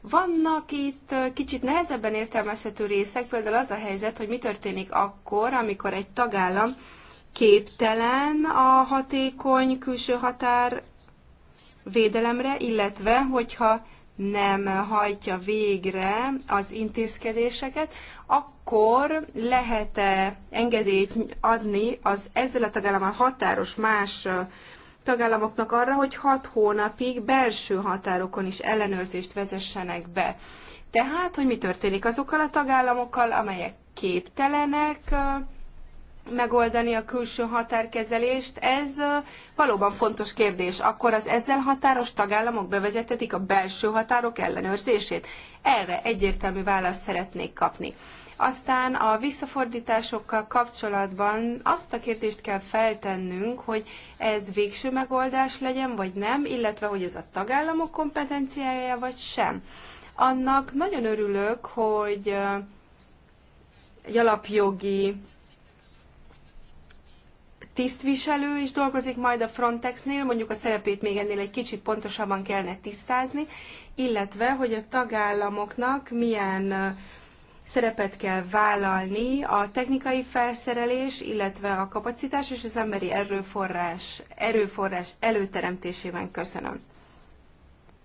Vannak itt kicsit nehezebben értelmezhető részek, például az a helyzet, hogy mi történik akkor, amikor egy tagállam képtelen a hatékony külső határ védelemre, illetve hogyha nem hajtja végre az intézkedéseket, akkor lehet-e engedélyt adni az ezzel a tagállammal határos más tagállamoknak arra, hogy hat hónapig belső határokon is ellenőrzést vezessenek be. Tehát, hogy mi történik azokkal a tagállamokkal, amelyek képtelenek megoldani a külső határkezelést, ez valóban fontos kérdés. Akkor az ezzel határos tagállamok bevezetetik a belső határok ellenőrzését? Erre egyértelmű választ szeretnék kapni. Aztán a visszafordításokkal kapcsolatban azt a kérdést kell feltennünk, hogy ez végső megoldás legyen, vagy nem, illetve hogy ez a tagállamok kompetenciája, vagy sem. Annak nagyon örülök, hogy egy alapjogi tisztviselő is dolgozik majd a Frontexnél, mondjuk a szerepét még ennél egy kicsit pontosabban kellene tisztázni, illetve hogy a tagállamoknak milyen szerepet kell vállalni a technikai felszerelés, illetve a kapacitás és az emberi erőforrás, erőforrás előteremtésében köszönöm.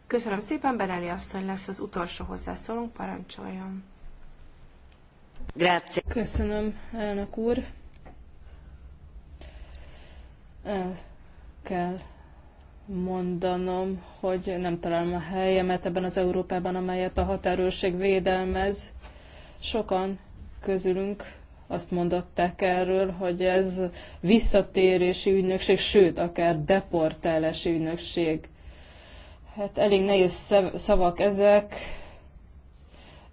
Köszönöm szépen, Beneli asszony lesz az utolsó hozzászólónk, parancsoljon. Grazie. Köszönöm, elnök úr. El kell mondanom, hogy nem találom a helyemet ebben az Európában, amelyet a határőrség védelmez. Sokan közülünk azt mondották erről, hogy ez visszatérési ügynökség, sőt, akár deportálási ügynökség. Hát elég nehéz szavak ezek.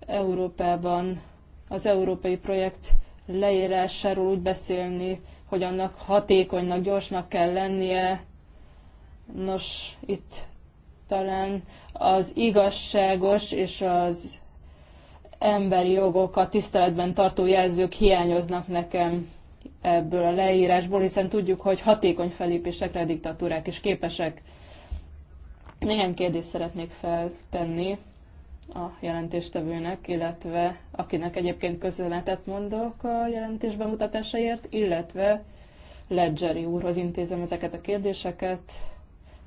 Európában az európai projekt leírásáról úgy beszélni, hogy annak hatékonynak, gyorsnak kell lennie. Nos, itt talán az igazságos és az emberi jogokat tiszteletben tartó jelzők hiányoznak nekem ebből a leírásból, hiszen tudjuk, hogy hatékony felépésekre a diktatúrák is képesek. Néhány kérdést szeretnék feltenni a jelentéstevőnek, illetve akinek egyébként közönetet mondok a jelentés bemutatásaért, illetve Ledgeri úrhoz intézem ezeket a kérdéseket,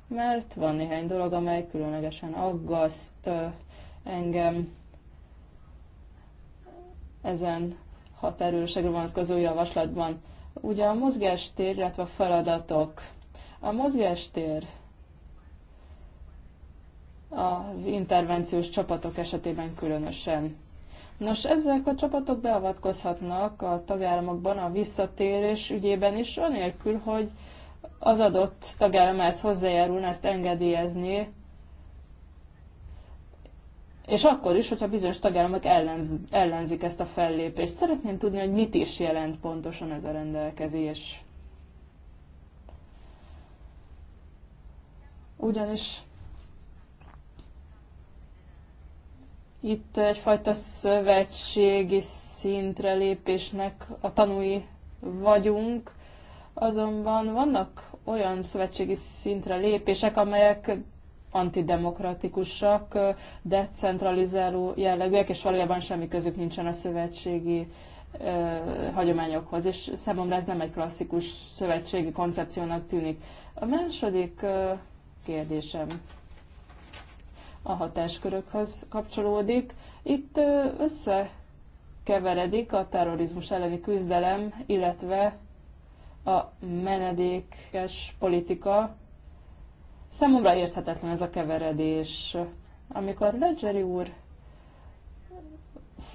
mert van néhány dolog, amely különlegesen aggaszt engem ezen határőrségre vonatkozó javaslatban. Ugye a mozgástér, illetve a feladatok. A mozgástér az intervenciós csapatok esetében különösen. Nos, ezek a csapatok beavatkozhatnak a tagállamokban a visszatérés ügyében is, anélkül, hogy az adott tagállam ezt hozzájárulna, ezt engedélyezni, és akkor is, hogyha bizonyos tagállamok ellenz, ellenzik ezt a fellépést. Szeretném tudni, hogy mit is jelent pontosan ez a rendelkezés. Ugyanis Itt egyfajta szövetségi szintre lépésnek a tanúi vagyunk, azonban vannak olyan szövetségi szintre lépések, amelyek antidemokratikusak, decentralizáló jellegűek, és valójában semmi közük nincsen a szövetségi ö, hagyományokhoz, és számomra ez nem egy klasszikus szövetségi koncepciónak tűnik. A második ö, kérdésem a hatáskörökhöz kapcsolódik. Itt összekeveredik a terrorizmus elleni küzdelem, illetve a menedékes politika. Számomra érthetetlen ez a keveredés. Amikor Ledgeri úr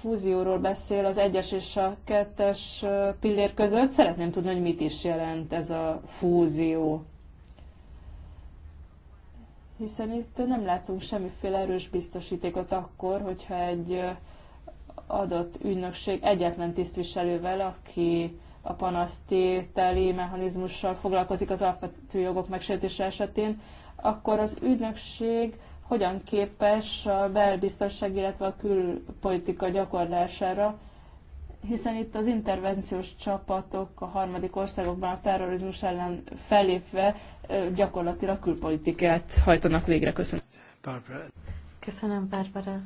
fúzióról beszél az egyes és a kettes pillér között, szeretném tudni, hogy mit is jelent ez a fúzió hiszen itt nem látunk semmiféle erős biztosítékot akkor, hogyha egy adott ügynökség egyetlen tisztviselővel, aki a panasztételi mechanizmussal foglalkozik az alapvető jogok megsértése esetén, akkor az ügynökség hogyan képes a belbiztonság, illetve a külpolitika gyakorlására, hiszen itt az intervenciós csapatok a harmadik országokban a terrorizmus ellen fellépve gyakorlatilag külpolitikát hajtanak végre. Köszönöm. Barbara. Köszönöm, Barbara.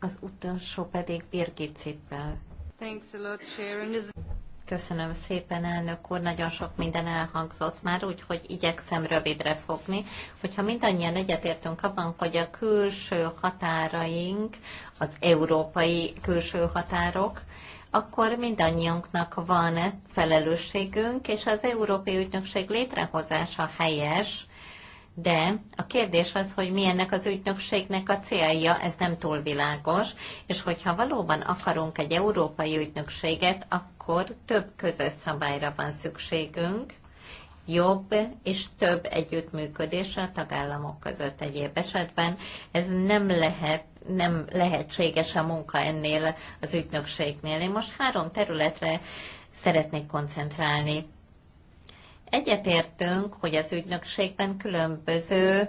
Az utolsó pedig Birgit Cippel. Köszönöm szépen, elnök úr, nagyon sok minden elhangzott már, úgyhogy igyekszem rövidre fogni. Hogyha mindannyian egyetértünk abban, hogy a külső határaink, az európai külső határok, akkor mindannyiunknak van felelősségünk, és az Európai Ügynökség létrehozása helyes, de a kérdés az, hogy mi ennek az ügynökségnek a célja, ez nem túl világos, és hogyha valóban akarunk egy európai ügynökséget, akkor több közös szabályra van szükségünk, jobb és több együttműködésre a tagállamok között egyéb esetben. Ez nem lehet nem lehetséges a munka ennél az ügynökségnél. Én most három területre szeretnék koncentrálni. Egyetértünk, hogy az ügynökségben különböző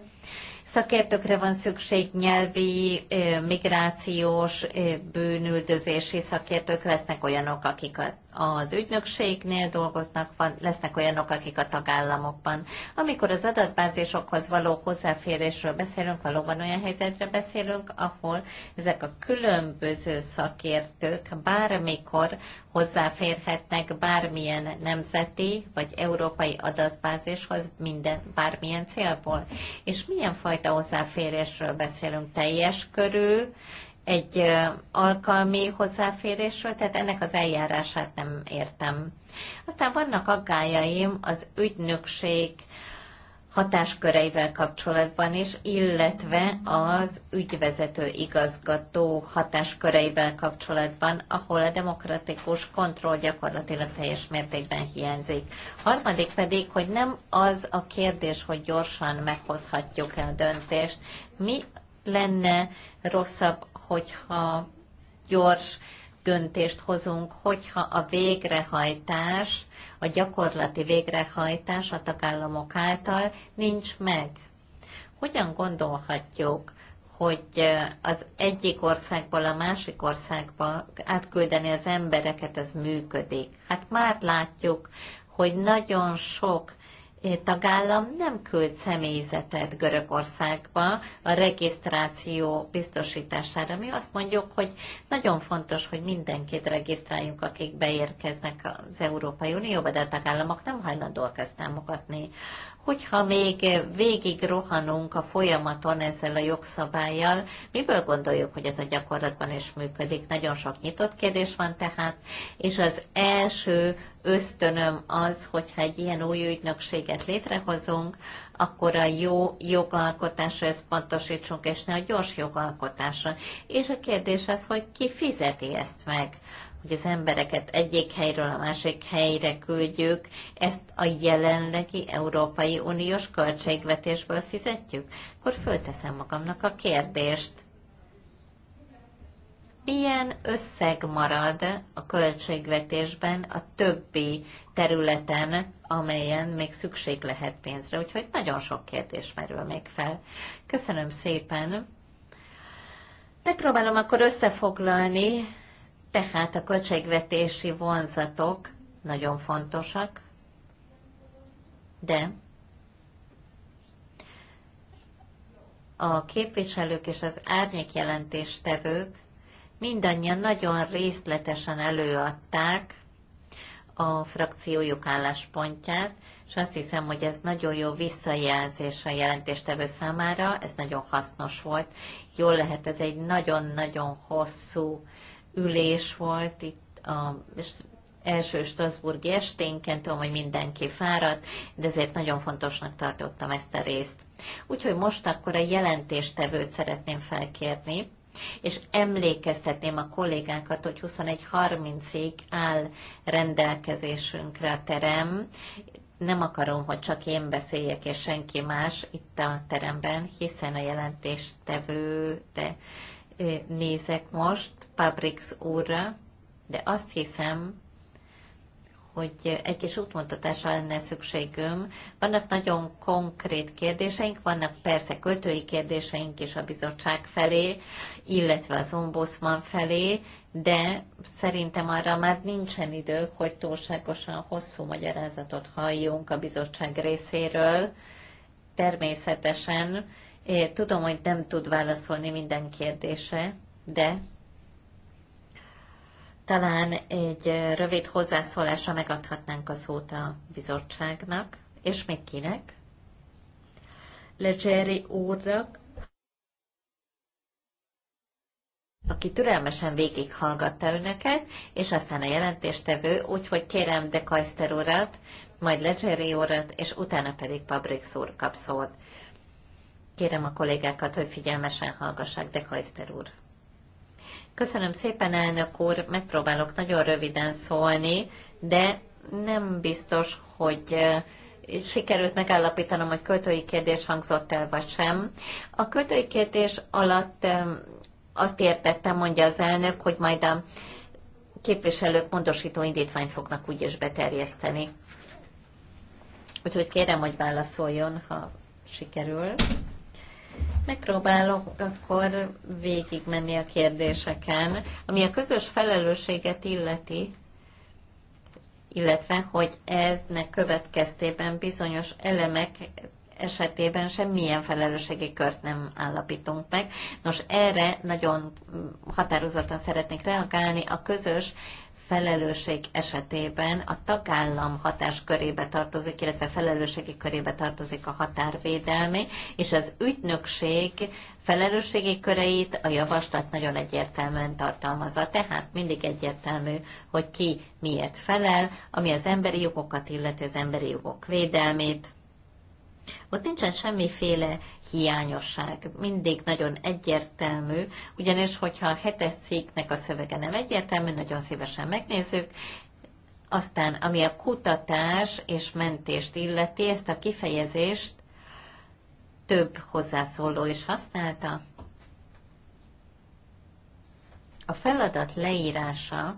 szakértőkre van szükség, nyelvi, migrációs, bűnüldözési szakértők lesznek olyanok, akik a az ügynökségnél dolgoznak, van, lesznek olyanok, akik a tagállamokban. Amikor az adatbázisokhoz való hozzáférésről beszélünk, valóban olyan helyzetre beszélünk, ahol ezek a különböző szakértők bármikor hozzáférhetnek bármilyen nemzeti vagy európai adatbázishoz minden, bármilyen célból. És milyen fajta hozzáférésről beszélünk? Teljes körül, egy alkalmi hozzáférésről, tehát ennek az eljárását nem értem. Aztán vannak aggájaim az ügynökség hatásköreivel kapcsolatban is, illetve az ügyvezető igazgató hatásköreivel kapcsolatban, ahol a demokratikus kontroll gyakorlatilag teljes mértékben hiányzik. Harmadik pedig, hogy nem az a kérdés, hogy gyorsan meghozhatjuk-e a döntést. Mi lenne rosszabb hogyha gyors döntést hozunk, hogyha a végrehajtás, a gyakorlati végrehajtás a tagállamok által nincs meg. Hogyan gondolhatjuk, hogy az egyik országból a másik országba átküldeni az embereket, ez működik? Hát már látjuk, hogy nagyon sok tagállam nem küld személyzetet Görögországba a regisztráció biztosítására. Mi azt mondjuk, hogy nagyon fontos, hogy mindenkit regisztráljunk, akik beérkeznek az Európai Unióba, de a tagállamok nem hajlandóak ezt támogatni hogyha még eh, végig rohanunk a folyamaton ezzel a jogszabályjal, miből gondoljuk, hogy ez a gyakorlatban is működik? Nagyon sok nyitott kérdés van tehát, és az első ösztönöm az, hogyha egy ilyen új ügynökséget létrehozunk, akkor a jó jogalkotásra összpontosítsunk, és ne a gyors jogalkotásra. És a kérdés az, hogy ki fizeti ezt meg hogy az embereket egyik helyről a másik helyre küldjük, ezt a jelenlegi Európai Uniós költségvetésből fizetjük? Akkor fölteszem magamnak a kérdést. Milyen összeg marad a költségvetésben a többi területen, amelyen még szükség lehet pénzre? Úgyhogy nagyon sok kérdés merül még fel. Köszönöm szépen! Megpróbálom akkor összefoglalni tehát a költségvetési vonzatok nagyon fontosak, de a képviselők és az árnyékjelentéstevők mindannyian nagyon részletesen előadták a frakciójuk álláspontját, és azt hiszem, hogy ez nagyon jó visszajelzés a jelentéstevő számára, ez nagyon hasznos volt. Jól lehet, ez egy nagyon-nagyon hosszú ülés volt itt a első Strasburgi esténken, tudom, hogy mindenki fáradt, de ezért nagyon fontosnak tartottam ezt a részt. Úgyhogy most akkor a jelentéstevőt szeretném felkérni, és emlékeztetném a kollégákat, hogy 21.30-ig áll rendelkezésünkre a terem. Nem akarom, hogy csak én beszéljek, és senki más itt a teremben, hiszen a jelentéstevőre nézek most Pabrix úrra, de azt hiszem, hogy egy kis útmutatásra lenne szükségünk. Vannak nagyon konkrét kérdéseink, vannak persze költői kérdéseink is a bizottság felé, illetve az ombudsman felé, de szerintem arra már nincsen idő, hogy túlságosan hosszú magyarázatot halljunk a bizottság részéről. Természetesen én tudom, hogy nem tud válaszolni minden kérdése, de talán egy rövid hozzászólásra megadhatnánk a szót a bizottságnak, és még kinek? Legeri úrnak, aki türelmesen végighallgatta önöket, és aztán a jelentéstevő, úgyhogy kérem de Kajszter urat, majd Legeri urat, és utána pedig Pabrix úr kap szót. Kérem a kollégákat, hogy figyelmesen hallgassák, de Kajszter úr. Köszönöm szépen, elnök úr, megpróbálok nagyon röviden szólni, de nem biztos, hogy eh, sikerült megállapítanom, hogy költői kérdés hangzott el, vagy sem. A költői kérdés alatt eh, azt értettem, mondja az elnök, hogy majd a képviselők pontosító indítványt fognak úgyis beterjeszteni. Úgyhogy kérem, hogy válaszoljon, ha sikerül. Megpróbálok akkor végigmenni a kérdéseken. Ami a közös felelősséget illeti, illetve hogy eznek következtében bizonyos elemek esetében semmilyen felelősségi kört nem állapítunk meg. Nos, erre nagyon határozottan szeretnék reagálni. A közös felelősség esetében a tagállam hatáskörébe tartozik, illetve felelősségi körébe tartozik a határvédelmi, és az ügynökség felelősségi köreit a javaslat nagyon egyértelműen tartalmazza. Tehát mindig egyértelmű, hogy ki miért felel, ami az emberi jogokat illeti, az emberi jogok védelmét, ott nincsen semmiféle hiányosság, mindig nagyon egyértelmű, ugyanis hogyha a hetes cikknek a szövege nem egyértelmű, nagyon szívesen megnézzük, aztán, ami a kutatás és mentést illeti, ezt a kifejezést több hozzászóló is használta. A feladat leírása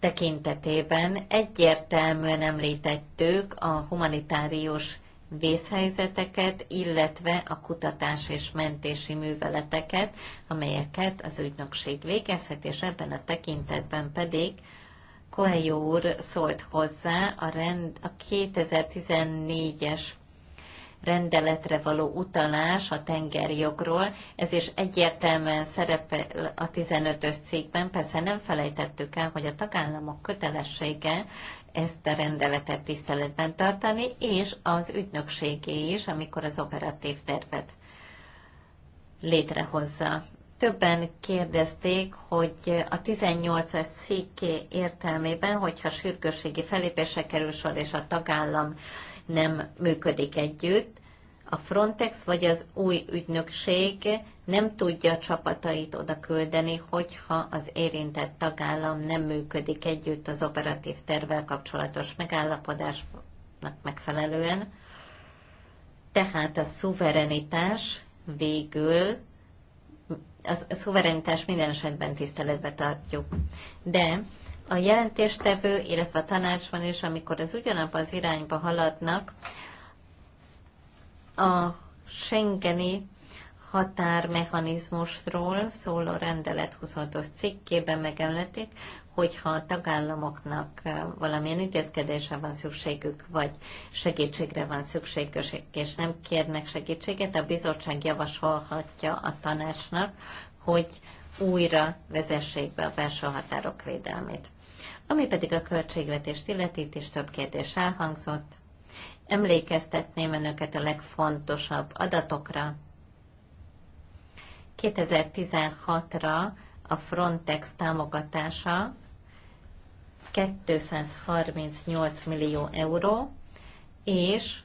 tekintetében egyértelműen említettük a humanitárius vészhelyzeteket, illetve a kutatás és mentési műveleteket, amelyeket az ügynökség végezhet, és ebben a tekintetben pedig Koelyó úr szólt hozzá a, rend, a 2014-es rendeletre való utalás a tengerjogról, ez is egyértelműen szerepel a 15-ös cikkben, persze nem felejtettük el, hogy a tagállamok kötelessége ezt a rendeletet tiszteletben tartani, és az ügynökségé is, amikor az operatív tervet létrehozza. Többen kérdezték, hogy a 18-as cikk értelmében, hogyha sürgősségi felépése kerül sor, és a tagállam nem működik együtt, a Frontex vagy az új ügynökség nem tudja a csapatait oda küldeni, hogyha az érintett tagállam nem működik együtt az operatív tervvel kapcsolatos megállapodásnak megfelelően. Tehát a szuverenitás végül a szuverenitás minden esetben tiszteletbe tartjuk. De a jelentéstevő, illetve a tanácsban is, amikor az ugyanabba az irányba haladnak, a Schengeni határmechanizmusról szóló rendelet 26-os cikkében megemlítik, hogyha a tagállamoknak valamilyen intézkedésre van szükségük, vagy segítségre van szükségük, és nem kérnek segítséget, a bizottság javasolhatja a tanácsnak, hogy újra vezessék be a belső határok védelmét. Ami pedig a költségvetést illeti, is több kérdés elhangzott. Emlékeztetném önöket a legfontosabb adatokra. 2016-ra a Frontex támogatása 238 millió euró, és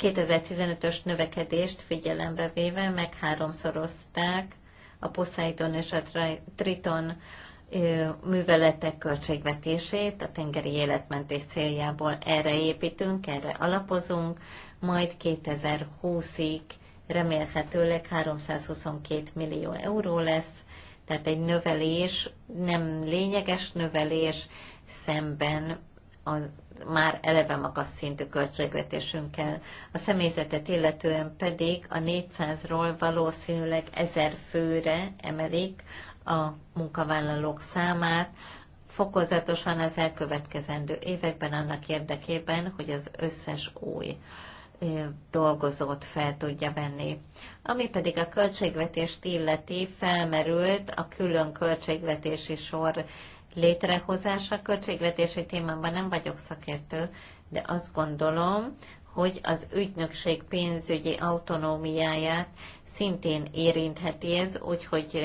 2015-ös növekedést figyelembe véve megháromszorozták a Poseidon és a Triton műveletek költségvetését a tengeri életmentés céljából erre építünk, erre alapozunk, majd 2020-ig remélhetőleg 322 millió euró lesz, tehát egy növelés, nem lényeges növelés szemben a már eleve magas szintű költségvetésünkkel. A személyzetet illetően pedig a 400-ról valószínűleg 1000 főre emelik a munkavállalók számát, fokozatosan az elkövetkezendő években annak érdekében, hogy az összes új dolgozót fel tudja venni. Ami pedig a költségvetést illeti, felmerült a külön költségvetési sor létrehozása. Költségvetési témában nem vagyok szakértő, de azt gondolom, hogy az ügynökség pénzügyi autonómiáját szintén érintheti ez, úgyhogy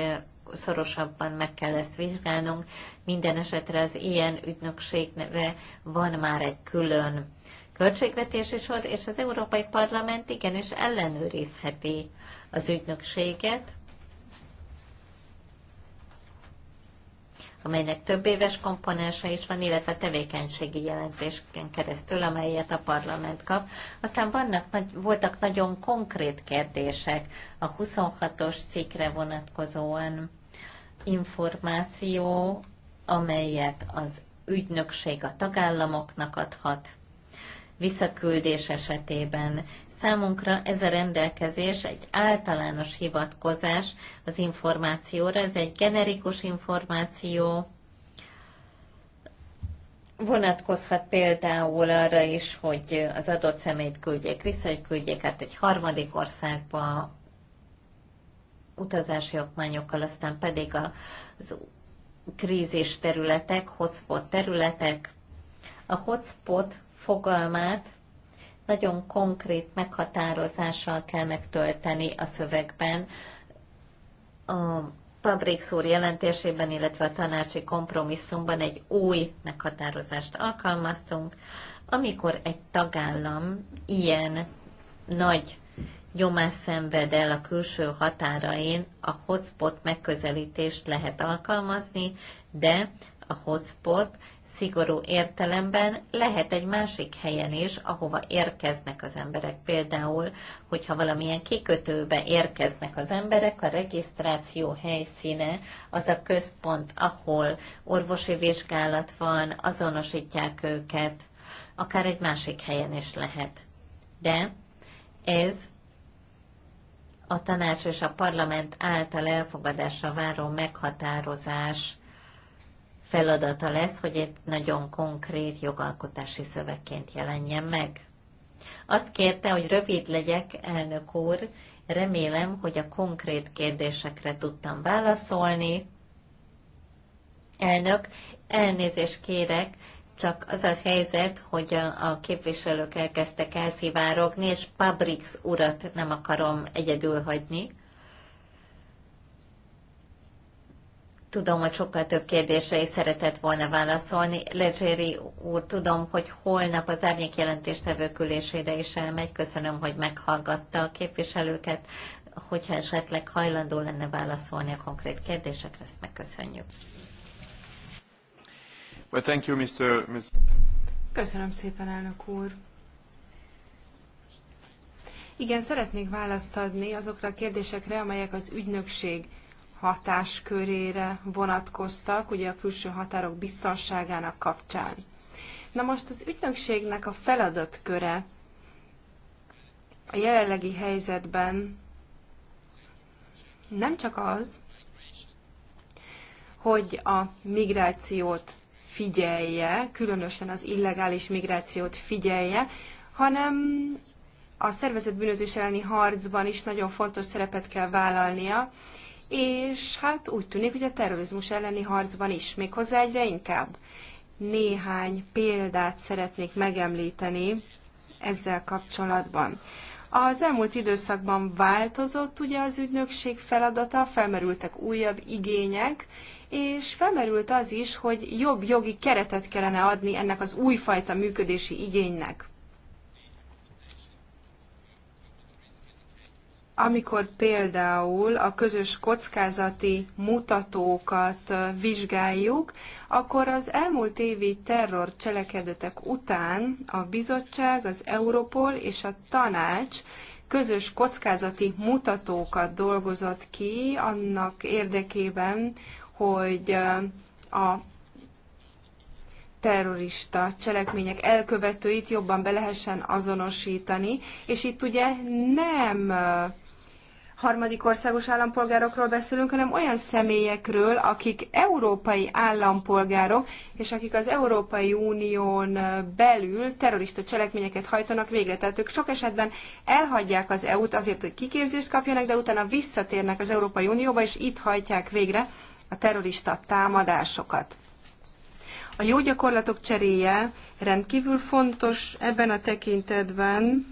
szorosabban meg kell ezt vizsgálnunk. Minden esetre az ilyen ügynökségre van már egy külön költségvetési sor, és az Európai Parlament igenis ellenőrizheti az ügynökséget, amelynek több éves komponense is van, illetve tevékenységi jelentésken keresztül, amelyet a parlament kap. Aztán vannak, voltak nagyon konkrét kérdések a 26-os cikkre vonatkozóan információ, amelyet az ügynökség a tagállamoknak adhat, visszaküldés esetében. Számunkra ez a rendelkezés egy általános hivatkozás az információra, ez egy generikus információ, vonatkozhat például arra is, hogy az adott szemét küldjék vissza, hogy küldjék át egy harmadik országba, utazási okmányokkal, aztán pedig az krízis területek, hotspot területek. A hotspot fogalmát nagyon konkrét meghatározással kell megtölteni a szövegben. A Pabrix úr jelentésében, illetve a tanácsi kompromisszumban egy új meghatározást alkalmaztunk, amikor egy tagállam ilyen nagy nyomás szenved el a külső határain, a hotspot megközelítést lehet alkalmazni, de a hotspot szigorú értelemben lehet egy másik helyen is, ahova érkeznek az emberek. Például, hogyha valamilyen kikötőbe érkeznek az emberek, a regisztráció helyszíne az a központ, ahol orvosi vizsgálat van, azonosítják őket, akár egy másik helyen is lehet. De ez a tanács és a parlament által elfogadásra váró meghatározás feladata lesz, hogy egy nagyon konkrét jogalkotási szövegként jelenjen meg. Azt kérte, hogy rövid legyek, elnök úr, remélem, hogy a konkrét kérdésekre tudtam válaszolni. Elnök, elnézést kérek, csak az a helyzet, hogy a képviselők elkezdtek elszivárogni, és Pabrix urat nem akarom egyedül hagyni. Tudom, hogy sokkal több kérdésre is szeretett volna válaszolni. Legéri úr, tudom, hogy holnap az árnyék jelentéstevők ülésére is elmegy. Köszönöm, hogy meghallgatta a képviselőket. Hogyha esetleg hajlandó lenne válaszolni a konkrét kérdésekre, ezt megköszönjük. Well, thank you, Mr. Köszönöm szépen, elnök úr. Igen, szeretnék választ adni azokra a kérdésekre, amelyek az ügynökség hatáskörére vonatkoztak, ugye a külső határok biztonságának kapcsán. Na most az ügynökségnek a feladatköre a jelenlegi helyzetben nem csak az, hogy a migrációt figyelje, különösen az illegális migrációt figyelje, hanem a szervezet bűnözés elleni harcban is nagyon fontos szerepet kell vállalnia, és hát úgy tűnik, hogy a terrorizmus elleni harcban is, méghozzá egyre inkább. Néhány példát szeretnék megemlíteni ezzel kapcsolatban. Az elmúlt időszakban változott ugye az ügynökség feladata, felmerültek újabb igények, és felmerült az is, hogy jobb jogi keretet kellene adni ennek az újfajta működési igénynek. amikor például a közös kockázati mutatókat vizsgáljuk, akkor az elmúlt évi terror cselekedetek után a bizottság, az Europol és a tanács közös kockázati mutatókat dolgozott ki annak érdekében, hogy a terrorista cselekmények elkövetőit jobban be lehessen azonosítani, és itt ugye nem harmadik országos állampolgárokról beszélünk, hanem olyan személyekről, akik európai állampolgárok, és akik az Európai Unión belül terrorista cselekményeket hajtanak végre. Tehát ők sok esetben elhagyják az EU-t azért, hogy kiképzést kapjanak, de utána visszatérnek az Európai Unióba, és itt hajtják végre a terrorista támadásokat. A jó gyakorlatok cseréje rendkívül fontos ebben a tekintetben,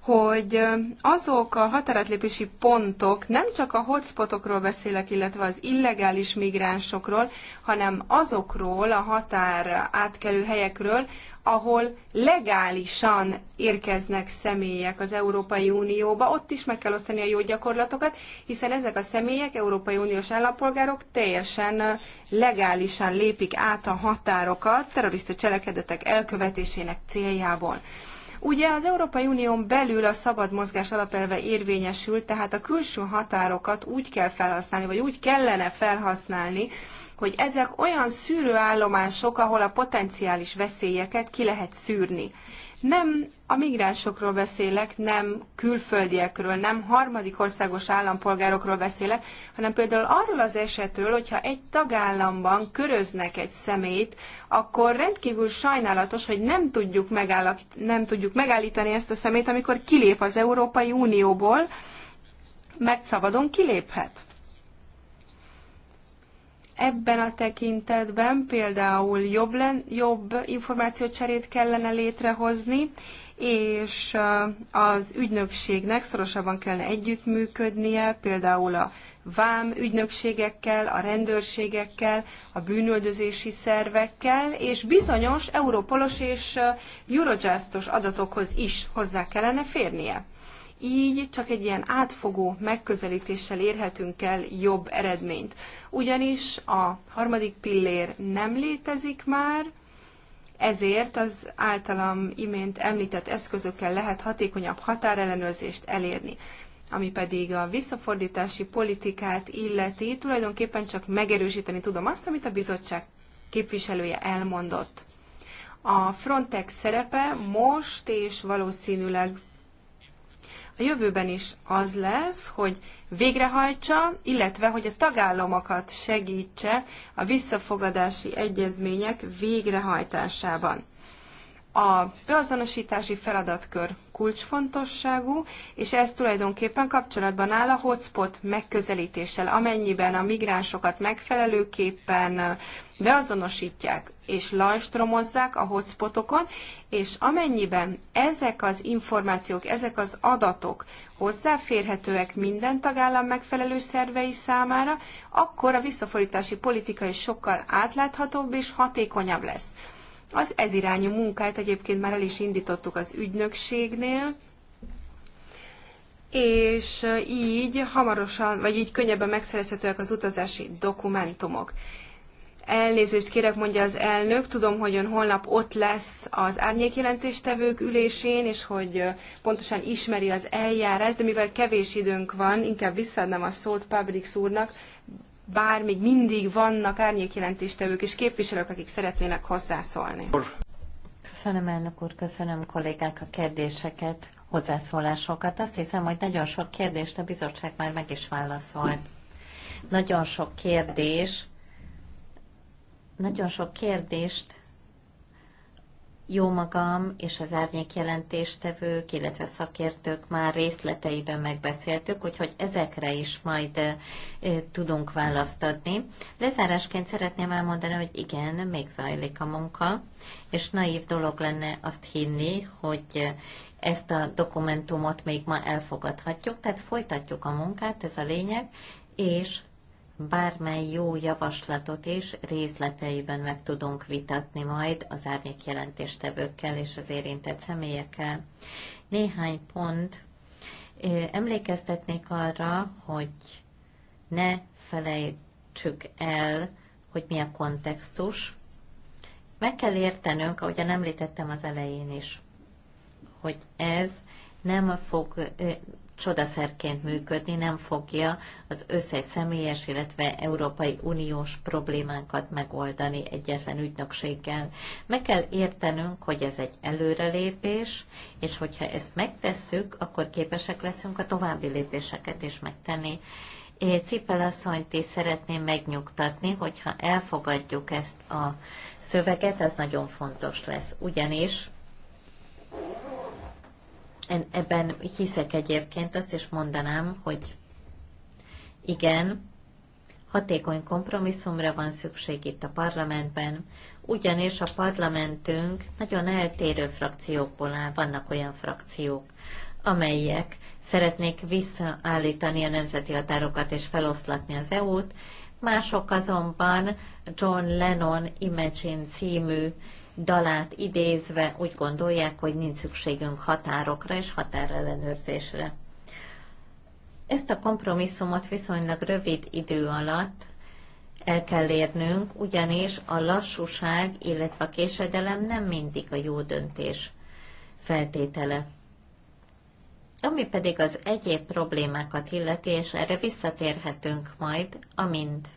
hogy azok a határátlépési pontok, nem csak a hotspotokról beszélek, illetve az illegális migránsokról, hanem azokról a határ átkelő helyekről, ahol legálisan érkeznek személyek az Európai Unióba, ott is meg kell osztani a jó gyakorlatokat, hiszen ezek a személyek, Európai Uniós állampolgárok teljesen legálisan lépik át a határokat terrorista cselekedetek elkövetésének céljából. Ugye az Európai Unión belül a szabad mozgás alapelve érvényesül, tehát a külső határokat úgy kell felhasználni, vagy úgy kellene felhasználni, hogy ezek olyan szűrőállomások, ahol a potenciális veszélyeket ki lehet szűrni. Nem a migránsokról beszélek, nem külföldiekről, nem harmadik országos állampolgárokról beszélek, hanem például arról az esetről, hogyha egy tagállamban köröznek egy szemét, akkor rendkívül sajnálatos, hogy nem tudjuk, nem tudjuk megállítani ezt a szemét, amikor kilép az Európai Unióból, mert szabadon kiléphet. Ebben a tekintetben például jobb, len, jobb információcserét kellene létrehozni, és az ügynökségnek szorosabban kellene együttműködnie, például a vám ügynökségekkel, a rendőrségekkel, a bűnöldözési szervekkel, és bizonyos Európolos és Eurojustos adatokhoz is hozzá kellene férnie. Így csak egy ilyen átfogó megközelítéssel érhetünk el jobb eredményt. Ugyanis a harmadik pillér nem létezik már, ezért az általam imént említett eszközökkel lehet hatékonyabb határellenőrzést elérni ami pedig a visszafordítási politikát illeti, tulajdonképpen csak megerősíteni tudom azt, amit a bizottság képviselője elmondott. A Frontex szerepe most és valószínűleg a jövőben is az lesz, hogy végrehajtsa, illetve hogy a tagállamokat segítse a visszafogadási egyezmények végrehajtásában. A beazonosítási feladatkör kulcsfontosságú, és ez tulajdonképpen kapcsolatban áll a hotspot megközelítéssel, amennyiben a migránsokat megfelelőképpen beazonosítják és lajstromozzák a hotspotokon, és amennyiben ezek az információk, ezek az adatok hozzáférhetőek minden tagállam megfelelő szervei számára, akkor a visszafordítási politika is sokkal átláthatóbb és hatékonyabb lesz. Az ezirányú munkát egyébként már el is indítottuk az ügynökségnél, és így hamarosan, vagy így könnyebben megszerezhetőek az utazási dokumentumok. Elnézést kérek, mondja az elnök, tudom, hogy ön holnap ott lesz az árnyékjelentéstevők ülésén, és hogy pontosan ismeri az eljárást, de mivel kevés időnk van, inkább visszaadnám a szót Pabrix úrnak, bár még mindig vannak árnyékjelentéstevők és képviselők, akik szeretnének hozzászólni. Köszönöm, elnök úr, köszönöm kollégák a kérdéseket, hozzászólásokat. Azt hiszem, hogy nagyon sok kérdést a bizottság már meg is válaszolt. Nagyon sok kérdés, nagyon sok kérdést jó magam és az árnyék jelentéstevők, illetve szakértők már részleteiben megbeszéltük, úgyhogy ezekre is majd tudunk választ adni. Lezárásként szeretném elmondani, hogy igen, még zajlik a munka, és naív dolog lenne azt hinni, hogy ezt a dokumentumot még ma elfogadhatjuk, tehát folytatjuk a munkát, ez a lényeg, és bármely jó javaslatot is részleteiben meg tudunk vitatni majd az árnyék jelentéstevőkkel és az érintett személyekkel. Néhány pont. Emlékeztetnék arra, hogy ne felejtsük el, hogy mi a kontextus. Meg kell értenünk, ahogyan említettem az elején is, hogy ez nem fog csodaszerként működni, nem fogja az összes személyes, illetve Európai Uniós problémánkat megoldani egyetlen ügynökséggel. Meg kell értenünk, hogy ez egy előrelépés, és hogyha ezt megtesszük, akkor képesek leszünk a további lépéseket is megtenni. Cipel asszonyt is szeretném megnyugtatni, hogyha elfogadjuk ezt a szöveget, ez nagyon fontos lesz. Ugyanis ebben hiszek egyébként, azt is mondanám, hogy igen, hatékony kompromisszumra van szükség itt a parlamentben, ugyanis a parlamentünk nagyon eltérő frakciókból áll. Vannak olyan frakciók, amelyek szeretnék visszaállítani a nemzeti határokat és feloszlatni az EU-t, mások azonban John Lennon Imagine című dalát idézve úgy gondolják, hogy nincs szükségünk határokra és határellenőrzésre. Ezt a kompromisszumot viszonylag rövid idő alatt el kell érnünk, ugyanis a lassúság, illetve a késedelem nem mindig a jó döntés feltétele. Ami pedig az egyéb problémákat illeti, és erre visszatérhetünk majd, amint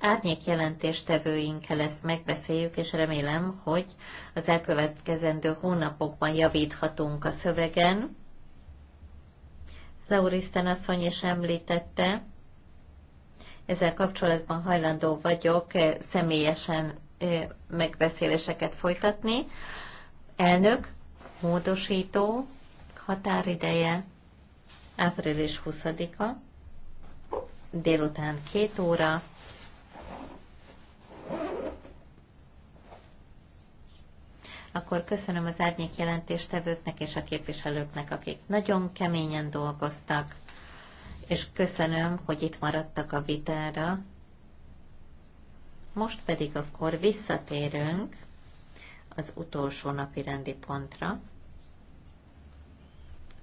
árnyék jelentéstevőinkkel ezt megbeszéljük, és remélem, hogy az elkövetkezendő hónapokban javíthatunk a szövegen. Lauriszten asszony is említette, ezzel kapcsolatban hajlandó vagyok eh, személyesen eh, megbeszéléseket folytatni. Elnök, módosító, határideje április 20-a, délután 2 óra, akkor köszönöm az árnyék jelentéstevőknek és a képviselőknek, akik nagyon keményen dolgoztak, és köszönöm, hogy itt maradtak a vitára. Most pedig akkor visszatérünk az utolsó napi rendi pontra,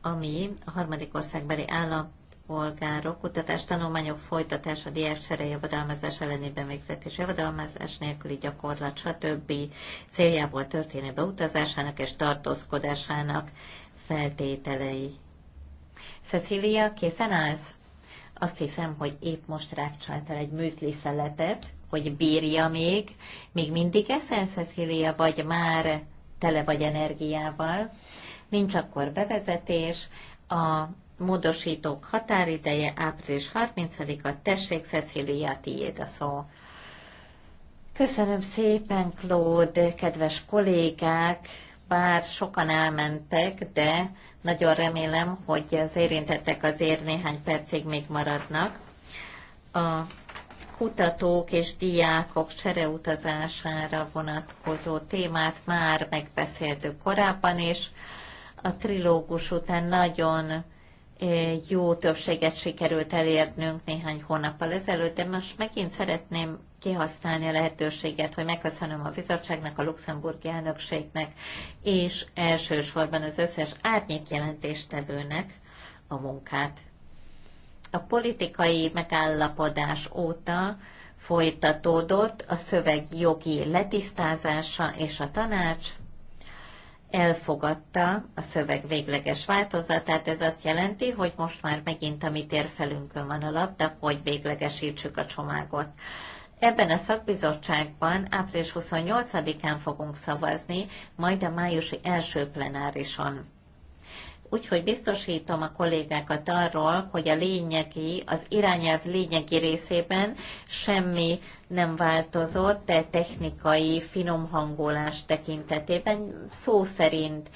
ami a harmadik országbeli állam polgárok kutatás tanulmányok folytatása, diákcsere, javadalmazás ellenében végzett és javadalmazás nélküli gyakorlat, stb. céljából történő beutazásának és tartózkodásának feltételei. Cecilia, készen állsz? Azt hiszem, hogy épp most rákcsált el egy műzli szeletet, hogy bírja még. Még mindig eszel, Cecilia, vagy már tele vagy energiával? Nincs akkor bevezetés. A módosítók határideje április 30-a. Tessék, Cecília, tiéd a szó. Köszönöm szépen, Claude, kedves kollégák! Bár sokan elmentek, de nagyon remélem, hogy az érintettek azért néhány percig még maradnak. A kutatók és diákok csereutazására vonatkozó témát már megbeszéltük korábban, és a trilógus után nagyon jó többséget sikerült elérnünk néhány hónappal ezelőtt, de most megint szeretném kihasználni a lehetőséget, hogy megköszönöm a bizottságnak, a luxemburgi elnökségnek, és elsősorban az összes árnyék jelentéstevőnek a munkát. A politikai megállapodás óta folytatódott a szöveg jogi letisztázása, és a tanács elfogadta a szöveg végleges változatát. Ez azt jelenti, hogy most már megint a mi térfelünkön van a labda, hogy véglegesítsük a csomagot. Ebben a szakbizottságban április 28-án fogunk szavazni, majd a májusi első plenárison. Úgyhogy biztosítom a kollégákat arról, hogy a lényegi, az irányelv lényegi részében semmi nem változott, de technikai finomhangolás tekintetében szó szerint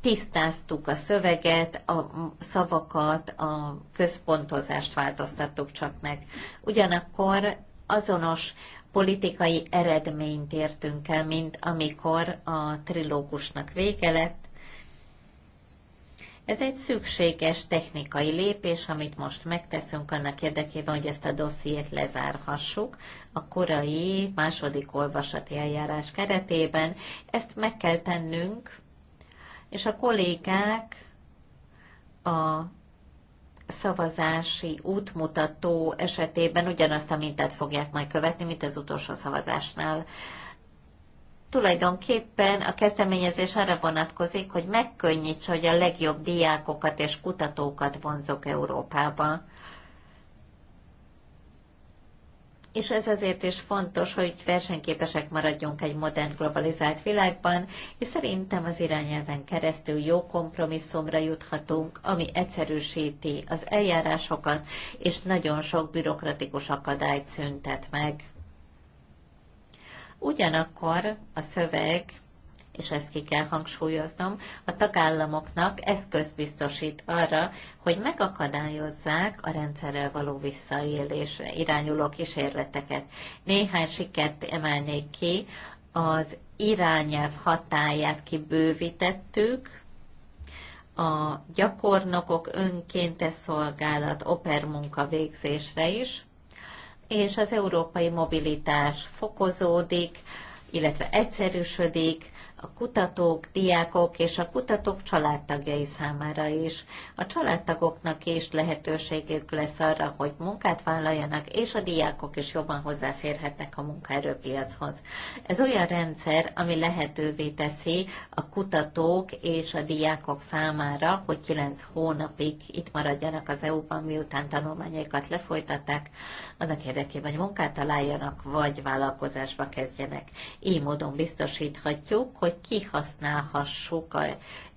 tisztáztuk a szöveget, a szavakat, a központozást változtattuk csak meg. Ugyanakkor azonos politikai eredményt értünk el, mint amikor a trilógusnak vége lett, ez egy szükséges technikai lépés, amit most megteszünk annak érdekében, hogy ezt a dossziét lezárhassuk a korai második olvasati eljárás keretében. Ezt meg kell tennünk, és a kollégák a szavazási útmutató esetében ugyanazt a mintát fogják majd követni, mint az utolsó szavazásnál. Tulajdonképpen a kezdeményezés arra vonatkozik, hogy megkönnyíts, hogy a legjobb diákokat és kutatókat vonzok Európába. És ez azért is fontos, hogy versenyképesek maradjunk egy modern globalizált világban, és szerintem az irányelven keresztül jó kompromisszumra juthatunk, ami egyszerűsíti az eljárásokat, és nagyon sok bürokratikus akadályt szüntet meg. Ugyanakkor a szöveg, és ezt ki kell hangsúlyoznom, a tagállamoknak eszköz biztosít arra, hogy megakadályozzák a rendszerrel való visszaélésre irányuló kísérleteket. Néhány sikert emelnék ki, az irányelv hatáját kibővítettük, a gyakornokok önkéntes szolgálat opermunka végzésre is, és az európai mobilitás fokozódik, illetve egyszerűsödik, a kutatók, diákok és a kutatók családtagjai számára is. A családtagoknak is lehetőségük lesz arra, hogy munkát vállaljanak, és a diákok is jobban hozzáférhetnek a munkaerőpiachoz. Ez olyan rendszer, ami lehetővé teszi a kutatók és a diákok számára, hogy 9 hónapig itt maradjanak az EU-ban, miután tanulmányaikat lefolytatták, annak érdekében, hogy munkát találjanak, vagy vállalkozásba kezdjenek. Így módon biztosíthatjuk, hogy hogy kihasználhassuk a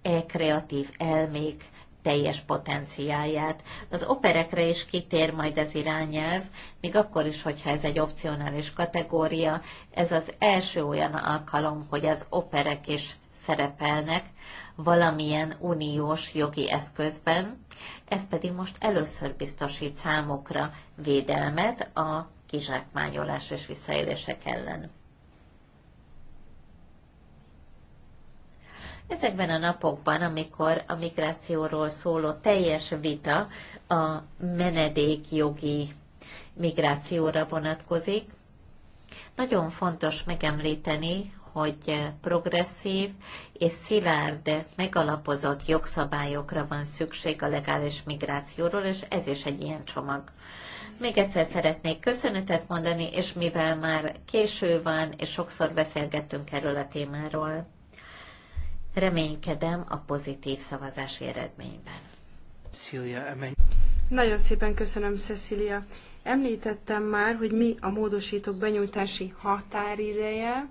e kreatív elmék teljes potenciáját. Az operekre is kitér majd az irányelv, még akkor is, hogyha ez egy opcionális kategória, ez az első olyan alkalom, hogy az operek is szerepelnek valamilyen uniós jogi eszközben, ez pedig most először biztosít számokra védelmet a kizsákmányolás és visszaélések ellen. Ezekben a napokban, amikor a migrációról szóló teljes vita a menedékjogi migrációra vonatkozik, nagyon fontos megemlíteni, hogy progresszív és szilárd, megalapozott jogszabályokra van szükség a legális migrációról, és ez is egy ilyen csomag. Még egyszer szeretnék köszönetet mondani, és mivel már késő van, és sokszor beszélgettünk erről a témáról, Reménykedem a pozitív szavazási eredményben. Nagyon szépen köszönöm, Cecilia. Említettem már, hogy mi a módosítók benyújtási határideje.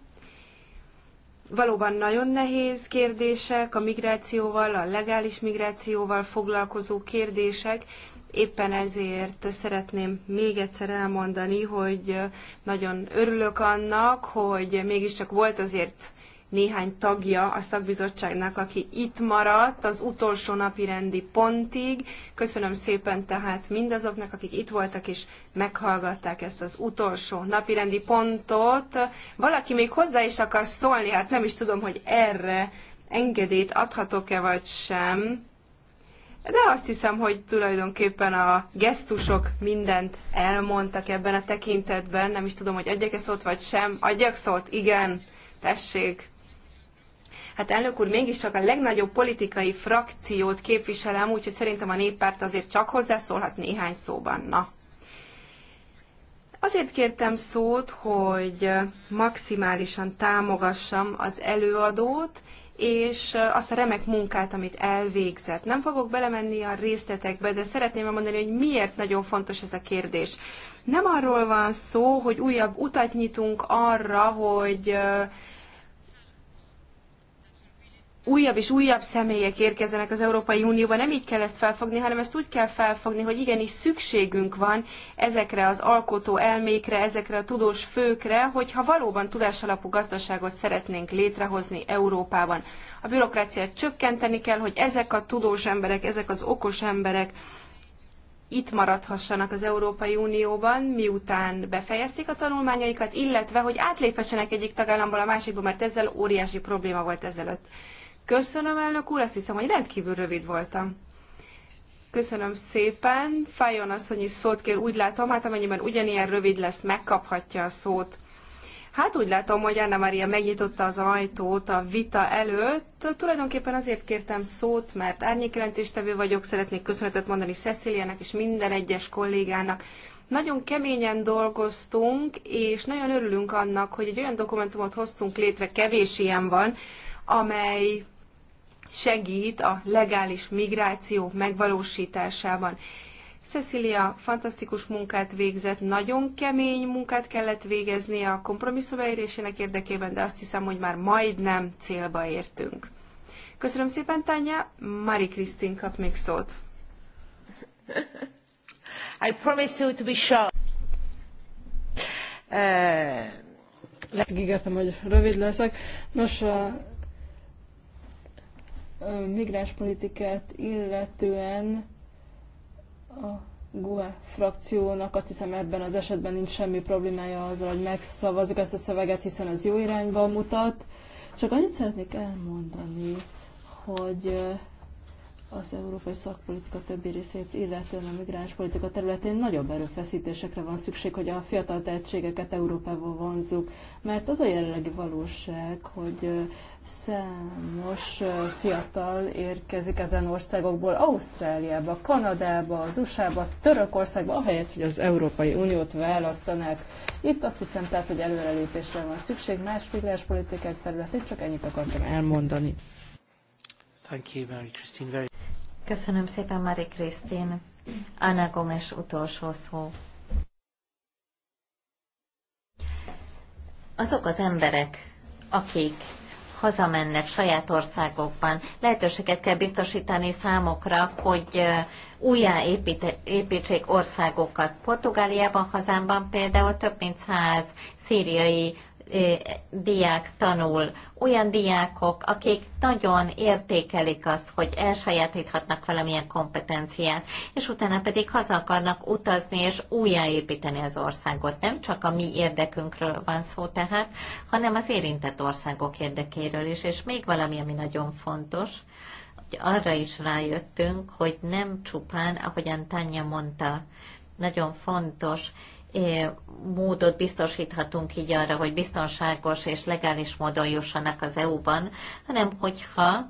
Valóban nagyon nehéz kérdések, a migrációval, a legális migrációval foglalkozó kérdések, éppen ezért szeretném még egyszer elmondani, hogy nagyon örülök annak, hogy mégiscsak volt azért néhány tagja a szakbizottságnak, aki itt maradt az utolsó napi rendi pontig. Köszönöm szépen tehát mindazoknak, akik itt voltak és meghallgatták ezt az utolsó napi rendi pontot. Valaki még hozzá is akar szólni, hát nem is tudom, hogy erre engedélyt adhatok-e vagy sem. De azt hiszem, hogy tulajdonképpen a gesztusok mindent elmondtak ebben a tekintetben. Nem is tudom, hogy adjak-e szót, vagy sem. Adjak szót? Igen. Tessék. Hát elnök úr, mégiscsak a legnagyobb politikai frakciót képviselem, úgyhogy szerintem a néppárt azért csak hozzászólhat néhány szóban. Na. Azért kértem szót, hogy maximálisan támogassam az előadót, és azt a remek munkát, amit elvégzett. Nem fogok belemenni a részletekbe, de szeretném elmondani, hogy miért nagyon fontos ez a kérdés. Nem arról van szó, hogy újabb utat nyitunk arra, hogy újabb és újabb személyek érkeznek az Európai Unióba. Nem így kell ezt felfogni, hanem ezt úgy kell felfogni, hogy igenis szükségünk van ezekre az alkotó elmékre, ezekre a tudós főkre, hogyha valóban tudásalapú gazdaságot szeretnénk létrehozni Európában. A bürokráciát csökkenteni kell, hogy ezek a tudós emberek, ezek az okos emberek itt maradhassanak az Európai Unióban, miután befejezték a tanulmányaikat, illetve hogy átléphessenek egyik tagállamból a másikba, mert ezzel óriási probléma volt ezelőtt. Köszönöm, elnök úr, azt hiszem, hogy rendkívül rövid voltam. Köszönöm szépen. Fájon asszony is szót kér, úgy látom, hát amennyiben ugyanilyen rövid lesz, megkaphatja a szót. Hát úgy látom, hogy Anna Maria megnyitotta az ajtót a vita előtt. Tulajdonképpen azért kértem szót, mert árnyékjelentéstevő vagyok, szeretnék köszönetet mondani Ceciliának és minden egyes kollégának. Nagyon keményen dolgoztunk, és nagyon örülünk annak, hogy egy olyan dokumentumot hoztunk létre, kevés ilyen van, amely segít a legális migráció megvalósításában. Cecilia fantasztikus munkát végzett, nagyon kemény munkát kellett végezni a kompromisszum elérésének érdekében, de azt hiszem, hogy már majdnem célba értünk. Köszönöm szépen, Tanya. Mari Krisztin kap még szót. I promise you to be Sure. Uh... hogy rövid leszek. Nos, migránspolitikát illetően a GUE frakciónak azt hiszem ebben az esetben nincs semmi problémája azzal, hogy megszavazzuk ezt a szöveget, hiszen ez jó irányba mutat. Csak annyit szeretnék elmondani, hogy az európai szakpolitika többi részét, illetően a migráns politika területén nagyobb erőfeszítésekre van szükség, hogy a fiatal tehetségeket Európába vonzuk, mert az a jelenlegi valóság, hogy számos fiatal érkezik ezen országokból, Ausztráliába, Kanadába, az USA-ba, Törökországba, ahelyett, hogy az Európai Uniót választanák. Itt azt hiszem tehát, hogy előrelépésre van szükség, más migráns politikák területén csak ennyit akartam elmondani. Thank you, Mary Christine. Very Köszönöm szépen, Mari Krisztin. Anna Gomes utolsó szó. Azok az emberek, akik hazamennek saját országokban, lehetőséget kell biztosítani számokra, hogy újjáépítsék országokat. Portugáliában, hazámban például több mint száz szíriai diák tanul, olyan diákok, akik nagyon értékelik azt, hogy elsajátíthatnak valamilyen kompetenciát, és utána pedig haza akarnak utazni és újjáépíteni az országot. Nem csak a mi érdekünkről van szó tehát, hanem az érintett országok érdekéről is, és még valami, ami nagyon fontos, hogy arra is rájöttünk, hogy nem csupán, ahogyan Tanya mondta, nagyon fontos, E, módot biztosíthatunk így arra, hogy biztonságos és legális módon jussanak az EU-ban, hanem hogyha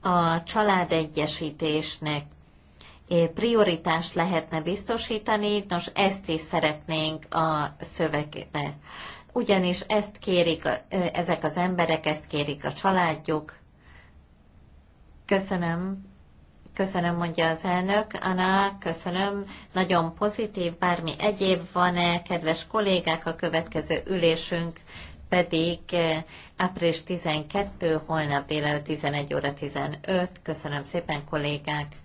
a családegyesítésnek e, prioritást lehetne biztosítani, nos ezt is szeretnénk a szövegbe. Ugyanis ezt kérik e, ezek az emberek, ezt kérik a családjuk. Köszönöm Köszönöm, mondja az elnök. Anna, köszönöm. Nagyon pozitív. Bármi egyéb van-e, kedves kollégák, a következő ülésünk pedig eh, április 12, holnap délelőtt 11 óra 15. Köszönöm szépen, kollégák.